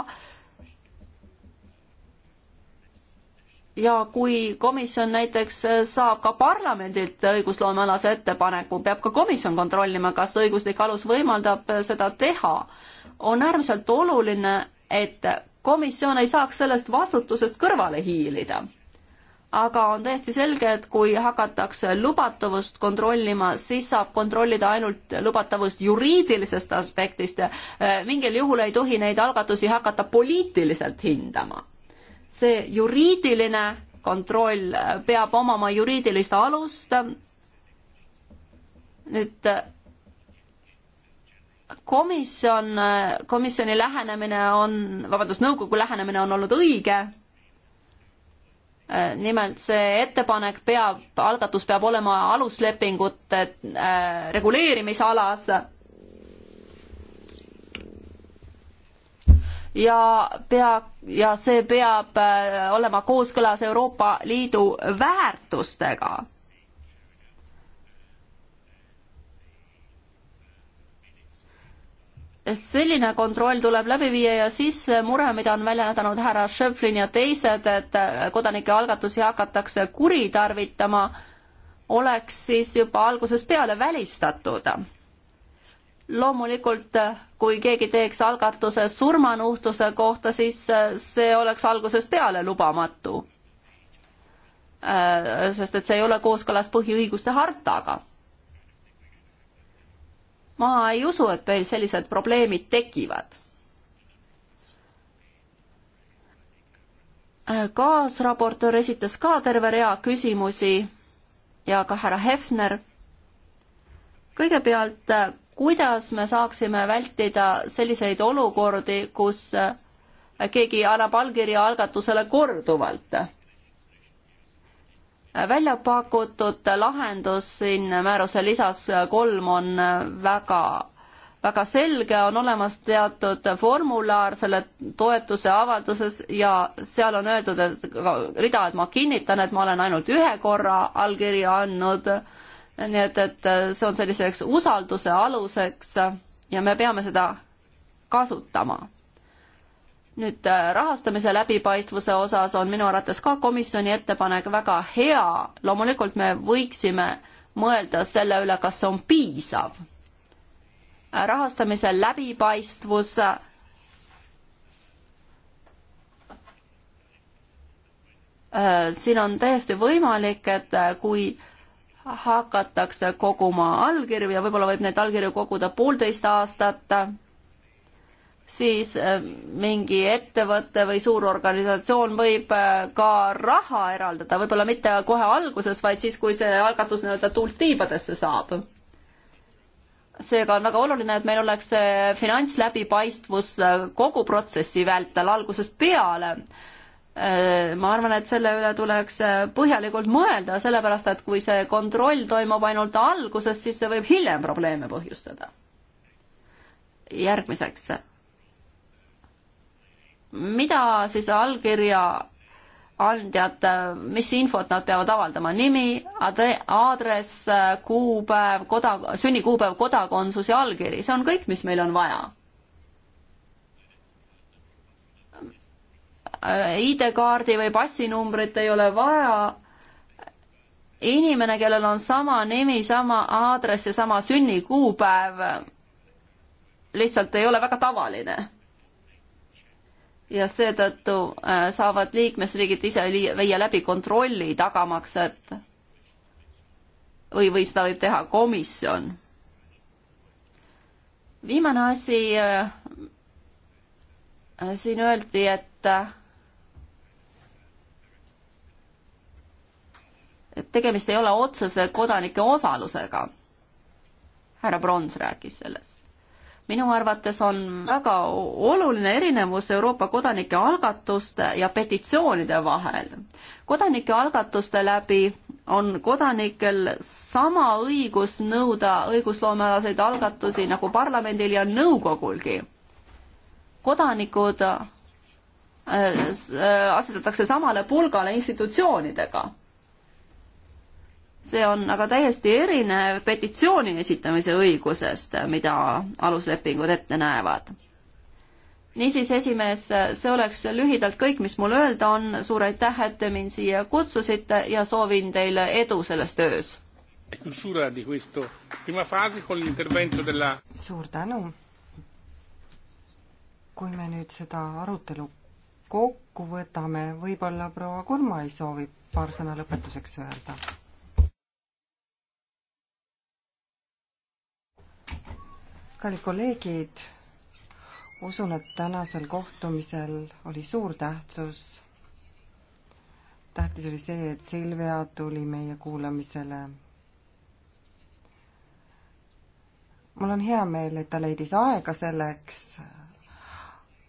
ja kui komisjon näiteks saab ka parlamendilt õigusloomealase ettepaneku, peab ka komisjon kontrollima, kas õiguslik alus võimaldab seda teha. on äärmiselt oluline, et komisjon ei saaks sellest vastutusest kõrvale hiilida. aga on täiesti selge, et kui hakatakse lubatavust kontrollima, siis saab kontrollida ainult lubatavust juriidilisest aspektist. mingil juhul ei tohi neid algatusi hakata poliitiliselt hindama see juriidiline kontroll peab omama juriidilist alust. nüüd komisjon, komisjoni lähenemine on, vabandust, nõukogu lähenemine on olnud õige. nimelt see ettepanek peab, algatus peab olema aluslepingute äh, reguleerimisalas ja pea, ja see peab äh, olema kooskõlas Euroopa Liidu väärtustega. selline kontroll tuleb läbi viia ja siis mure, mida on väljendanud härra Schöpflin ja teised, et äh, kodanike algatusi hakatakse kuritarvitama, oleks siis juba algusest peale välistatud loomulikult, eh, kui keegi teeks algatuse surmanuhtluse kohta, siis eh, see oleks algusest peale lubamatu. Eh, sest et see ei ole kooskõlas põhiõiguste hartaga. ma ei usu, et meil sellised probleemid tekivad. kaasraportöör esitas ka terve rea küsimusi ja ka härra Hefner kõigepealt kuidas me saaksime vältida selliseid olukordi, kus äh, keegi annab allkirja algatusele korduvalt. välja pakutud lahendus siin määruse lisas kolm on äh, väga, väga selge, on olemas teatud formulaar selle toetuse avalduses ja seal on öeldud, et rida, et ma kinnitan, et ma olen ainult ühe korra allkirja andnud nii et, et äh, see on selliseks usalduse aluseks ja me peame seda kasutama. nüüd äh, rahastamise läbipaistvuse osas on minu arvates ka komisjoni ettepanek väga hea, loomulikult me võiksime mõelda selle üle, kas see on piisav. Äh, rahastamise läbipaistvus siin on täiesti võimalik, et kui hakatakse koguma allkirju ja võib-olla võib neid allkirju koguda poolteist aastat, siis äh, mingi ettevõte või suur organisatsioon võib äh, ka raha eraldada, võib-olla mitte kohe alguses, vaid siis, kui see algatus nii-öelda tuult tiibadesse saab. seega on väga oluline, et meil oleks finantsläbipaistvus äh, kogu protsessi vältel algusest peale Äh, ma arvan, et selle üle tuleks äh, põhjalikult mõelda, sellepärast et kui see kontroll toimub ainult alguses, siis see võib hiljem probleeme põhjustada. järgmiseks. mida siis allkirja andjad, äh, mis infot nad peavad avaldama, nimi, aadress, kuupäev, koda-, sünnikuupäev, kodakondsus ja allkiri, see on kõik, mis meil on vaja Äh, ID-kaardi või passinumbrit ei ole vaja. inimene, kellel on sama nimi, sama aadress ja sama sünnikuupäev, lihtsalt ei ole väga tavaline. ja seetõttu äh, saavad liikmesriigid ise viia läbi kontrolli, tagamaks, et või, või seda võib teha komisjon. viimane asi äh, siin öeldi, et et tegemist ei ole otsese kodanike osalusega. härra Brons rääkis sellest. minu arvates on väga oluline erinevus Euroopa kodanike algatuste ja petitsioonide vahel. kodanike algatuste läbi on kodanikel sama õigus nõuda õigusloomealaseid algatusi nagu parlamendil ja nõukogulgi. kodanikud äh, äh, asetatakse samale pulgale institutsioonidega see on aga täiesti erinev petitsiooni esitamise õigusest, mida aluslepingud ette näevad. niisiis, esimees, see oleks lühidalt kõik, mis mul öelda on, suur aitäh, et te mind siia kutsusite ja soovin teile edu selles töös. suur tänu. kui me nüüd seda arutelu kokku võtame, võib-olla proua Kurmai soovib paar sõna lõpetuseks öelda kallid kolleegid, usun, et tänasel kohtumisel oli suur tähtsus. tähtis oli see, et Silvia tuli meie kuulamisele. mul on hea meel, et ta leidis aega selleks,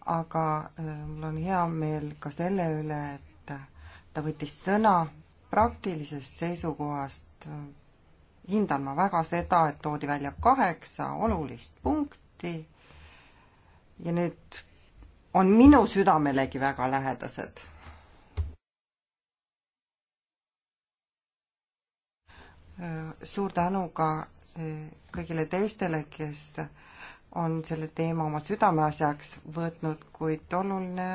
aga äh, mul on hea meel ka selle üle, et ta võttis sõna praktilisest seisukohast hindan ma väga seda, et toodi välja kaheksa olulist punkti ja need on minu südamelegi väga lähedased. suur tänu ka e, kõigile teistele, kes on selle teema oma südameasjaks võtnud, kuid oluline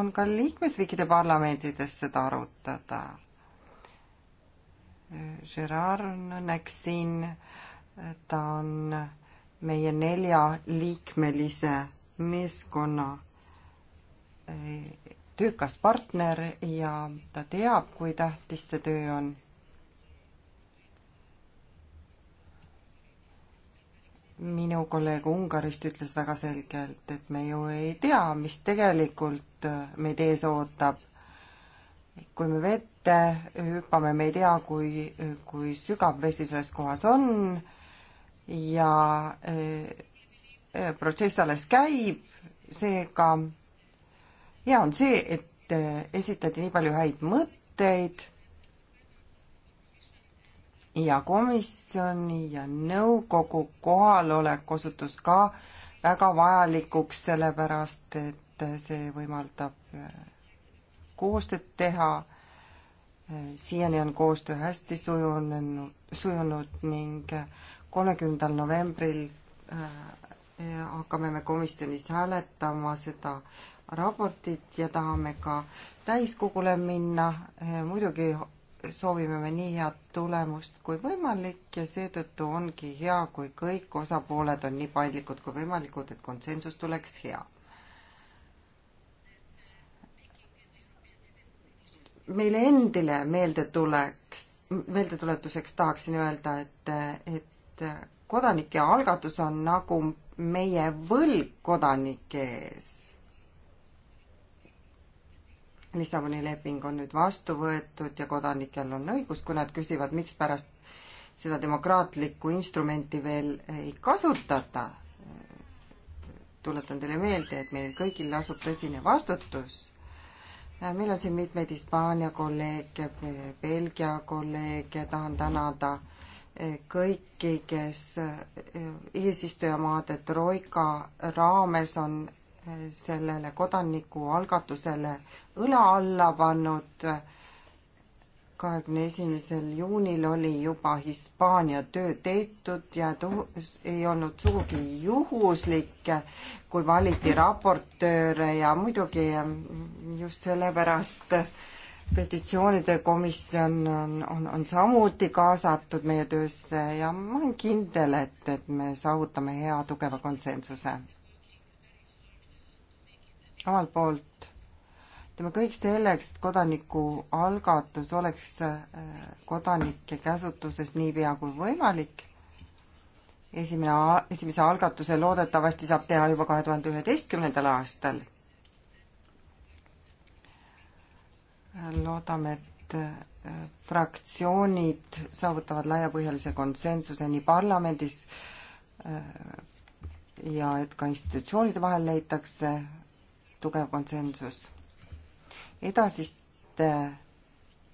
on ka liikmesriikide parlamendides seda arutada Gerard on õnneks siin, ta on meie neljaliikmelise meeskonna eh, töökas partner ja ta teab, kui tähtis see töö on minu kolleeg Ungarist ütles väga selgelt, et me ju ei tea, mis tegelikult meid ees ootab kui me vette hüppame, me ei tea, kui, kui sügav vesi selles kohas on ja äh, protsess alles käib, seega hea on see, et äh, esitati nii palju häid mõtteid ja komisjoni ja nõukogu kohalolek osutus ka väga vajalikuks, sellepärast et eh, see võimaldab äh, koostööd teha. siiani on koostöö hästi sujunenud, sujunud ning kolmekümnendal novembril äh, hakkame me komisjonis hääletama seda raportit ja tahame ka täiskogule minna. Äh, muidugi soovime me nii head tulemust kui võimalik ja seetõttu ongi hea, kui kõik osapooled on nii paindlikud kui võimalikud, et konsensus tuleks hea meile endile meelde tuleks, meeldetuletuseks tahaksin öelda, et, et kodanike algatus on nagu meie võlg kodanike ees. Lissaboni leping on nüüd vastu võetud ja kodanikel on õigus, kui nad küsivad, mikspärast seda demokraatlikku instrumenti veel ei kasutata. tuletan teile meelde, et meil kõigil lasub tõsine vastutus Äh, meil on siin mitmeid Hispaania kolleege, Belgia kolleege, tahan tänada äh, kõiki, kes äh, eesistujamaade Troika raames on sellele kodanikualgatusele õla alla pannud äh, kahekümne esimesel juunil oli juba Hispaania töö tehtud ja ei olnud sugugi juhuslik, kui valiti raportööre ja muidugi just sellepärast petitsioonide komisjon on, on, on samuti kaasatud meie töösse ja ma olen kindel, et, et me saavutame hea tugeva konsensuse. omalt poolt teeme kõik selleks, et kodanikualgatus oleks äh, kodanike käsutuses niipea kui võimalik. esimene, esimese algatuse loodetavasti saab teha juba kahe tuhande üheteistkümnendal aastal. loodame, et äh, fraktsioonid saavutavad laiapõhjalise konsensuse nii parlamendis äh, ja et ka institutsioonide vahel leitakse tugev konsensus edasiste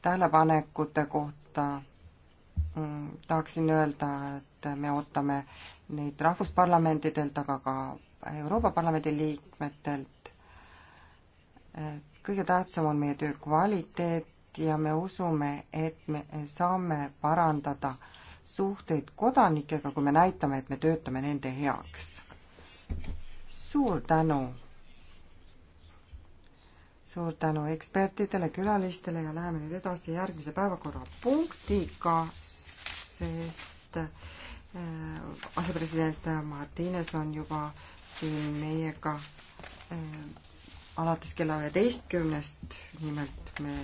tähelepanekute kohta mm, tahaksin öelda, et me ootame neid rahvusparlamentidelt, aga ka Euroopa Parlamendi liikmetelt. kõige tähtsam on meie töö kvaliteet ja me usume, et me saame parandada suhteid kodanikega, kui me näitame, et me töötame nende heaks. suur tänu suur tänu ekspertidele, külalistele ja läheme nüüd edasi järgmise päevakorrapunktiga, sest äh, asepresident Martines on juba siin meiega äh, alates kella üheteistkümnest, nimelt me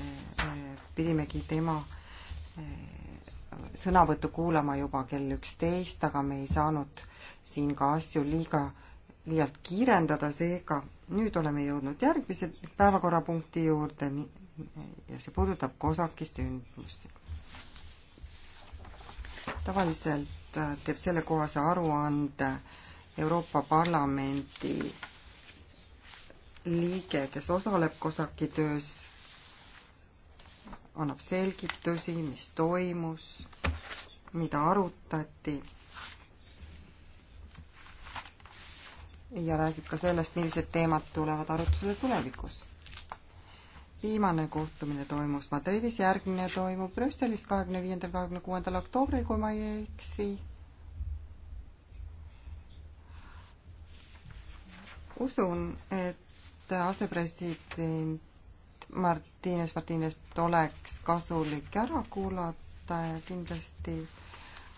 äh, pidimegi tema sõnavõttu kuulama juba kell üksteist, aga me ei saanud siin ka asju liiga äh, liialt kiirendada, seega nüüd oleme jõudnud järgmise päevakorrapunkti juurde ja see puudutab Kosaki sündmusi. tavaliselt äh, teeb sellekohase aruande Euroopa Parlamendi liige, kes osaleb Kosaki töös, annab selgitusi, mis toimus, mida arutati ja räägib ka sellest, millised teemad tulevad arutlusele tulevikus. viimane kohtumine toimus Madridis, järgmine toimub Brüsselis kahekümne viiendal, kahekümne kuuendal oktoobril, kui ma ei eksi. usun, et asepresident Martines Martinest oleks kasulik ära kuulata ja kindlasti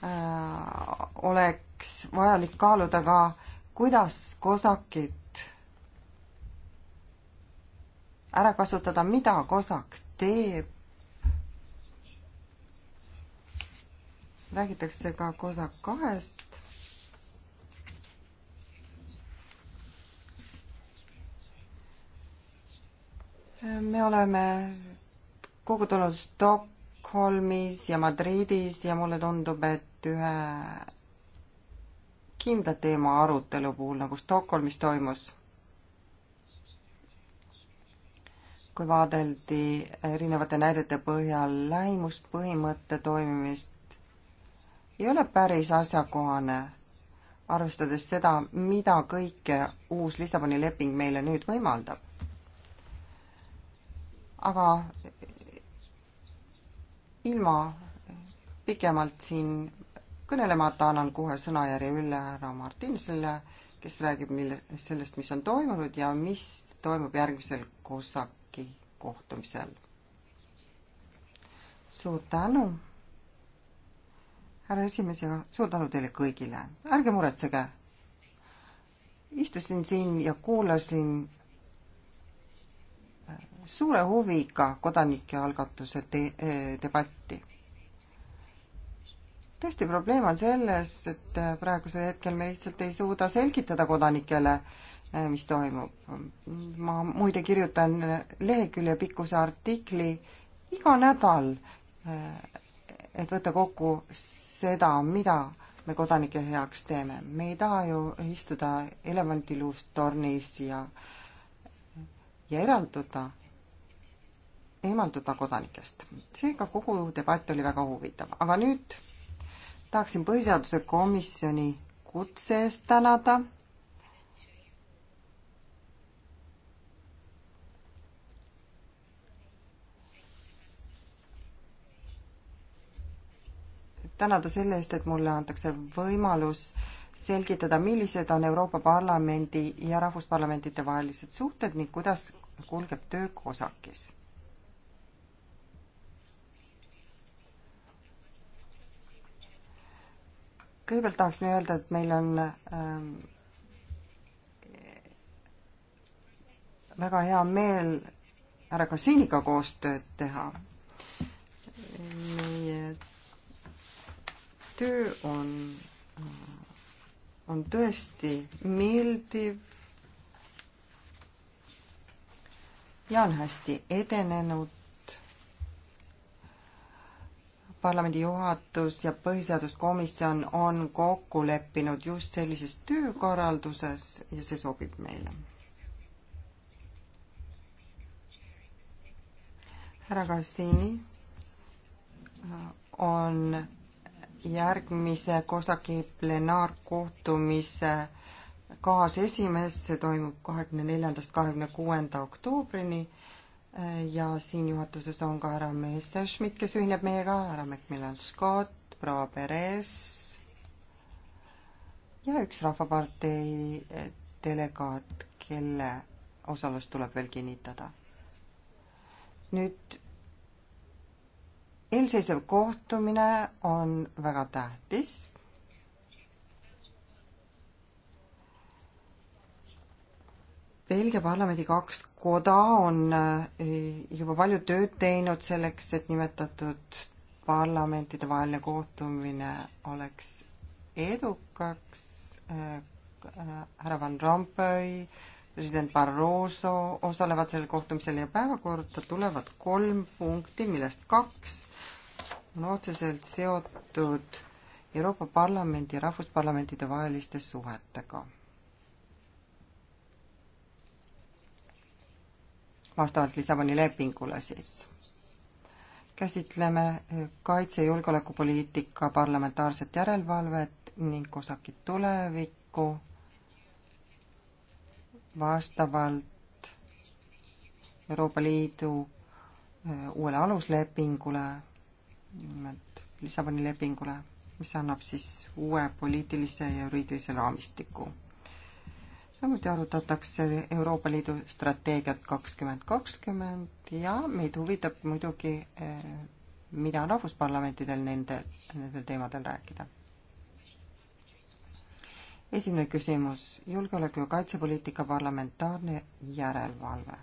äh, oleks vajalik kaaluda ka äh, kuidas kosakit ära kasutada, mida kosak teeb. räägitakse ka kosak kahest. me oleme kogutulnud Stockholmis ja Madridis ja mulle tundub, et ühe kindla teema arutelu puhul, nagu Stockholmis toimus, kui vaadeldi erinevate näidete põhjal lähimuspõhimõtte toimimist, ei ole päris asjakohane, arvestades seda, mida kõike uus Lissaboni leping meile nüüd võimaldab. aga ilma pikemalt siin kõnelemata annan kohe sõnajärje üle härra Martinsele, kes räägib mille, sellest, mis on toimunud ja mis toimub järgmisel COSAC-i kohtumisel. suur tänu, härra esimees ja suur tänu teile kõigile. ärge muretsege. istusin siin ja kuulasin äh, suure huviga kodanike algatuse de debatti tõesti, probleem on selles, et äh, praegusel hetkel me lihtsalt ei suuda selgitada kodanikele, äh, mis toimub. ma muide kirjutan lehekülje pikkuse artikli iga nädal, äh, et võtta kokku seda, mida me kodanike heaks teeme. me ei taha ju istuda elevandiluust tornis ja, ja eralduda eemalduda kodanikest. seega kogu debatt oli väga huvitav, aga nüüd tahaksin Põhiseaduse Komisjoni kutse eest tänada. tänada selle eest, et mulle antakse võimalus selgitada, millised on Euroopa Parlamendi ja Rahvusparlamentide vahelised suhted ning kuidas kulgeb töö COSAC-is kõigepealt tahaksin öelda, et meil on ähm, väga hea meel härra Kassiiniga koostööd teha. meie töö on, on tõesti meeldiv ja on hästi edenenud parlamendi juhatus ja põhiseaduskomisjon on kokku leppinud just sellises töökorralduses ja see sobib meile. härra Kassini äh, on järgmise COSAC-i plenaarkohtumise kaasesimees, see toimub kahekümne neljandast kahekümne kuuenda oktoobrini ja siin juhatuses on ka härra Messerschmidt, kes ühineb meiega, härra Macmillan Scott, proua Perez ja üks Rahvapartei delegaat, kelle osalus tuleb veel kinnitada. nüüd eelseisev kohtumine on väga tähtis Belgia parlamendi kaks koda on eh, juba palju tööd teinud selleks, et nimetatud parlamentide vaheline kohtumine oleks edukaks. Eh, eh, härra Van Rompuy, president Barroso osalevad sellel kohtumisel ja päevakorda tulevad kolm punkti, millest kaks on otseselt seotud Euroopa Parlamendi ja Rahvusparlamentide vaheliste suhetega. vastavalt Lissaboni lepingule siis. käsitleme eh, kaitse- ja julgeolekupoliitika parlamentaarset järelevalvet ning COSAC-i tulevikku vastavalt Euroopa Liidu eh, uuele aluslepingule, nimelt Lissaboni lepingule, mis annab siis uue poliitilise ja juriidilise raamistiku samuti arutatakse Euroopa Liidu strateegiat kakskümmend kakskümmend ja meid huvitab muidugi, eh, mida on rahvusparlamentidel nende, nendel teemadel rääkida. esimene küsimus, julgeoleku- ja kaitsepoliitika parlamentaarne järelevalve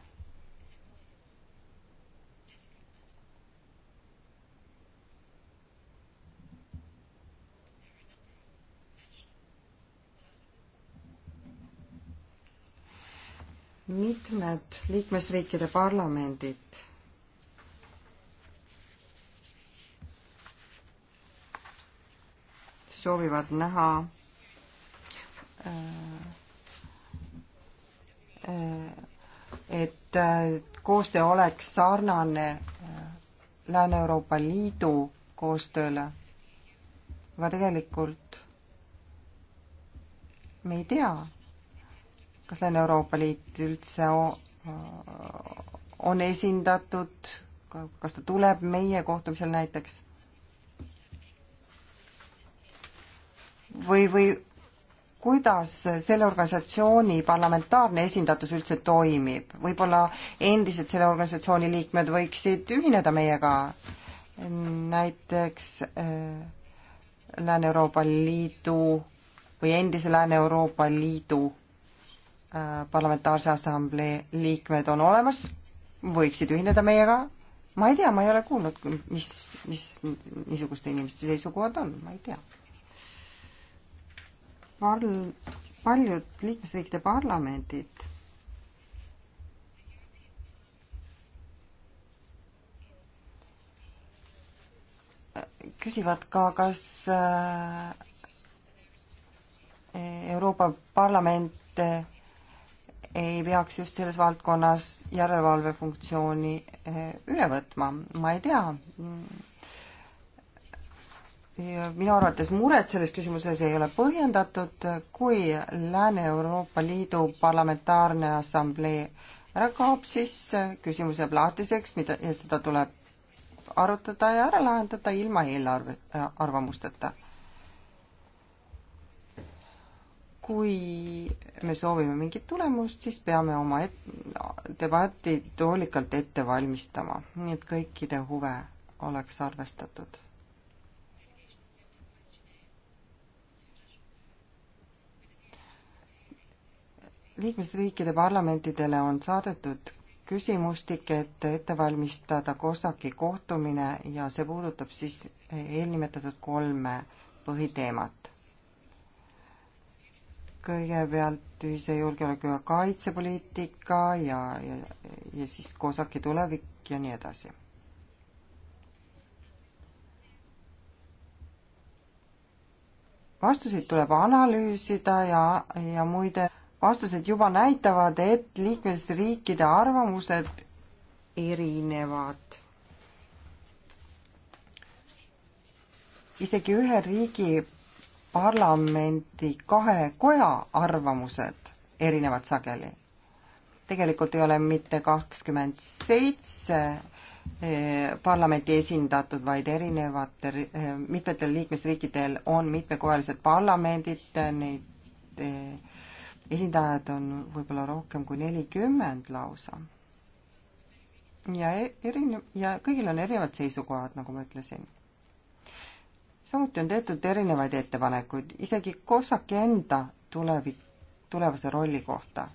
mitmed liikmesriikide parlamendid soovivad näha äh, et äh, koostöö oleks sarnane äh, Lääne-Euroopa Liidu koostööle, aga tegelikult me ei tea kas Lääne-Euroopa Liit üldse on esindatud, kas ta tuleb meie kohtumisel näiteks? või, või kuidas selle organisatsiooni parlamentaarne esindatus üldse toimib, võib-olla endised selle organisatsiooni liikmed võiksid ühineda meiega, näiteks äh, Lääne-Euroopa Liidu või endise Lääne-Euroopa Liidu Äh, parlamentaarse assamblee liikmed on olemas, võiksid ühineda meiega. ma ei tea, ma ei ole kuulnud, mis, mis niisuguste inimeste seisukohad on, ma ei tea. Parl-, paljud liikmesriikide parlamendid küsivad ka, kas äh, Euroopa Parlament ei peaks just selles valdkonnas järelevalvefunktsiooni eh, üle võtma, ma ei tea. minu arvates mured selles küsimuses ei ole põhjendatud, kui Lääne-Euroopa Liidu Parlamentaarne Assamblee ära kaob, siis küsimus jääb lahtiseks, mida, ja seda tuleb arutada ja ära lahendada ilma eelarve, äh, arvamusteta kui me soovime mingit tulemust, siis peame oma et-, debatti toolikalt ette valmistama, nii et kõikide huve oleks arvestatud. liikmesriikide parlamentidele on saadetud küsimustik, et ette valmistada COSAC-i kohtumine ja see puudutab siis eelnimetatud kolme põhiteemat kõigepealt ühise julgeoleku ja kaitsepoliitika ja, ja, ja siis COSAC-i tulevik ja nii edasi. vastuseid tuleb analüüsida ja, ja muide, vastused juba näitavad, et liikmesriikide arvamused erinevad. isegi ühe riigi parlamendi kahe koja arvamused erinevad sageli. tegelikult ei ole mitte kakskümmend seitse eh, parlamenti esindatud, vaid erinevatel, eh, mitmetel liikmesriikidel on mitmekojalised parlamendid, neid eh, esindajad on võib-olla rohkem kui nelikümmend lausa. ja e-, erine-, ja kõigil on erinevad seisukohad, nagu ma ütlesin samuti on tehtud erinevaid ettepanekuid, isegi COSAC-i enda tulevik, tulevase rolli kohta.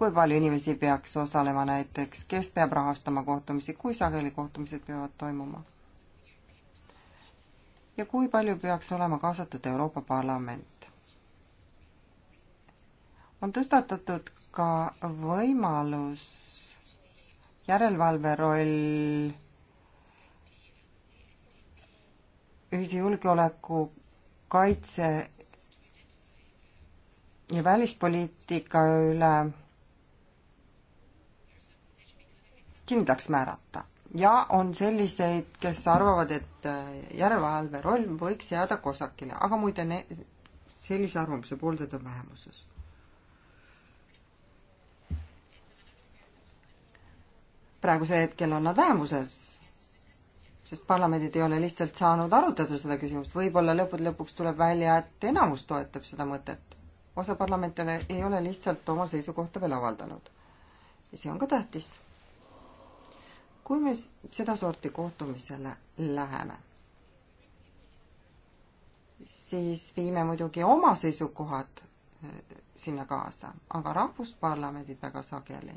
kui palju inimesi peaks osalema näiteks, kes peab rahastama kohtumisi, kui sageli kohtumised peavad toimuma? ja kui palju peaks olema kaasatud Euroopa Parlament? on tõstatatud ka võimalus järelevalve roll ühise julgeoleku, kaitse ja välispoliitika üle kindlaks määrata. ja on selliseid, kes arvavad, et äh, järelevalve roll võiks jääda kosakile, aga muide, sellise arvamuse pooldajad on vähemuses. praegusel hetkel on nad vähemuses sest parlamendid ei ole lihtsalt saanud arutada seda küsimust. võib-olla lõppude lõpuks tuleb välja, et enamus toetab seda mõtet. osa parlamente ei ole lihtsalt oma seisukohta veel avaldanud. ja see on ka tähtis. kui me sedasorti kohtumisele läheme, siis viime muidugi oma seisukohad eh, sinna kaasa, aga rahvusparlamendid väga sageli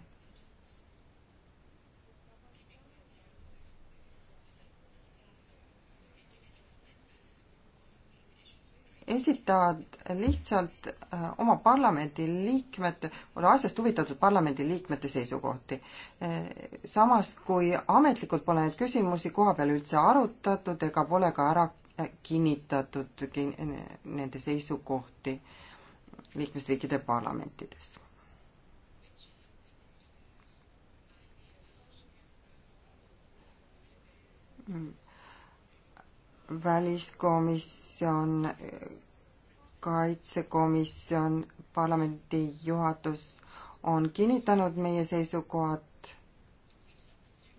esitavad lihtsalt äh, oma parlamendi liikmete, asjast huvitatud parlamendi liikmete seisukohti. Äh, samas, kui ametlikult pole neid küsimusi koha peal üldse arutatud ega pole ka ära äh, kinnitatud nende seisukohti liikmesriikide parlamentides mm väliskomisjon, kaitsekomisjon, parlamendi juhatus on kinnitanud meie seisukohad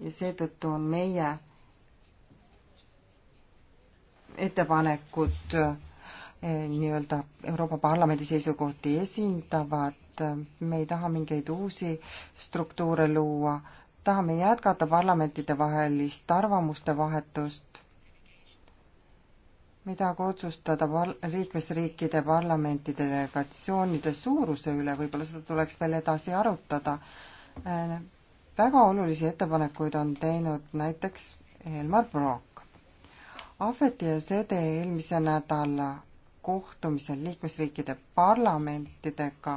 ja seetõttu on meie ettepanekud eh, nii-öelda Euroopa Parlamendi seisukohti esindavad, me ei taha mingeid uusi struktuure luua, tahame jätkata parlamentide vahelist arvamuste vahetust mida aga otsustada par-, liikmesriikide parlamentide delegatsioonide suuruse üle, võib-olla seda tuleks veel edasi arutada. Äh, väga olulisi ettepanekuid on teinud näiteks Elmar Brok. Ahveti ja Sede eelmise nädala kohtumisel liikmesriikide parlamentidega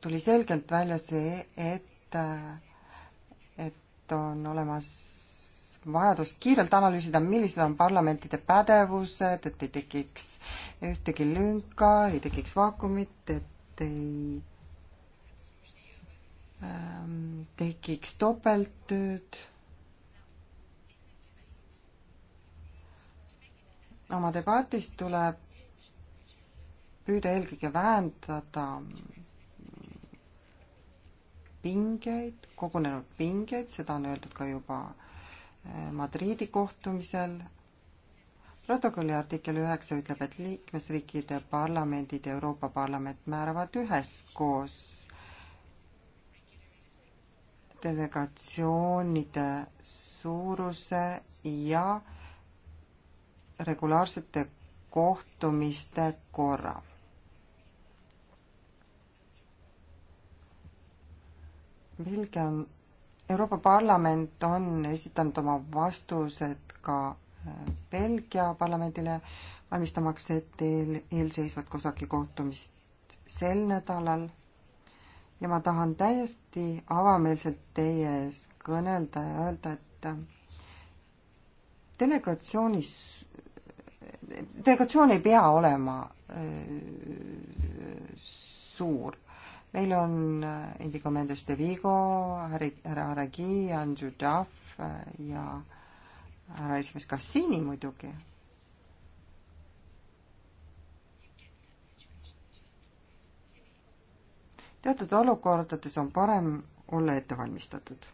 tuli selgelt välja see, et, äh, et on olemas vajadust kiirelt analüüsida, millised on parlamentide pädevused, et ei tekiks ühtegi lünka, ei tekiks vaakumit, et ei ähm, tekiks topelttööd. oma debatis tuleb püüda eelkõige vähendada pingeid, kogunenud pingeid, seda on öeldud ka juba Äh, Madriidi kohtumisel. protokolli artikkel üheksa ütleb, et liikmesriikide parlamendid, Euroopa Parlament määravad üheskoos delegatsioonide suuruse ja regulaarsete kohtumiste korra Belgia on Euroopa Parlament on esitanud oma vastused ka äh, Belgia parlamendile, valmistamaks ette eel, eelseisvat COSAC-i kohtumist sel nädalal. ja ma tahan täiesti avameelselt teie ees kõnelda ja öelda, et äh, delegatsioonis, delegatsioon ei pea olema äh, suur meil on äh, Indigo Mendes de Vigo, härra Aragi, Andrew Duff äh, ja härra esimees Cassini muidugi. teatud olukordades on parem olla ette valmistatud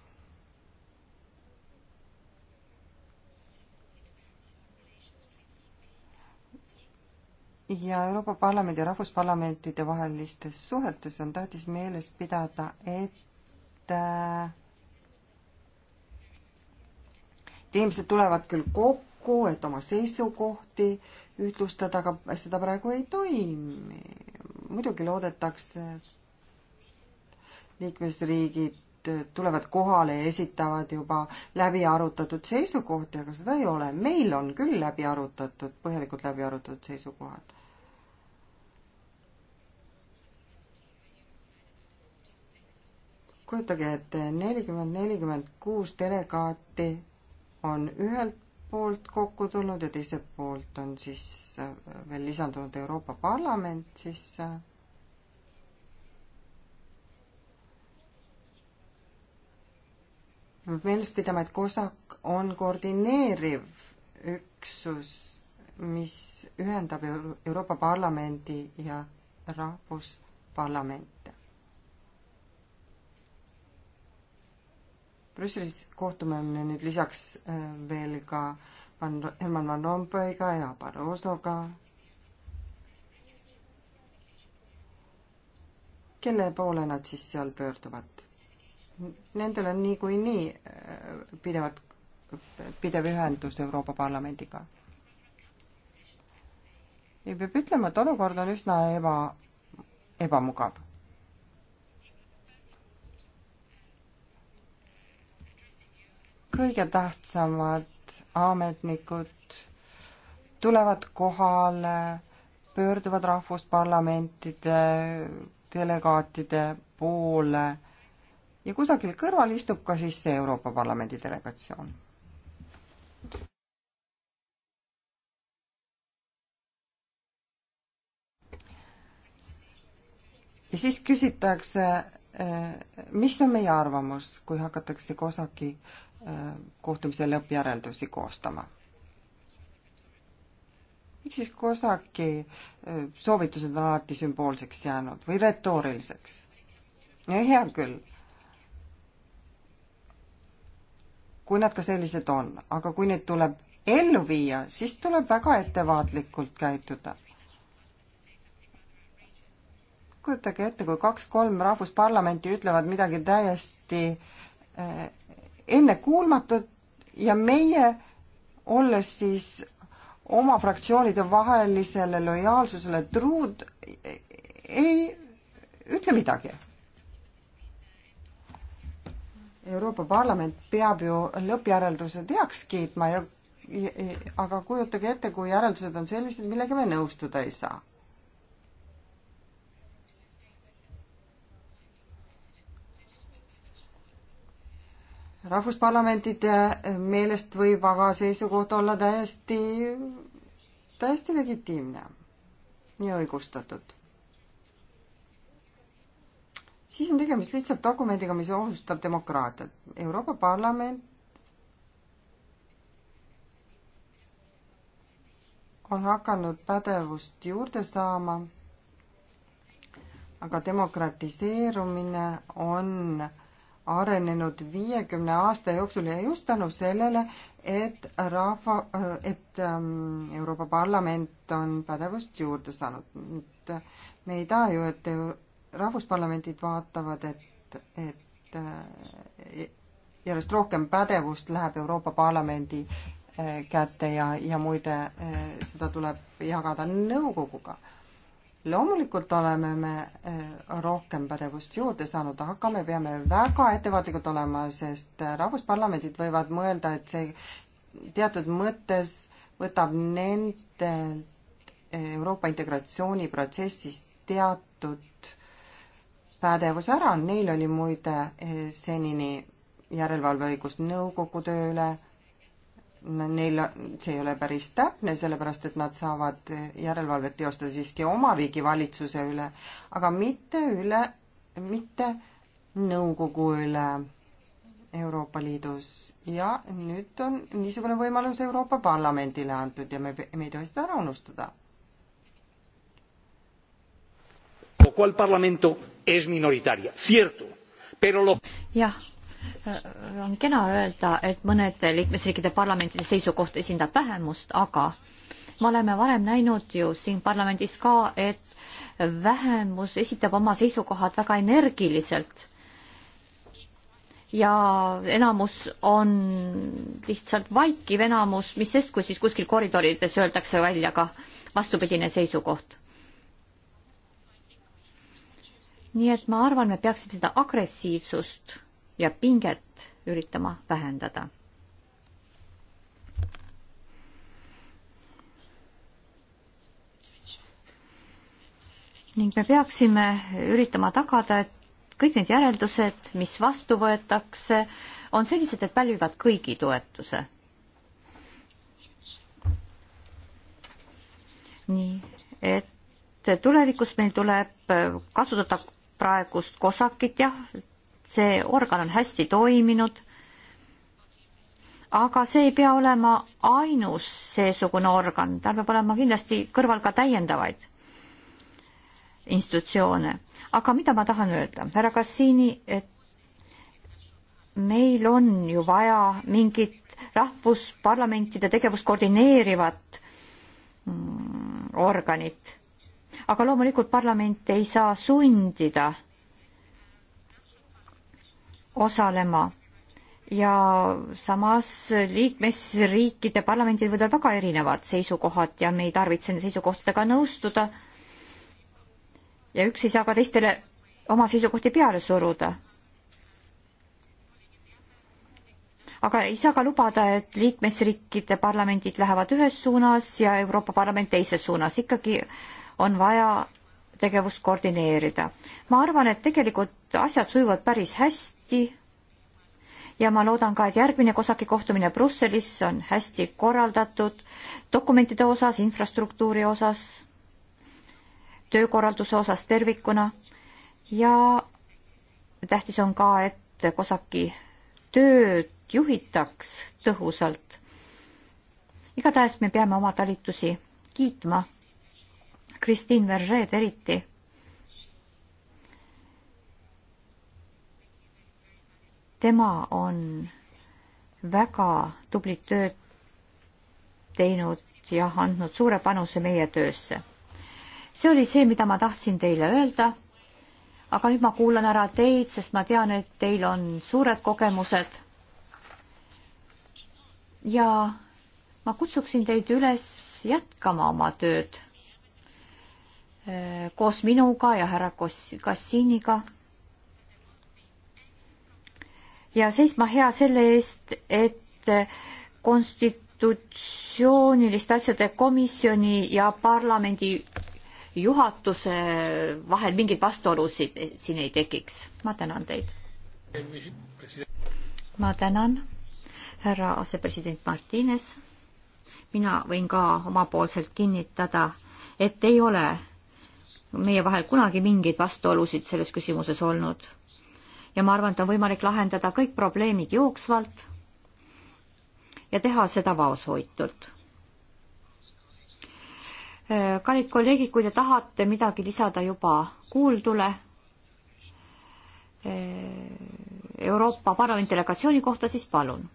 ja Euroopa Parlamendi ja rahvusparlamentide vahelistes suhetes on tähtis meeles pidada, et et äh, inimesed tulevad küll kokku, et oma seisukohti ühtlustada, aga seda praegu ei toimi. muidugi loodetakse, et liikmesriigid tulevad kohale ja esitavad juba läbi arutatud seisukohti, aga seda ei ole. meil on küll läbi arutatud, põhjalikult läbi arutatud seisukohad. kujutage ette, nelikümmend, nelikümmend kuus delegaati on ühelt poolt kokku tulnud ja teiselt poolt on siis äh, veel lisandunud Euroopa Parlament sisse. peab meeles pidama, et COSAC on koordineeriv üksus, mis ühendab Euroopa Parlamendi ja rahvusparlamente. Brüsselis kohtume me nüüd lisaks äh, veel ka Van, Herman Van Rompuyga ja Barrosoga, kelle poole nad siis seal pöörduvad? Nendel on niikuinii nii äh, pidevad, pidev ühendus Euroopa Parlamendiga. ja peab ütlema, et olukord on üsna eba, ebamugav. kõige tähtsamad ametnikud tulevad kohale, pöörduvad rahvusparlamentide delegaatide poole ja kusagil kõrval istub ka siis see Euroopa Parlamendi delegatsioon. ja siis küsitakse, eh, mis on meie arvamus, kui hakatakse COSAC-i kohtumise lõppjäreldusi koostama. miks siis COSAC-i e, soovitused on alati sümboolseks jäänud või retooriliseks? hea küll, kui nad ka sellised on, aga kui neid tuleb ellu viia, siis tuleb väga ettevaatlikult käituda kujutage ette, kui kaks-kolm rahvusparlamenti ütlevad midagi täiesti e, ennekuulmatud ja meie, olles siis oma fraktsioonide vahelisele lojaalsusele truud, ei ütle midagi. Euroopa Parlament peab ju lõppjäreldused heaks kiitma ja aga kujutage ette, kui järeldused on sellised, millega me nõustuda ei saa rahvusparlamentide meelest võib aga seisukoht olla täiesti, täiesti legitiimne ja õigustatud. siis on tegemist lihtsalt dokumendiga, mis ohustab demokraatiat. Euroopa Parlament on hakanud pädevust juurde saama, aga demokratiseerumine on äh, arenenud viiekümne aasta jooksul ja just tänu sellele, et rahva, et ähm, Euroopa Parlament on pädevust juurde saanud. nüüd me ei taha ju, et rahvusparlamendid vaatavad, et, et äh, järjest rohkem pädevust läheb Euroopa Parlamendi äh, kätte ja, ja muide, äh, seda tuleb jagada nõukoguga loomulikult oleme me eh, rohkem pädevust juurde saanud, aga me peame väga ettevaatlikud olema, sest eh, rahvusparlamendid võivad mõelda, et see teatud mõttes võtab nendelt eh, Euroopa integratsiooniprotsessis teatud pädevus ära, neil oli muide senini järelevalveõigus nõukogu tööle, neil, see ei ole päris täpne, sellepärast et nad saavad järelevalvet teostada siiski oma riigi valitsuse üle, aga mitte üle, mitte nõukogu üle Euroopa Liidus. ja nüüd on niisugune võimalus Euroopa Parlamendile antud ja me, me ei tohi seda ära unustada. jah, Äh, on kena öelda, et mõnede liikmesriikide parlamentide seisukoht esindab vähemust, aga me oleme varem näinud ju siin parlamendis ka, et vähemus esitab oma seisukohad väga energiliselt. ja enamus on lihtsalt vaikiv enamus, mis sest, kui siis kuskil koridorides öeldakse välja ka vastupidine seisukoht. nii et ma arvan, me peaksime seda agressiivsust ja pinget üritama vähendada. ning me peaksime üritama tagada, et kõik need järeldused, mis vastu võetakse, on sellised, et pälvivad kõigi toetuse. nii, et tulevikus meil tuleb kasutada praegust kosakit, jah, see organ on hästi toiminud, aga see ei pea olema ainus seesugune organ, tal peab olema kindlasti kõrval ka täiendavaid institutsioone. aga mida ma tahan öelda, härra Kassiini, et meil on ju vaja mingit rahvusparlamentide tegevust koordineerivat mm, organit. aga loomulikult parlament ei saa sundida osalema ja samas liikmesriikide parlamendil võivad olla väga erinevad seisukohad ja me ei tarvitse nende seisukohtadega nõustuda. ja üks ei saa ka teistele oma seisukohti peale suruda. aga ei saa ka lubada, et liikmesriikide parlamendid lähevad ühes suunas ja Euroopa Parlament teises suunas, ikkagi on vaja tegevust koordineerida. ma arvan, et tegelikult asjad sujuvad päris hästi ja ma loodan ka, et järgmine COSAC-i kohtumine Brüsselis on hästi korraldatud dokumentide osas, infrastruktuuri osas, töökorralduse osas tervikuna ja tähtis on ka, et COSAC-i tööd juhitaks tõhusalt. igatahes me peame oma talitusi kiitma Kristiin Veržeed eriti. tema on väga tublit tööd teinud ja andnud suure panuse meie töösse. see oli see, mida ma tahtsin teile öelda. aga nüüd ma kuulan ära teid, sest ma tean, et teil on suured kogemused. ja ma kutsuksin teid üles jätkama oma tööd Äh, koos minuga ja härra Kassiniga. ja seisma hea selle eest, et äh, konstitutsiooniliste asjade komisjoni ja parlamendi juhatuse vahel mingeid vastuolusid eh, siin ei tekiks. ma tänan teid. ma tänan, härra asepresident Martines. mina võin ka omapoolselt kinnitada, et ei ole meie vahel kunagi mingeid vastuolusid selles küsimuses olnud. ja ma arvan, et on võimalik lahendada kõik probleemid jooksvalt ja teha seda vaoshoitult. Äh, kallid kolleegid, kui te tahate midagi lisada juba kuuldule äh, Euroopa Parlamendi delegatsiooni kohta, siis palun.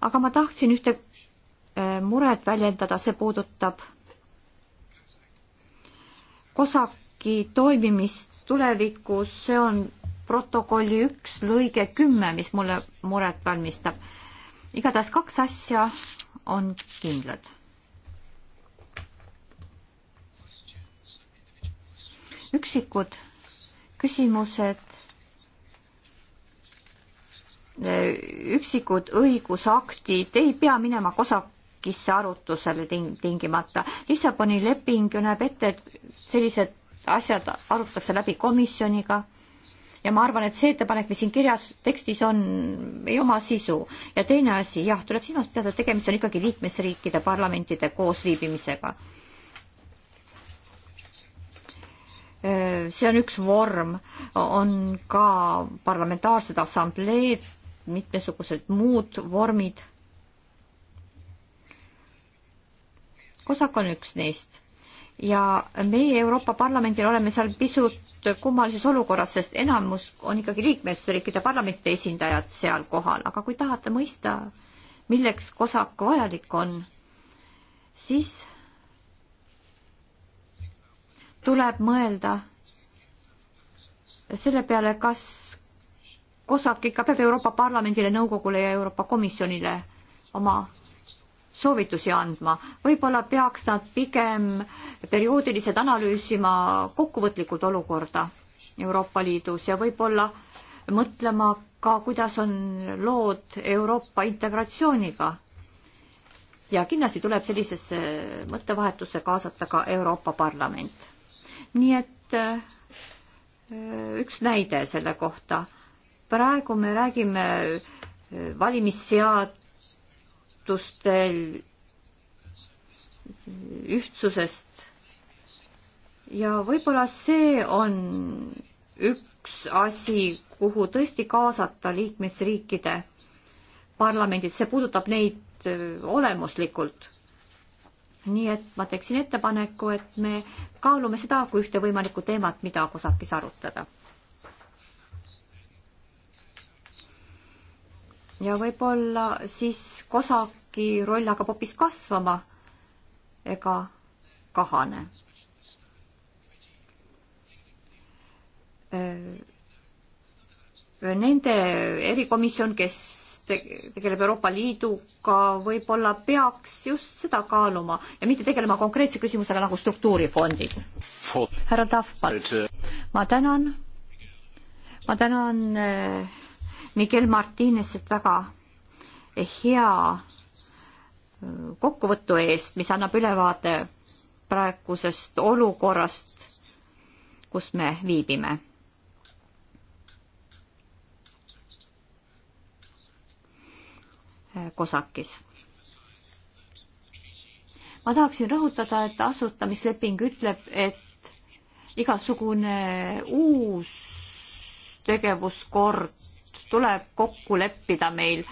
aga ma tahtsin ühte äh, muret väljendada, see puudutab COSAC-i toimimist tulevikus, see on protokolli üks lõige kümme, mis mulle muret valmistab. igatahes kaks asja on kindlad. üksikud küsimused, üksikud õigusaktid ei pea minema COSAC märkisse arutusele ting-, tingimata. Lissaboni leping ju näeb ette, et sellised asjad arutatakse läbi komisjoniga ja ma arvan, et see ettepanek, mis siin kirjas tekstis on, ei oma sisu. ja teine asi, jah, tuleb silmas pidada, et tegemist on ikkagi liikmesriikide parlamentide koosviibimisega. see on üks vorm, on ka parlamentaarsed assambleed, mitmesugused muud vormid Kosak on üks neist ja meie Euroopa Parlamendil oleme seal pisut kummalises olukorras, sest enamus on ikkagi liikmesriikide parlamentide esindajad seal kohal, aga kui tahate mõista, milleks kosak vajalik on, siis tuleb mõelda selle peale, kas kosak ikka peab Euroopa Parlamendile, nõukogule ja Euroopa Komisjonile oma soovitusi andma. võib-olla peaks nad pigem perioodiliselt analüüsima kokkuvõtlikult olukorda Euroopa Liidus ja võib-olla mõtlema ka, kuidas on lood Euroopa integratsiooniga. ja kindlasti tuleb sellisesse mõttevahetusse kaasata ka Euroopa Parlament. nii et äh, üks näide selle kohta. praegu me räägime valimissead-, väärtuste ühtsusest. ja võib-olla see on üks asi, kuhu tõesti kaasata liikmesriikide parlamendid, see puudutab neid äh, olemuslikult. nii et ma teeksin ettepaneku, et me kaalume seda kui ühte võimalikku teemat, mida kusagil arutada ja võib-olla siis kosaki roll hakkab hoopis kasvama ega kahane. Nende erikomisjon, kes tegeleb Euroopa Liiduga, võib-olla peaks just seda kaaluma ja mitte tegelema konkreetse küsimusega nagu struktuurifondid. härra Tahval, ma tänan, ma tänan äh, Miguel Martinesit väga hea kokkuvõtu eest, mis annab ülevaade praegusest olukorrast, kus me viibime. Kosakis. ma tahaksin rõhutada, et asutamisleping ütleb, et igasugune uus tegevuskord tuleb kokku leppida meil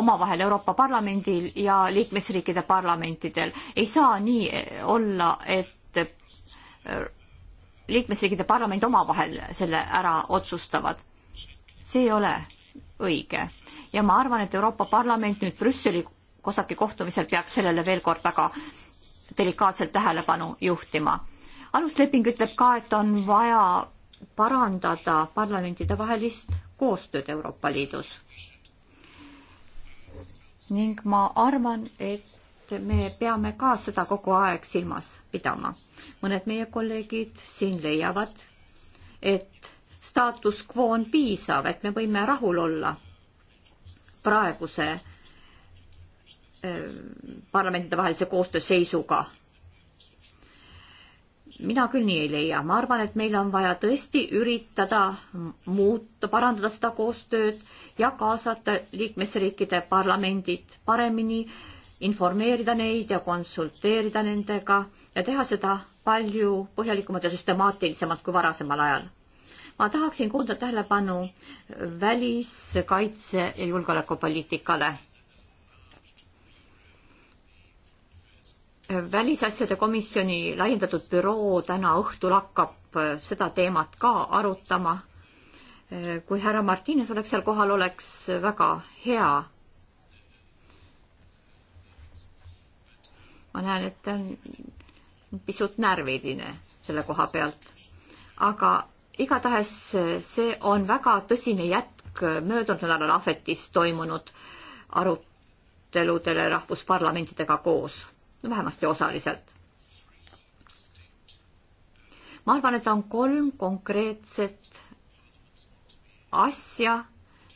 omavahel Euroopa Parlamendil ja liikmesriikide parlamentidel. ei saa nii e, olla, et liikmesriikide parlament omavahel selle ära otsustavad. see ei ole õige ja ma arvan, et Euroopa Parlament nüüd Brüsseli COSAC-i kohtumisel peaks sellele veel kord väga delikaatselt tähelepanu juhtima. alusleping ütleb ka, et on vaja parandada parlamentide vahelist koostööd Euroopa Liidus. ning ma arvan, et me peame ka seda kogu aeg silmas pidama. mõned meie kolleegid siin leiavad, et staatus quo on piisav, et me võime rahul olla praeguse äh, parlamentide vahelise koostöö seisuga mina küll nii ei leia, ma arvan, et meil on vaja tõesti üritada muuta, parandada seda koostööd ja kaasata liikmesriikide parlamendid paremini, informeerida neid ja konsulteerida nendega ja teha seda palju põhjalikumalt ja süstemaatilisemalt kui varasemal ajal. ma tahaksin kuulda tähelepanu väliskaitse ja julgeolekupoliitikale välisasjade komisjoni laiendatud büroo täna õhtul hakkab äh, seda teemat ka arutama. Äh, kui härra Martines oleks seal kohal, oleks väga hea. ma näen, et ta on pisut närviline selle koha pealt, aga igatahes äh, see on väga tõsine jätk möödunud nädalal Ahvetis toimunud aruteludele rahvusparlamentidega koos vähemasti osaliselt. ma arvan, et on kolm konkreetset asja,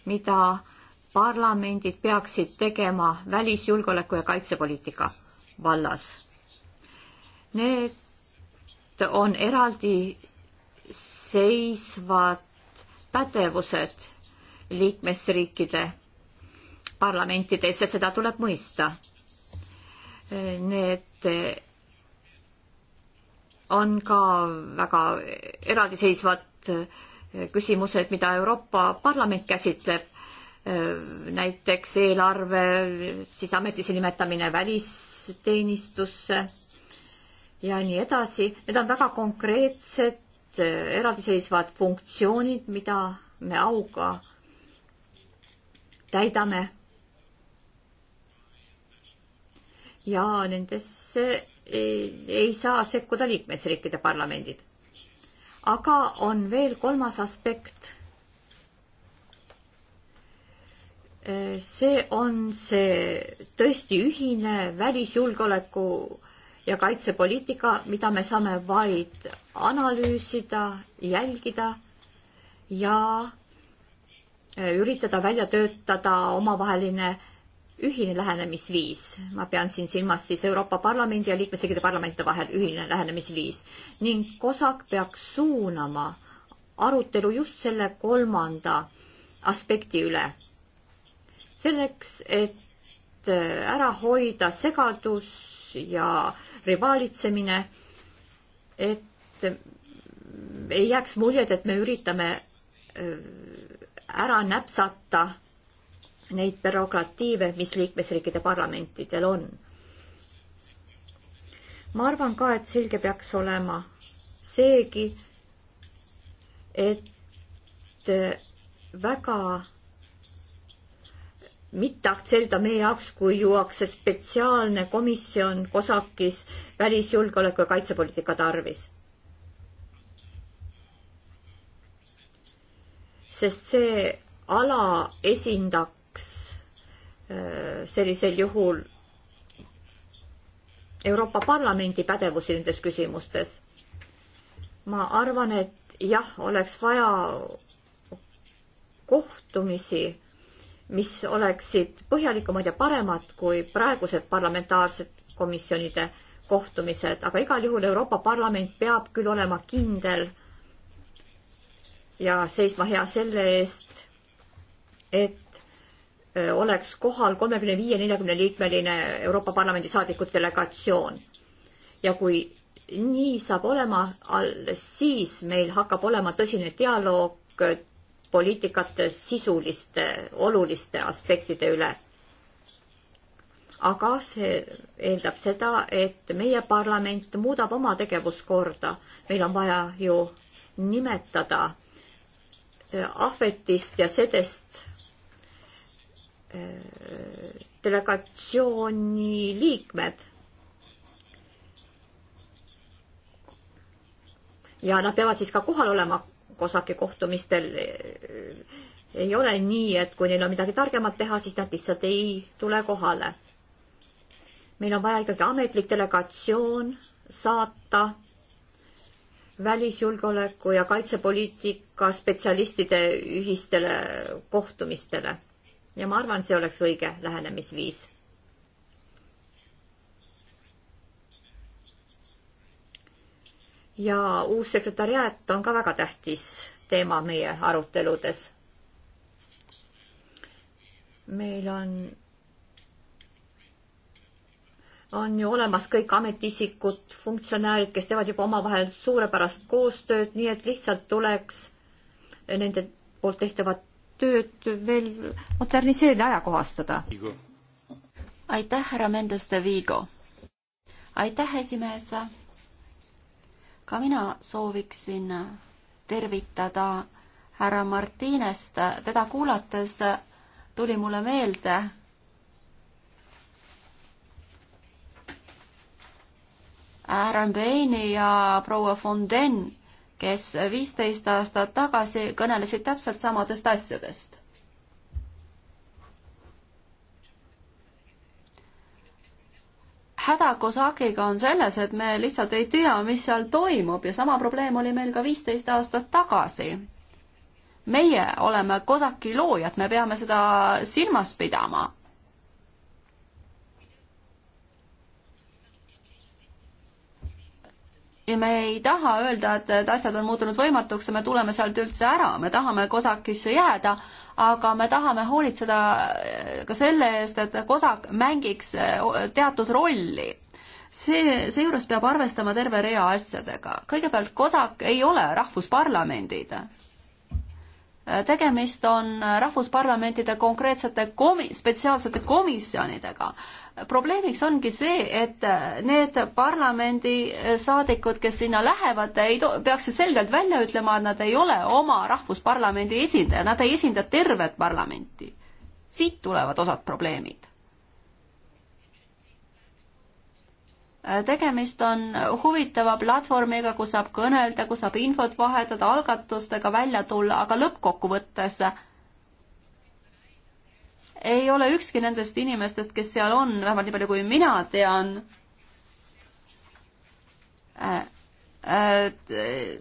mida parlamendid peaksid tegema välisjulgeoleku ja kaitsepoliitika vallas. Need on eraldi seisvad pädevused liikmesriikide parlamentides ja seda tuleb mõista Need on ka väga eraldiseisvad küsimused, mida Euroopa Parlament käsitleb. näiteks eelarve, siis ametisse nimetamine välisteenistusse ja nii edasi. Need on väga konkreetsed eraldiseisvad funktsioonid, mida me auga täidame ja nendesse ei, ei saa sekkuda liikmesriikide parlamendid. aga on veel kolmas aspekt. see on see tõesti ühine välisjulgeoleku ja kaitsepoliitika, mida me saame vaid analüüsida, jälgida ja üritada välja töötada omavaheline äh, ühine lähenemisviis, ma pean siin silmas siis Euroopa Parlamendi ja liikmesriikide parlamente vahel ühine lähenemisviis ning COSAC peaks suunama arutelu just selle kolmanda aspekti üle. selleks, et äh, ära hoida segadus ja rivaalitsemine, et äh, ei jääks muljet, et me üritame äh, ära näpsata neid prerogatiive, mis liikmesriikide parlamentidel on. ma arvan ka, et selge peaks olema seegi, et väga mitte aktsepteerida meie jaoks, kui juuakse spetsiaalne komisjon COSAC-is välisjulgeoleku ja kaitsepoliitika tarvis. sest see ala esindab Äh, sellisel juhul Euroopa Parlamendi pädevusi nendes küsimustes. ma arvan, et jah, oleks vaja kohtumisi, mis oleksid põhjalikumad ja paremad kui praegused parlamentaarsed komisjonide kohtumised, aga igal juhul Euroopa Parlament peab küll olema kindel ja seisma hea selle eest, et oleks kohal kolmekümne viie, neljakümne liikmeline Euroopa Parlamendi saadikute delegatsioon. ja kui nii saab olema, alles siis meil hakkab olema tõsine dialoog poliitikate sisuliste oluliste aspektide üle. aga see eeldab seda, et meie parlament muudab oma tegevuskorda. meil on vaja ju nimetada ahvetist ja sedest delegatsiooni liikmed. ja nad peavad siis ka kohal olema COSAC-i kohtumistel. ei ole nii, et kui neil on midagi targemat teha, siis nad lihtsalt ei tule kohale. meil on vaja ikkagi ametlik delegatsioon saata välisjulgeoleku ja kaitsepoliitika spetsialistide ühistele kohtumistele ja ma arvan, see oleks õige lähenemisviis. ja uus sekretariaat on ka väga tähtis teema meie aruteludes. meil on, on ju olemas kõik ametiisikud, funktsionäärid, kes teevad juba omavahel suurepärast koostööd, nii et lihtsalt tuleks nende poolt tehtavat tööd veel moderniseerida, ajakohastada. aitäh, härra Mendes de Vigo. aitäh, esimees. ka mina sooviksin tervitada härra Martinest, teda kuulates tuli mulle meelde härra Mbeini ja proua Fonden kes viisteist aastat tagasi kõnelesid täpselt samadest asjadest. häda Kosakiga on selles, et me lihtsalt ei tea, mis seal toimub ja sama probleem oli meil ka viisteist aastat tagasi. meie oleme Kosaki loojad, me peame seda silmas pidama ja me ei taha öelda, et, et asjad on muutunud võimatuks ja me tuleme sealt üldse ära, me tahame kosakisse jääda, aga me tahame hoolitseda äh, ka selle eest, et kosak mängiks äh, teatud rolli. see, seejuures peab arvestama terve rea asjadega. kõigepealt, kosak ei ole rahvusparlamendid äh, tegemist on rahvusparlamentide konkreetsete komi-, spetsiaalsete komisjonidega probleemiks ongi see, et need parlamendisaadikud, kes sinna lähevad, ei to-, peaksid selgelt välja ütlema, et nad ei ole oma rahvusparlamendi esindaja, nad ei esinda tervet parlamenti. siit tulevad osad probleemid. tegemist on huvitava platvormiga, kus saab kõnelda, kus saab infot vahetada, algatustega välja tulla, aga lõppkokkuvõttes äh, ei ole ükski nendest inimestest, kes seal on, vähemalt nii palju, kui mina tean äh,, äh,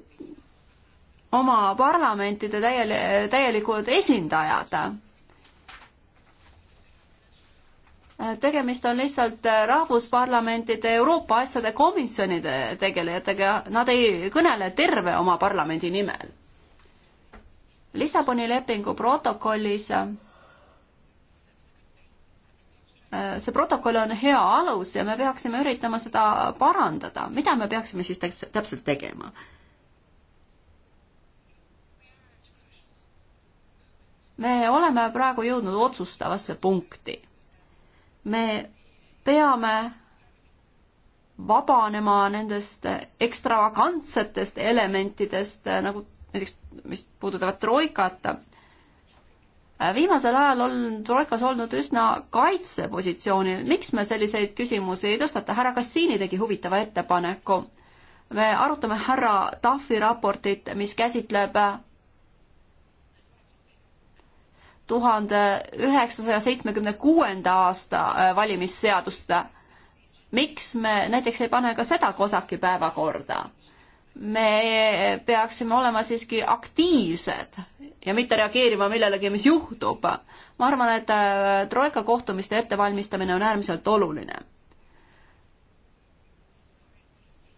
oma parlamentide täiel-, täielikud esindajad tegemist on lihtsalt rahvusparlamentide Euroopa asjade komisjonide tegelejatega, nad ei kõnele terve oma parlamendi nimel. Lissaboni lepingu protokollis Äh, see protokoll on hea alus ja me peaksime üritama seda parandada. mida me peaksime siis täpselt tegema? me oleme praegu jõudnud otsustavasse punkti. me peame vabanema nendest ekstravagantsetest elementidest, nagu näiteks, mis puudutavad troikat, Äh, viimasel ajal on Troikas olnud üsna kaitsepositsioonil, miks me selliseid küsimusi ei tõstata, härra Kassiini tegi huvitava ettepaneku. me arutame härra Tahvi raportit, mis käsitleb äh, tuhande üheksasaja seitsmekümne kuuenda aasta äh, valimisseadust. miks me näiteks ei pane ka seda COSAC-i päevakorda? me peaksime olema siiski aktiivsed ja mitte reageerima millelegi, mis juhtub. ma arvan, et äh, troika kohtumiste ettevalmistamine on äärmiselt oluline.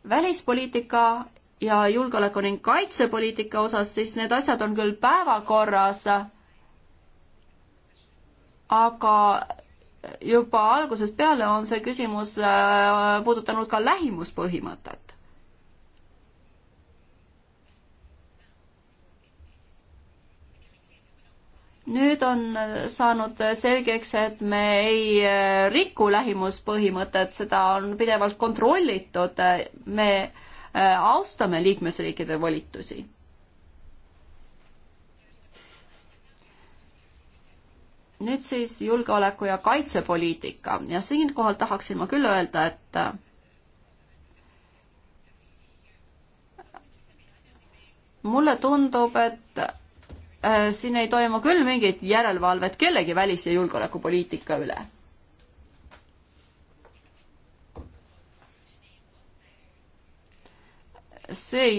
välispoliitika ja julgeoleku ning kaitsepoliitika osas, siis need asjad on küll päevakorras, aga juba algusest peale on see küsimus äh, puudutanud ka lähimuspõhimõtet. nüüd on saanud selgeks, et me ei äh, riku lähimuspõhimõtet, seda on pidevalt kontrollitud, me äh, austame liikmesriikide volitusi. nüüd siis julgeoleku ja kaitsepoliitika ja siinkohal tahaksin ma küll öelda, et äh, mulle tundub, et Äh, siin ei toimu küll mingit järelevalvet kellegi välis- ja julgeolekupoliitika üle. see ei,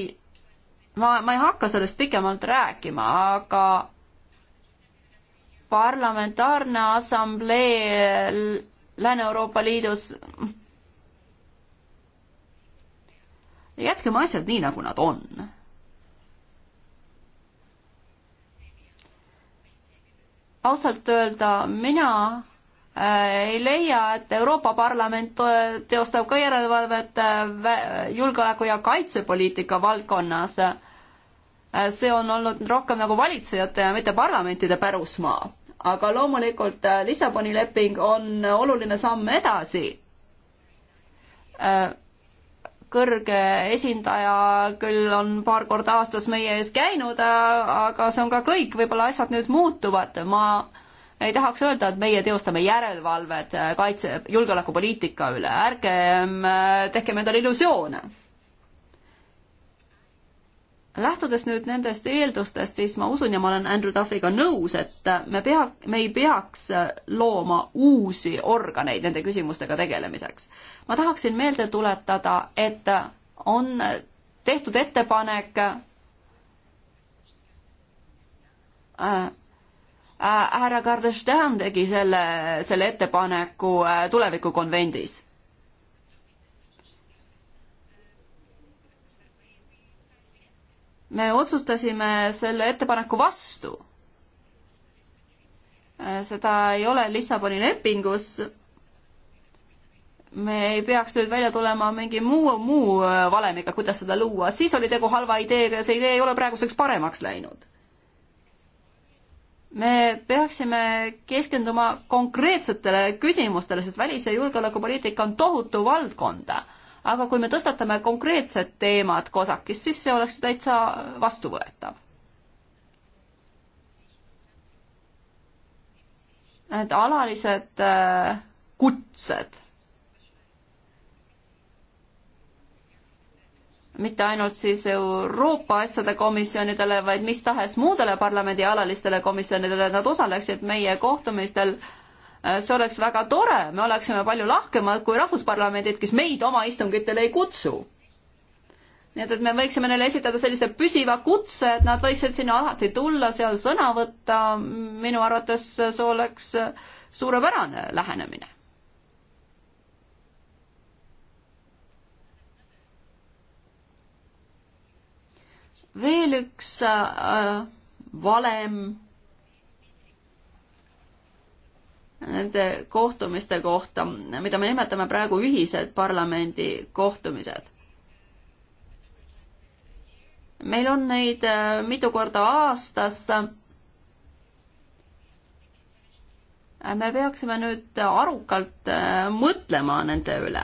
ma, ma ei hakka sellest pikemalt rääkima, aga parlamentaarne assamblee Lääne-Euroopa Liidus jätkem asjad nii, nagu nad on ausalt öelda mina äh, ei leia, et Euroopa Parlament teostab ka järelevalvet äh, julgeoleku ja kaitsepoliitika valdkonnas. Äh, see on olnud rohkem nagu valitsejate ja mitte parlamentide pärusmaa. aga loomulikult Lissaboni leping on oluline samm edasi kõrge esindaja küll on paar korda aastas meie ees käinud, aga see on ka kõik, võib-olla asjad nüüd muutuvad, ma ei tahaks öelda, et meie teostame järelevalvet kaitse, julgeolekupoliitika üle, ärgem äh, tehkem endale illusioone lähtudes nüüd nendest eeldustest, siis ma usun ja ma olen Andrew Duffiga nõus, et me pea, me ei peaks looma uusi organeid nende küsimustega tegelemiseks. ma tahaksin meelde tuletada, et on tehtud ettepanek äh, äh härra Kardashian tegi selle, selle ettepaneku äh, tulevikukonvendis me otsustasime selle ettepaneku vastu. Äh, seda ei ole Lissaboni lepingus. me ei peaks nüüd välja tulema mingi muu, muu äh, valemiga, kuidas seda luua, siis oli tegu halva ideega ja see idee ei ole praeguseks paremaks läinud. me peaksime keskenduma konkreetsetele küsimustele, sest välis- ja julgeolekupoliitika on tohutu valdkonda aga kui me tõstatame konkreetsed teemad COSAC-is, siis see oleks täitsa vastuvõetav. Need alalised äh, kutsed mitte ainult siis Euroopa asjade komisjonidele, vaid mis tahes muudele parlamendi alalistele komisjonidele, et nad osaleksid meie kohtumistel äh, Äh, see oleks väga tore, me oleksime palju lahkemad kui rahvusparlamendid, kes meid oma istungitele ei kutsu. nii et, et me võiksime neile esitada sellise püsiva kutse, et nad võiksid sinna alati tulla, seal sõna võtta, minu arvates see oleks suurepärane lähenemine. veel üks äh, valem nende kohtumiste kohta, mida me nimetame praegu ühised parlamendi kohtumised. meil on neid äh, mitu korda aastas. me peaksime nüüd arukalt äh, mõtlema nende üle.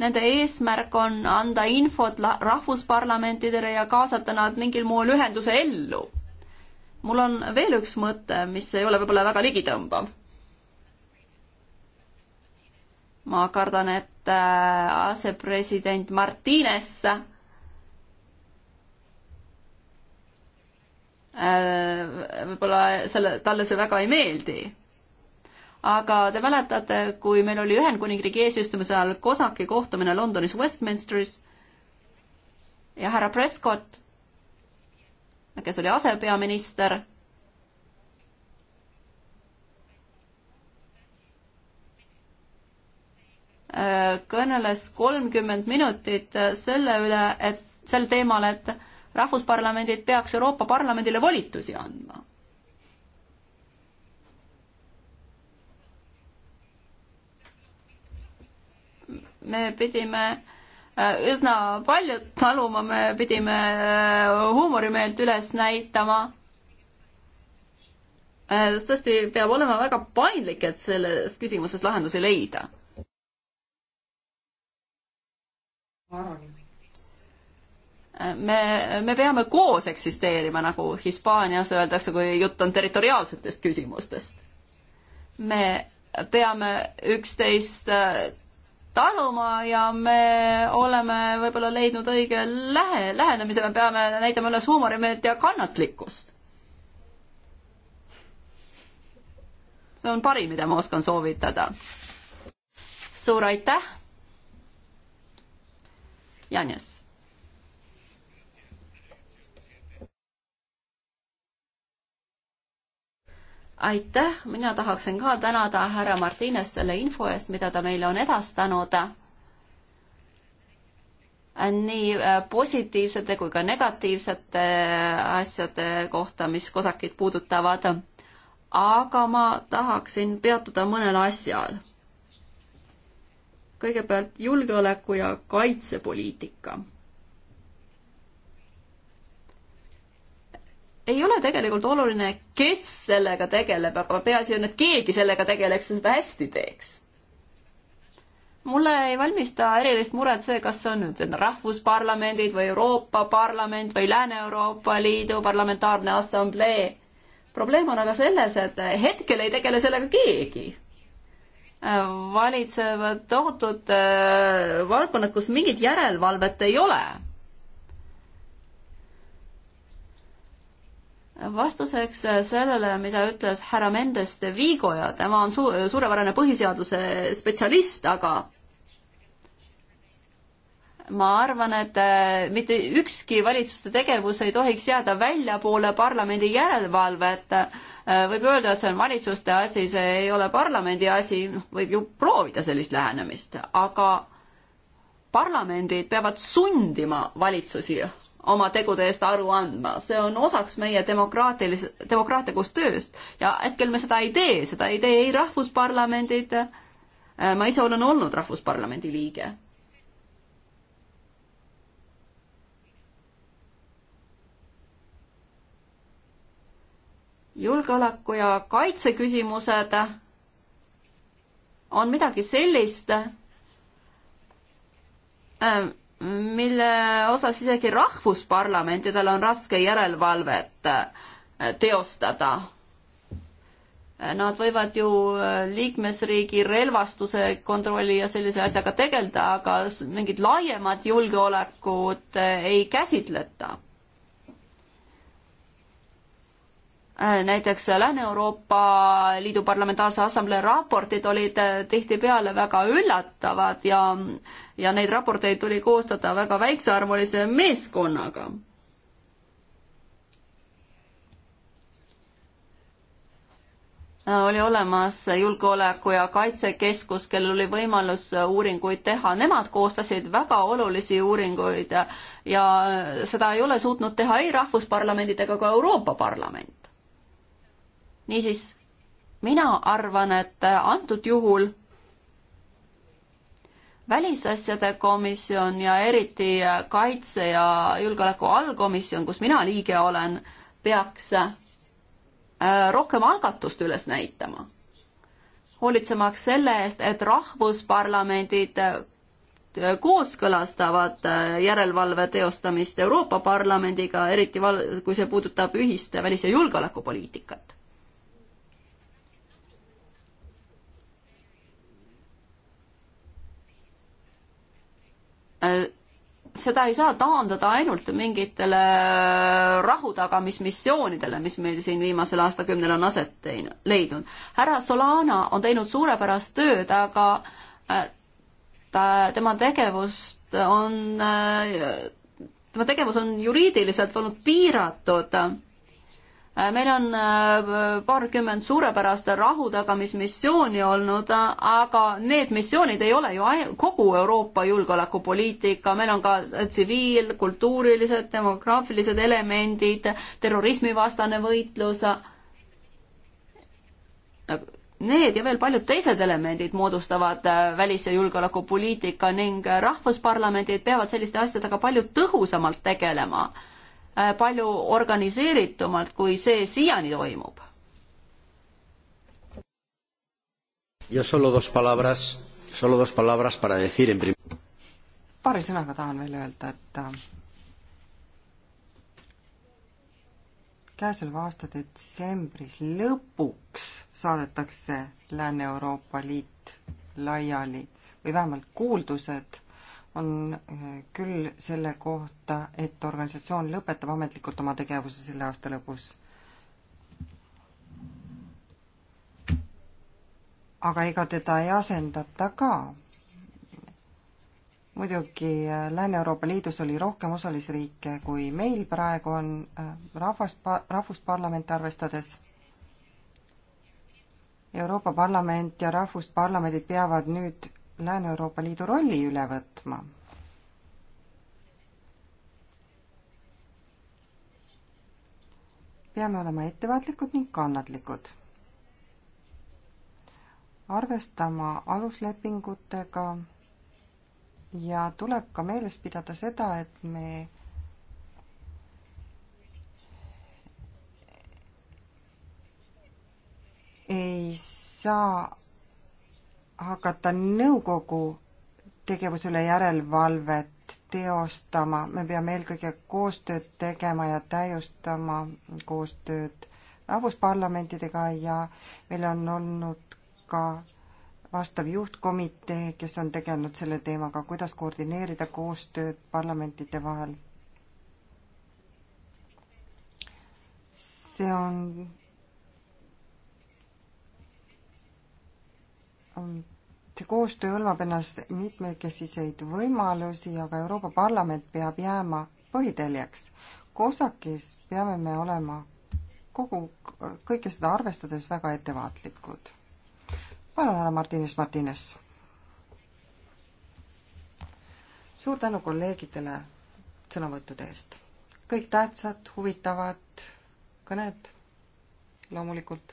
Nende eesmärk on anda infot rahvusparlamentidele ja kaasata nad mingil moel ühenduse ellu. mul on veel üks mõte, mis ei ole võib-olla väga ligitõmbav ma kardan, et äh, asepresident Martines äh, võib-olla selle, talle see väga ei meeldi. aga te mäletate, kui meil oli Ühendkuningriigi eesistumise ajal COSAC-i kohtumine Londonis Westminsteris ja härra Prescott, kes oli asepeaminister, kõneles kolmkümmend minutit selle üle, et sel teemal, et rahvusparlamendid peaks Euroopa Parlamendile volitusi andma. me pidime äh, üsna paljud taluma, me pidime äh, huumorimeelt üles näitama. Äh, tõesti peab olema väga paindlik, et selles küsimuses lahendusi leida me, me peame koos eksisteerima, nagu Hispaanias öeldakse, kui jutt on territoriaalsetest küsimustest. me peame üksteist äh, taluma ja me oleme võib-olla leidnud õige lähe, lähenemise, me peame näitama üles huumorimeelt ja kannatlikkust. see on parim, mida ma oskan soovitada. suur aitäh Janes. aitäh, mina tahaksin ka tänada härra Martines selle info eest, mida ta meile on edastanud. nii äh, positiivsete kui ka negatiivsete äh, asjade kohta, mis kosakit puudutavad. aga ma tahaksin peatuda mõnel asjal kõigepealt julgeoleku ja kaitsepoliitika. ei ole tegelikult oluline, kes sellega tegeleb, aga peaasi on, et keegi sellega tegeleks ja seda hästi teeks mulle ei valmista erilist muret see, kas see on nüüd rahvusparlamendid või Euroopa Parlament või Lääne-Euroopa Liidu Parlamentaarne Assamblee. probleem on aga selles, et hetkel ei tegele sellega keegi valitsevad tohutud äh, valdkonnad, kus mingit järelevalvet ei ole. vastuseks sellele, mida ütles härra Mendes de Vigo ja tema on su-, suurepärane põhiseaduse spetsialist, aga ma arvan, et äh, mitte ükski valitsuste tegevus ei tohiks jääda väljapoole parlamendi järelevalvet Äh, võib öelda, et see on valitsuste asi, see ei ole parlamendi asi, noh, võib ju proovida sellist lähenemist, aga parlamendid peavad sundima valitsusi oma tegude eest aru andma, see on osaks meie demokraatilis-, demokraatlikust tööst ja hetkel me seda ei tee, seda ei tee ei rahvusparlamendid, äh, ma ise olen olnud rahvusparlamendi liige julgeoleku ja kaitse küsimused on midagi sellist, äh, mille osas isegi rahvusparlamentidel on raske järelevalvet äh, teostada. Nad võivad ju äh, liikmesriigi relvastuse kontrolli ja sellise asjaga tegeleda, aga mingit laiemat julgeolekut ei käsitleta Äh, näiteks Lääne-Euroopa Liidu Parlamentaarse Assamblee raportid olid äh, tihtipeale väga üllatavad ja, ja neid raporteid tuli koostada väga väiksearvulise meeskonnaga. Äh, oli olemas Julgeoleku- ja Kaitsekeskus, kellel oli võimalus uuringuid teha, nemad koostasid väga olulisi uuringuid ja seda ei ole suutnud teha ei Rahvusparlamendid ega ka Euroopa Parlament niisiis, mina arvan, et antud juhul välisasjade komisjon ja eriti kaitse ja julgeoleku allkomisjon, kus mina liige olen, peaks äh, rohkem algatust üles näitama. hoolitsemaks selle eest, et rahvusparlamendid äh, kooskõlastavad äh, järelevalve teostamist Euroopa Parlamendiga, eriti val-, kui see puudutab ühist välis- ja julgeolekupoliitikat Äh, seda ei saa taandada ainult mingitele rahutagamismissioonidele, mis meil siin viimasel aastakümnel on aset teinud, leidnud. härra Solana on teinud suurepärast tööd, aga äh, ta, tema tegevust on, äh, tema tegevus on juriidiliselt olnud piiratud Äh, meil on äh, paarkümmend suurepärast rahutagamismissiooni olnud, aga need missioonid ei ole ju kogu Euroopa julgeolekupoliitika, meil on ka tsiviil, kultuurilised, demograafilised elemendid, terrorismivastane võitlus. Need ja veel paljud teised elemendid moodustavad äh, välis- ja julgeolekupoliitika ning rahvusparlamendid peavad selliste asjadega palju tõhusamalt tegelema Äh, palju organiseeritumalt, kui see siiani toimub. paari sõnaga tahan veel öelda, et äh, käesoleva aasta detsembris lõpuks saadetakse Lääne-Euroopa Liit laiali või vähemalt kuuldused on äh, küll selle kohta, et organisatsioon lõpetab ametlikult oma tegevuse selle aasta lõpus. aga ega teda ei asendata ka. muidugi äh, Lääne-Euroopa Liidus oli rohkem osalisriike, kui meil praegu on äh, rahvast, rahvusparlamente arvestades Euroopa Parlament ja rahvusparlamendid peavad nüüd Lääne-Euroopa Liidu rolli üle võtma. peame olema ettevaatlikud ning kannatlikud. arvestama aluslepingutega ja tuleb ka meeles pidada seda, et me ei saa hakata nõukogu tegevuse üle järelevalvet teostama, me peame eelkõige koostööd tegema ja täiustama koostööd rahvusparlamentidega ja meil on olnud ka vastav juhtkomitee, kes on tegelenud selle teemaga, kuidas koordineerida koostööd parlamentide vahel. see on, on see koostöö hõlmab ennast mitmekesiseid võimalusi, aga Euroopa Parlament peab jääma põhiteljeks. COSAC-is peame me olema kogu, kõike seda arvestades väga ettevaatlikud. palun, härra Martinis, Martines. suur tänu kolleegidele sõnavõttude eest. kõik tähtsad, huvitavad kõned loomulikult.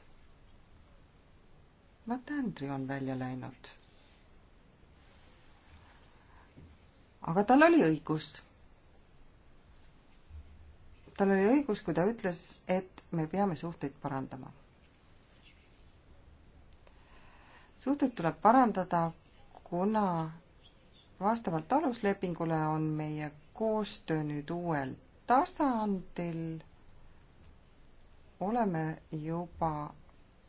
vaata, Andri on välja läinud aga tal oli õigus. tal oli õigus, kui ta ütles, et me peame suhteid parandama. suhteid tuleb parandada, kuna vastavalt aluslepingule on meie koostöö nüüd uuel tasandil. oleme juba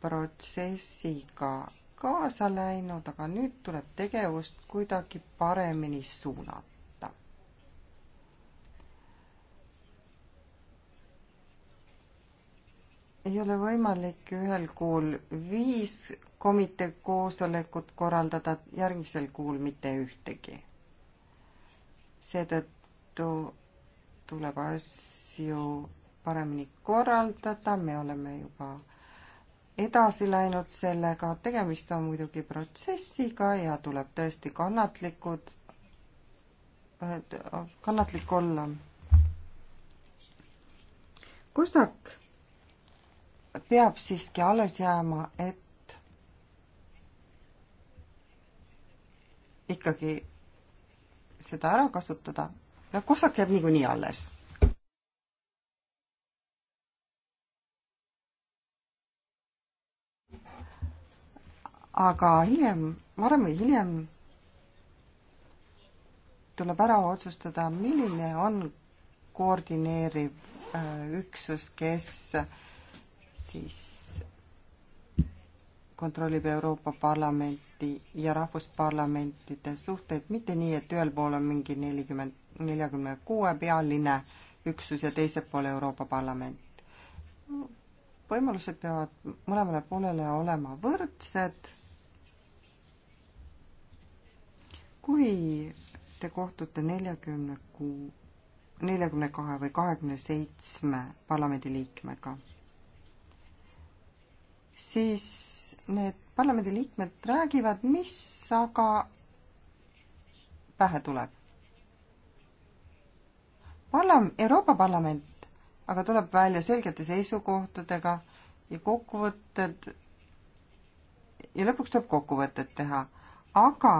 protsessiga kaasa läinud, aga nüüd tuleb tegevust kuidagi paremini suunata. ei ole võimalik ühel kuul viis komitee koosolekut korraldada, järgmisel kuul mitte ühtegi. seetõttu tuleb asju paremini korraldada, me oleme juba edasi läinud sellega, tegemist on muidugi protsessiga ja tuleb tõesti kannatlikud, kannatlik olla. Kostak peab siiski alles jääma, et ikkagi seda ära kasutada. no kosak jääb niikuinii alles aga hiljem, varem või hiljem tuleb ära otsustada, milline on koordineeriv äh, üksus, kes siis kontrollib Euroopa Parlamenti ja rahvusparlamentide suhteid, mitte nii, et ühel pool on mingi nelikümmend, neljakümne kuue pealine üksus ja teisel pool Euroopa Parlament. võimalused peavad mõlemale poolele olema võrdsed. kui te kohtute neljakümne kuu, neljakümne kahe või kahekümne seitsme parlamendiliikmega siis need parlamendiliikmed räägivad, mis aga pähe tuleb. Parlam-, Euroopa Parlament aga tuleb välja selgete seisukohtadega ja kokkuvõtted ja lõpuks tuleb kokkuvõtted teha, aga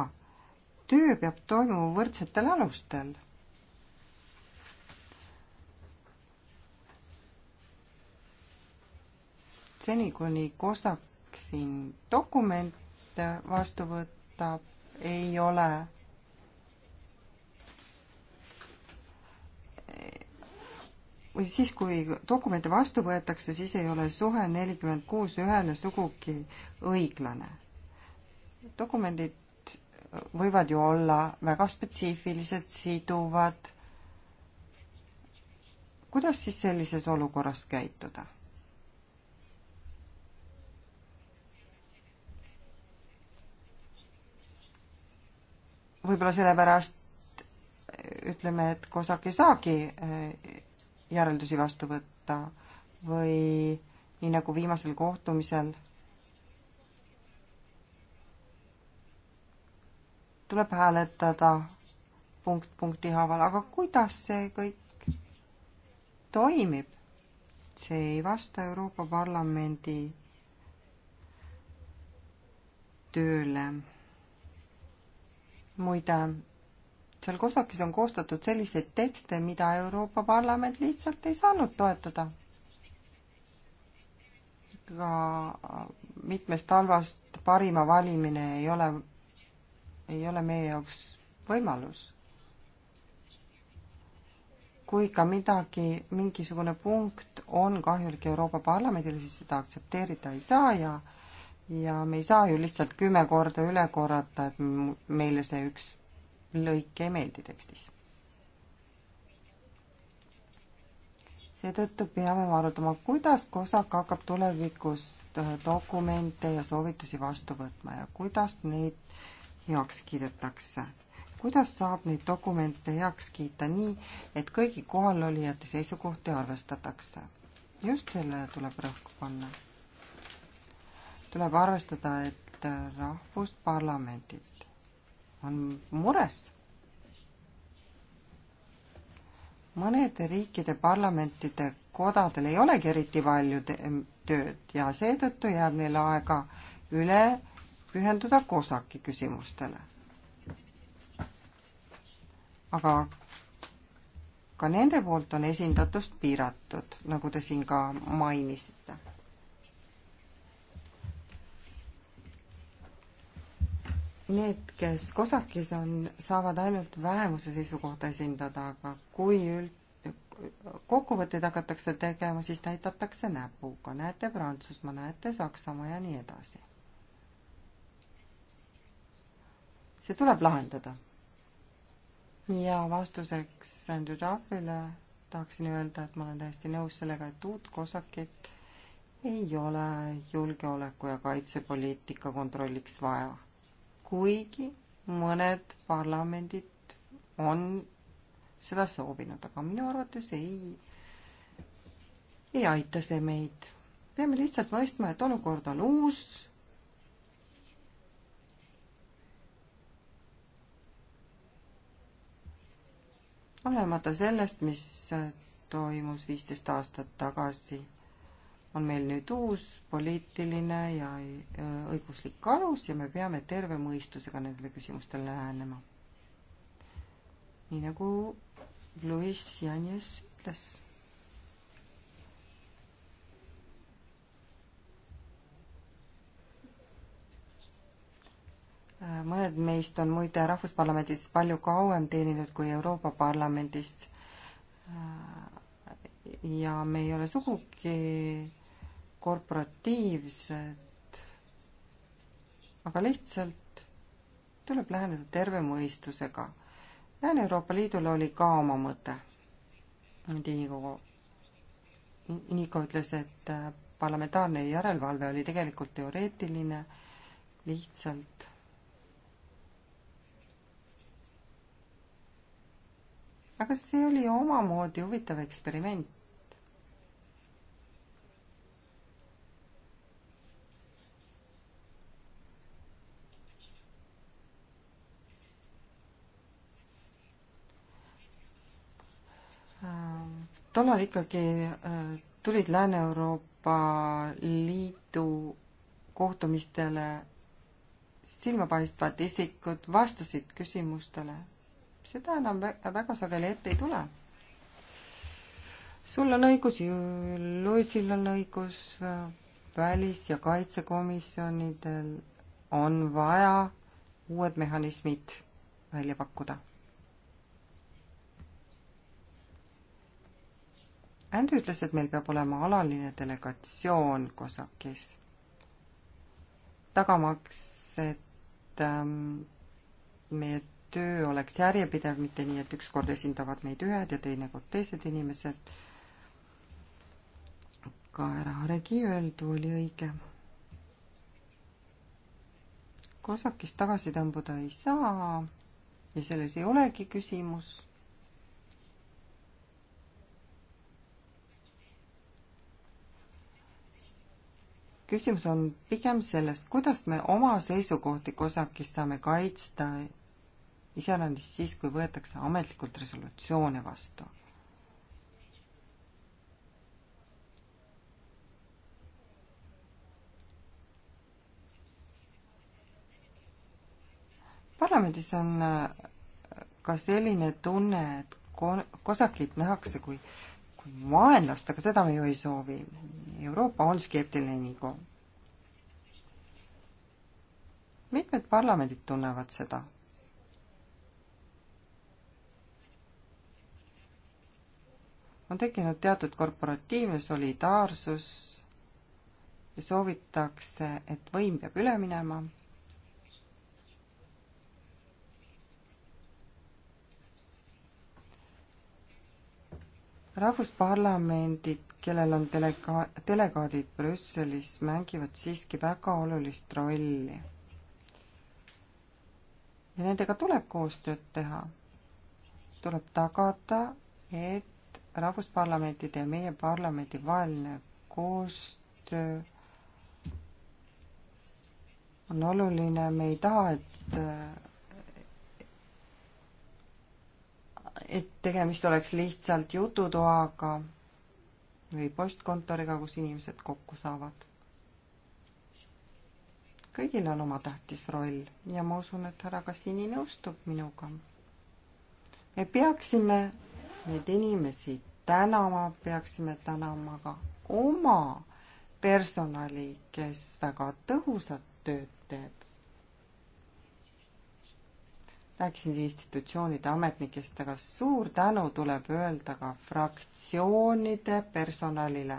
töö peab toimuma võrdsetel alustel seni, kuni Kosaksin dokumente vastu võtab, ei ole või siis, kui dokumente vastu võetakse, siis ei ole suhe nelikümmend kuus ühele sugugi õiglane. dokumendid võivad ju olla väga spetsiifilised, siduvad. kuidas siis sellises olukorras käituda? võib-olla sellepärast ütleme, et Kosak ei saagi äh, järeldusi vastu võtta või nii nagu viimasel kohtumisel tuleb hääletada punkt punkti haaval, aga kuidas see kõik toimib? see ei vasta Euroopa Parlamendi tööle muide, seal COSAC-is on koostatud selliseid tekste, mida Euroopa Parlament lihtsalt ei saanud toetada. ka mitmest halvast parima valimine ei ole, ei ole meie jaoks võimalus. kui ka midagi, mingisugune punkt on kahjulik Euroopa Parlamendile, siis seda aktsepteerida ei saa ja äh, ja me ei saa ju lihtsalt kümme korda üle korrata, et meile see üks lõik ei meeldi tekstis. seetõttu peame arutama, kuidas COSAC hakkab tulevikus äh, dokumente ja soovitusi vastu võtma ja kuidas neid heaks kiidetakse. kuidas saab neid dokumente heaks kiita nii, et kõigi kohalolijate seisukohti arvestatakse? just sellele tuleb rõhku panna tuleb arvestada, et rahvusparlamendid on mures. mõnede riikide parlamentide kodadel ei olegi eriti palju tööd ja seetõttu jääb neil aega üle pühenduda COSAC-i küsimustele. aga ka nende poolt on esindatust piiratud, nagu te siin ka mainisite need, kes COSAC-is on, saavad ainult vähemuse seisukohta esindada, aga kui üld-, kokkuvõtteid hakatakse tegema, siis näidatakse näpuga, näete Prantsusmaa, näete Saksamaa ja nii edasi. see tuleb lahendada. ja vastuseks Andrew Duffile tahaksin öelda, et ma olen täiesti nõus sellega, et uut COSAC-it ei ole julgeoleku ja kaitsepoliitika kontrolliks vaja kuigi mõned parlamendid on seda soovinud, aga minu arvates ei, ei aita see meid. peame lihtsalt mõistma, et olukord on uus. olenemata sellest, mis toimus viisteist aastat tagasi on meil nüüd uus poliitiline ja äh, õiguslik alus ja me peame terve mõistusega nendele küsimustele lähenema. nii nagu Luis Janes ütles. Äh, mõned meist on muide Rahvusparlamendis palju kauem teeninud kui Euroopa Parlamendis. Äh, ja me ei ole sugugi korporatiivsed, aga lihtsalt tuleb läheneda terve mõistusega. Lääne-Euroopa Liidul oli ka oma mõte. Niinikogu, Niiko ütles, et parlamentaarne järelevalve oli tegelikult teoreetiline, lihtsalt aga see oli omamoodi huvitav eksperiment. tollal ikkagi äh, tulid Lääne-Euroopa Liidu kohtumistele silmapaistvad isikud vastasid küsimustele. seda enam väga sageli ette ei tule. sul on õigus, Luisil on õigus, välis- ja kaitsekomisjonidel on vaja uued mehhanismid välja pakkuda Andrew ütles, et meil peab olema alaline delegatsioon COSAC-is, tagamaks, et ähm, meie töö oleks järjepidev, mitte nii, et ükskord esindavad meid ühed ja teinekord teised inimesed. ka härra Haregi öeldu oli õige. COSAC-ist tagasi tõmbuda ei saa ja selles ei olegi küsimus küsimus on pigem sellest, kuidas me oma seisukohti COSAC-is saame kaitsta iseäranis siis, kui võetakse ametlikult resolutsioone vastu. parlamendis on äh, ka selline tunne, et COSAC-it nähakse kui vaenlast, aga seda me ju ei soovi. Euroopa on skeptiline nigu. mitmed parlamendid tunnevad seda. on tekkinud teatud korporatiivne solidaarsus ja soovitakse, et võim peab üle minema rahvusparlamendid, kellel on delega-, delegaadid Brüsselis, mängivad siiski väga olulist rolli. ja nendega tuleb koostööd teha. tuleb tagada, et rahvusparlamentide ja meie parlamendi vaheline koostöö on oluline, me ei taha, et et tegemist oleks lihtsalt jututoaga või postkontoriga, kus inimesed kokku saavad. kõigil on oma tähtis roll ja ma usun, et härra Kassini nõustub minuga. me peaksime neid inimesi tänama, peaksime tänama ka oma personali, kes väga tõhusat tööd teeb rääkisin institutsioonide ametnikest, aga suur tänu tuleb öelda ka fraktsioonide personalile.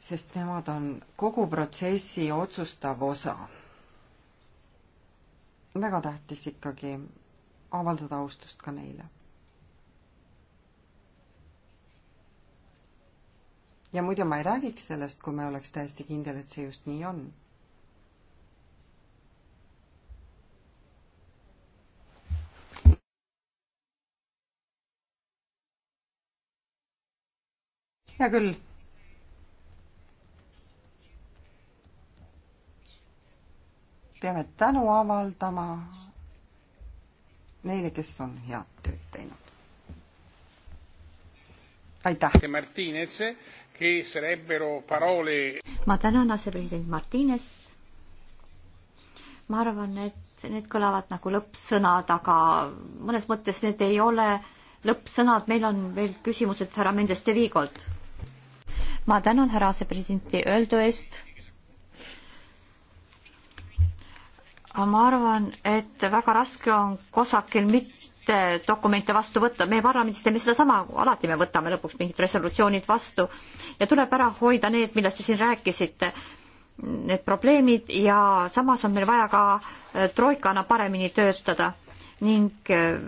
sest nemad on kogu protsessi otsustav osa. väga tähtis ikkagi avaldada austust ka neile. ja muidu ma ei räägiks sellest, kui ma ei oleks täiesti kindel, et see just nii on hea küll. peame tänu avaldama neile, kes on head tööd teinud. aitäh. ma tänan asepresident Martinest. ma arvan, et need kõlavad nagu lõppsõnad, aga mõnes mõttes need ei ole lõppsõnad, meil on veel küsimused härra Mendeste Viigolt ma tänan härra asepresidenti öeldu eest. ma arvan, et väga raske on kosakil mitte dokumente vastu võtta, meie parlamendis teeme sedasama, alati me võtame lõpuks mingid resolutsioonid vastu ja tuleb ära hoida need, millest te siin rääkisite need probleemid ja samas on meil vaja ka äh, troikana paremini töötada ning äh,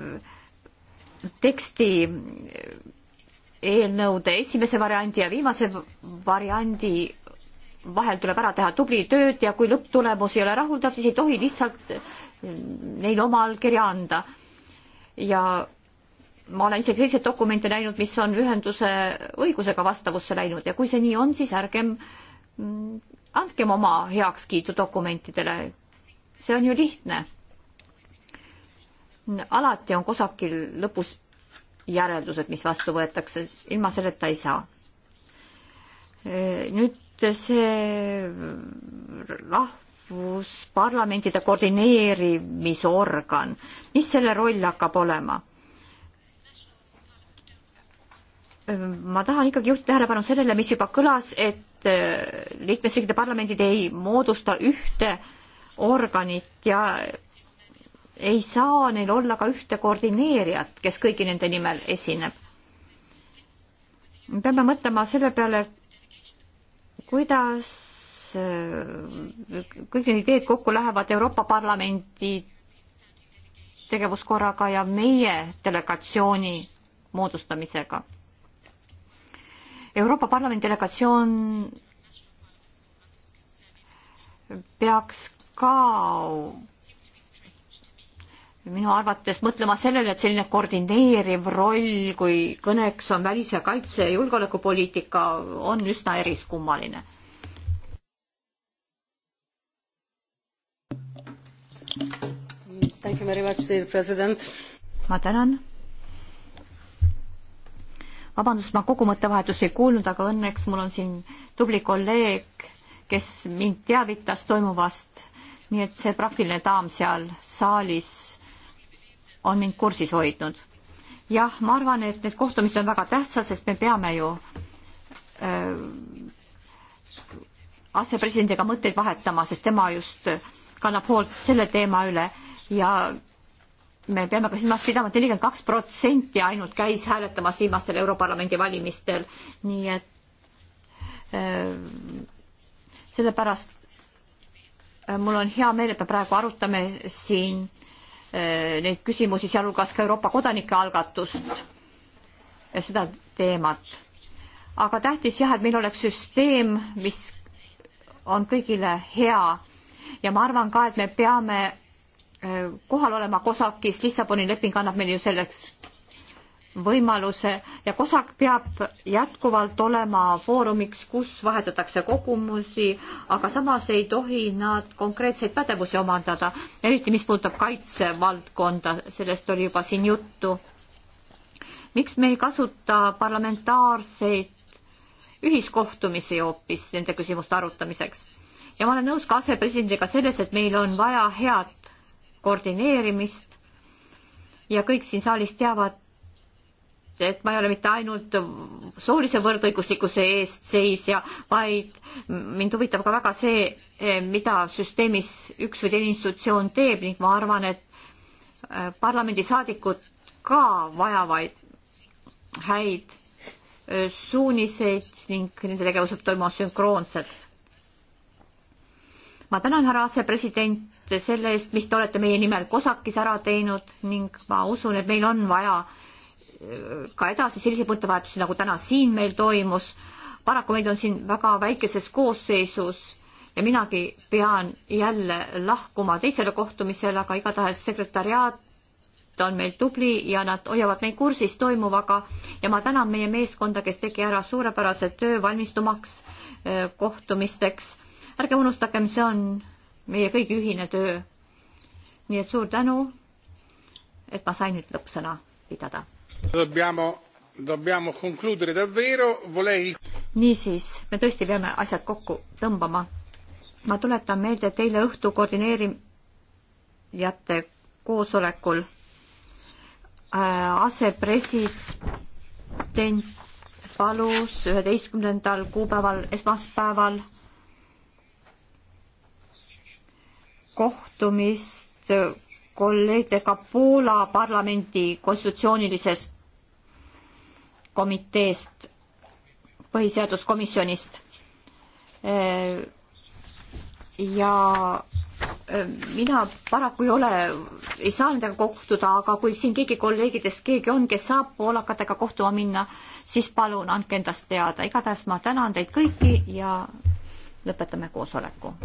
teksti eelnõude esimese variandi ja viimase variandi vahel tuleb ära teha tubli tööd ja kui lõpptulemus ei ole rahuldav, siis ei tohi lihtsalt neile oma allkirja anda. ja ma olen isegi selliseid dokumente näinud, mis on ühenduse õigusega vastavusse läinud ja kui see nii on, siis ärgem mm, andkem oma heakskiitu dokumentidele. see on ju lihtne. alati on kusagil lõpus järeldused, mis vastu võetakse, ilma selleta ei saa. nüüd see rahvusparlamentide koordineerimisorgan, mis selle roll hakkab olema? ma tahan ikkagi juhtida tähelepanu sellele, mis juba kõlas, et äh, liikmesriikide parlamendid ei moodusta ühte organit ja ei saa neil olla ka ühte koordineerijat, kes kõigi nende nimel esineb. me peame mõtlema selle peale, kuidas äh, kõik need ideed kokku lähevad Euroopa Parlamendi tegevuskorraga ja meie delegatsiooni moodustamisega. Euroopa Parlamendi delegatsioon peaks ka minu arvates mõtlema sellele, et selline koordineeriv roll, kui kõneks on välis- ja kaitse- ja julgeolekupoliitika, on üsna eriskummaline. ma tänan. vabandust, ma kogu mõttevahetust ei kuulnud, aga õnneks mul on siin tubli kolleeg, kes mind teavitas toimuvast, nii et see praktiline daam seal saalis on mind kursis hoidnud. jah, ma arvan, et need kohtumised on väga tähtsad, sest me peame ju äh, asepresidendiga mõtteid vahetama, sest tema just kannab hoolt selle teema üle ja me peame ka silmas pidama, et nelikümmend kaks protsenti ainult käis hääletamas viimastel Europarlamendi valimistel, nii et äh, sellepärast äh, mul on hea meel, et me praegu arutame siin äh, Eh, neid küsimusi, sealhulgas ka Euroopa kodanike algatust ja eh, seda teemat. aga tähtis jah, et meil oleks süsteem, mis on kõigile hea ja ma arvan ka, et me peame eh, kohal olema COSAC-is, Lissaboni leping annab meile ju selleks võimaluse ja COSAC peab jätkuvalt olema foorumiks, kus vahetatakse kogumusi, aga samas ei tohi nad konkreetseid pädevusi omandada, eriti mis puudutab kaitsevaldkonda, sellest oli juba siin juttu. miks me ei kasuta parlamentaarseid ühiskohtumisi hoopis nende küsimuste arutamiseks? ja ma olen nõus ka asepresidendiga selles, et meil on vaja head koordineerimist ja kõik siin saalis teavad, et ma ei ole mitte ainult soolise võrdõiguslikkuse eest seisja, vaid mind huvitab ka väga see, mida süsteemis üks või teine institutsioon teeb ning ma arvan, et äh, parlamendisaadikud ka vajavad häid äh, suuniseid ning nende tegevused toimuvad sünkroonselt. ma tänan, härra asepresident, selle eest, mis te olete meie nimel COSAC-is ära teinud ning ma usun, et meil on vaja ka edasi selliseid mõttevahetusi, nagu täna siin meil toimus. paraku meid on siin väga väikeses koosseisus ja minagi pean jälle lahkuma teisele kohtumisele, aga igatahes sekretariaat on meil tubli ja nad hoiavad meid kursis toimuvaga ja ma tänan meie meeskonda, kes tegi ära suurepärase töö valmistumaks eh, kohtumisteks. ärgem unustagem, see on meie kõigi ühine töö. nii et suur tänu, et ma sain nüüd lõppsõna pidada niisiis, me tõesti peame asjad kokku tõmbama. ma tuletan meelde, et eile õhtu koordineerijate koosolekul äh, asepresident palus üheteistkümnendal kuupäeval, esmaspäeval kohtumist kolleegidega Poola parlamendi konstitutsioonilisest komiteest, põhiseaduskomisjonist. Äh, ja äh, mina paraku ei ole, ei saa nendega kohtuda, aga kui siin keegi kolleegidest keegi on, kes saab poolakatega kohtuma minna, siis palun andke endast teada. igatahes ma tänan teid kõiki ja lõpetame koosoleku.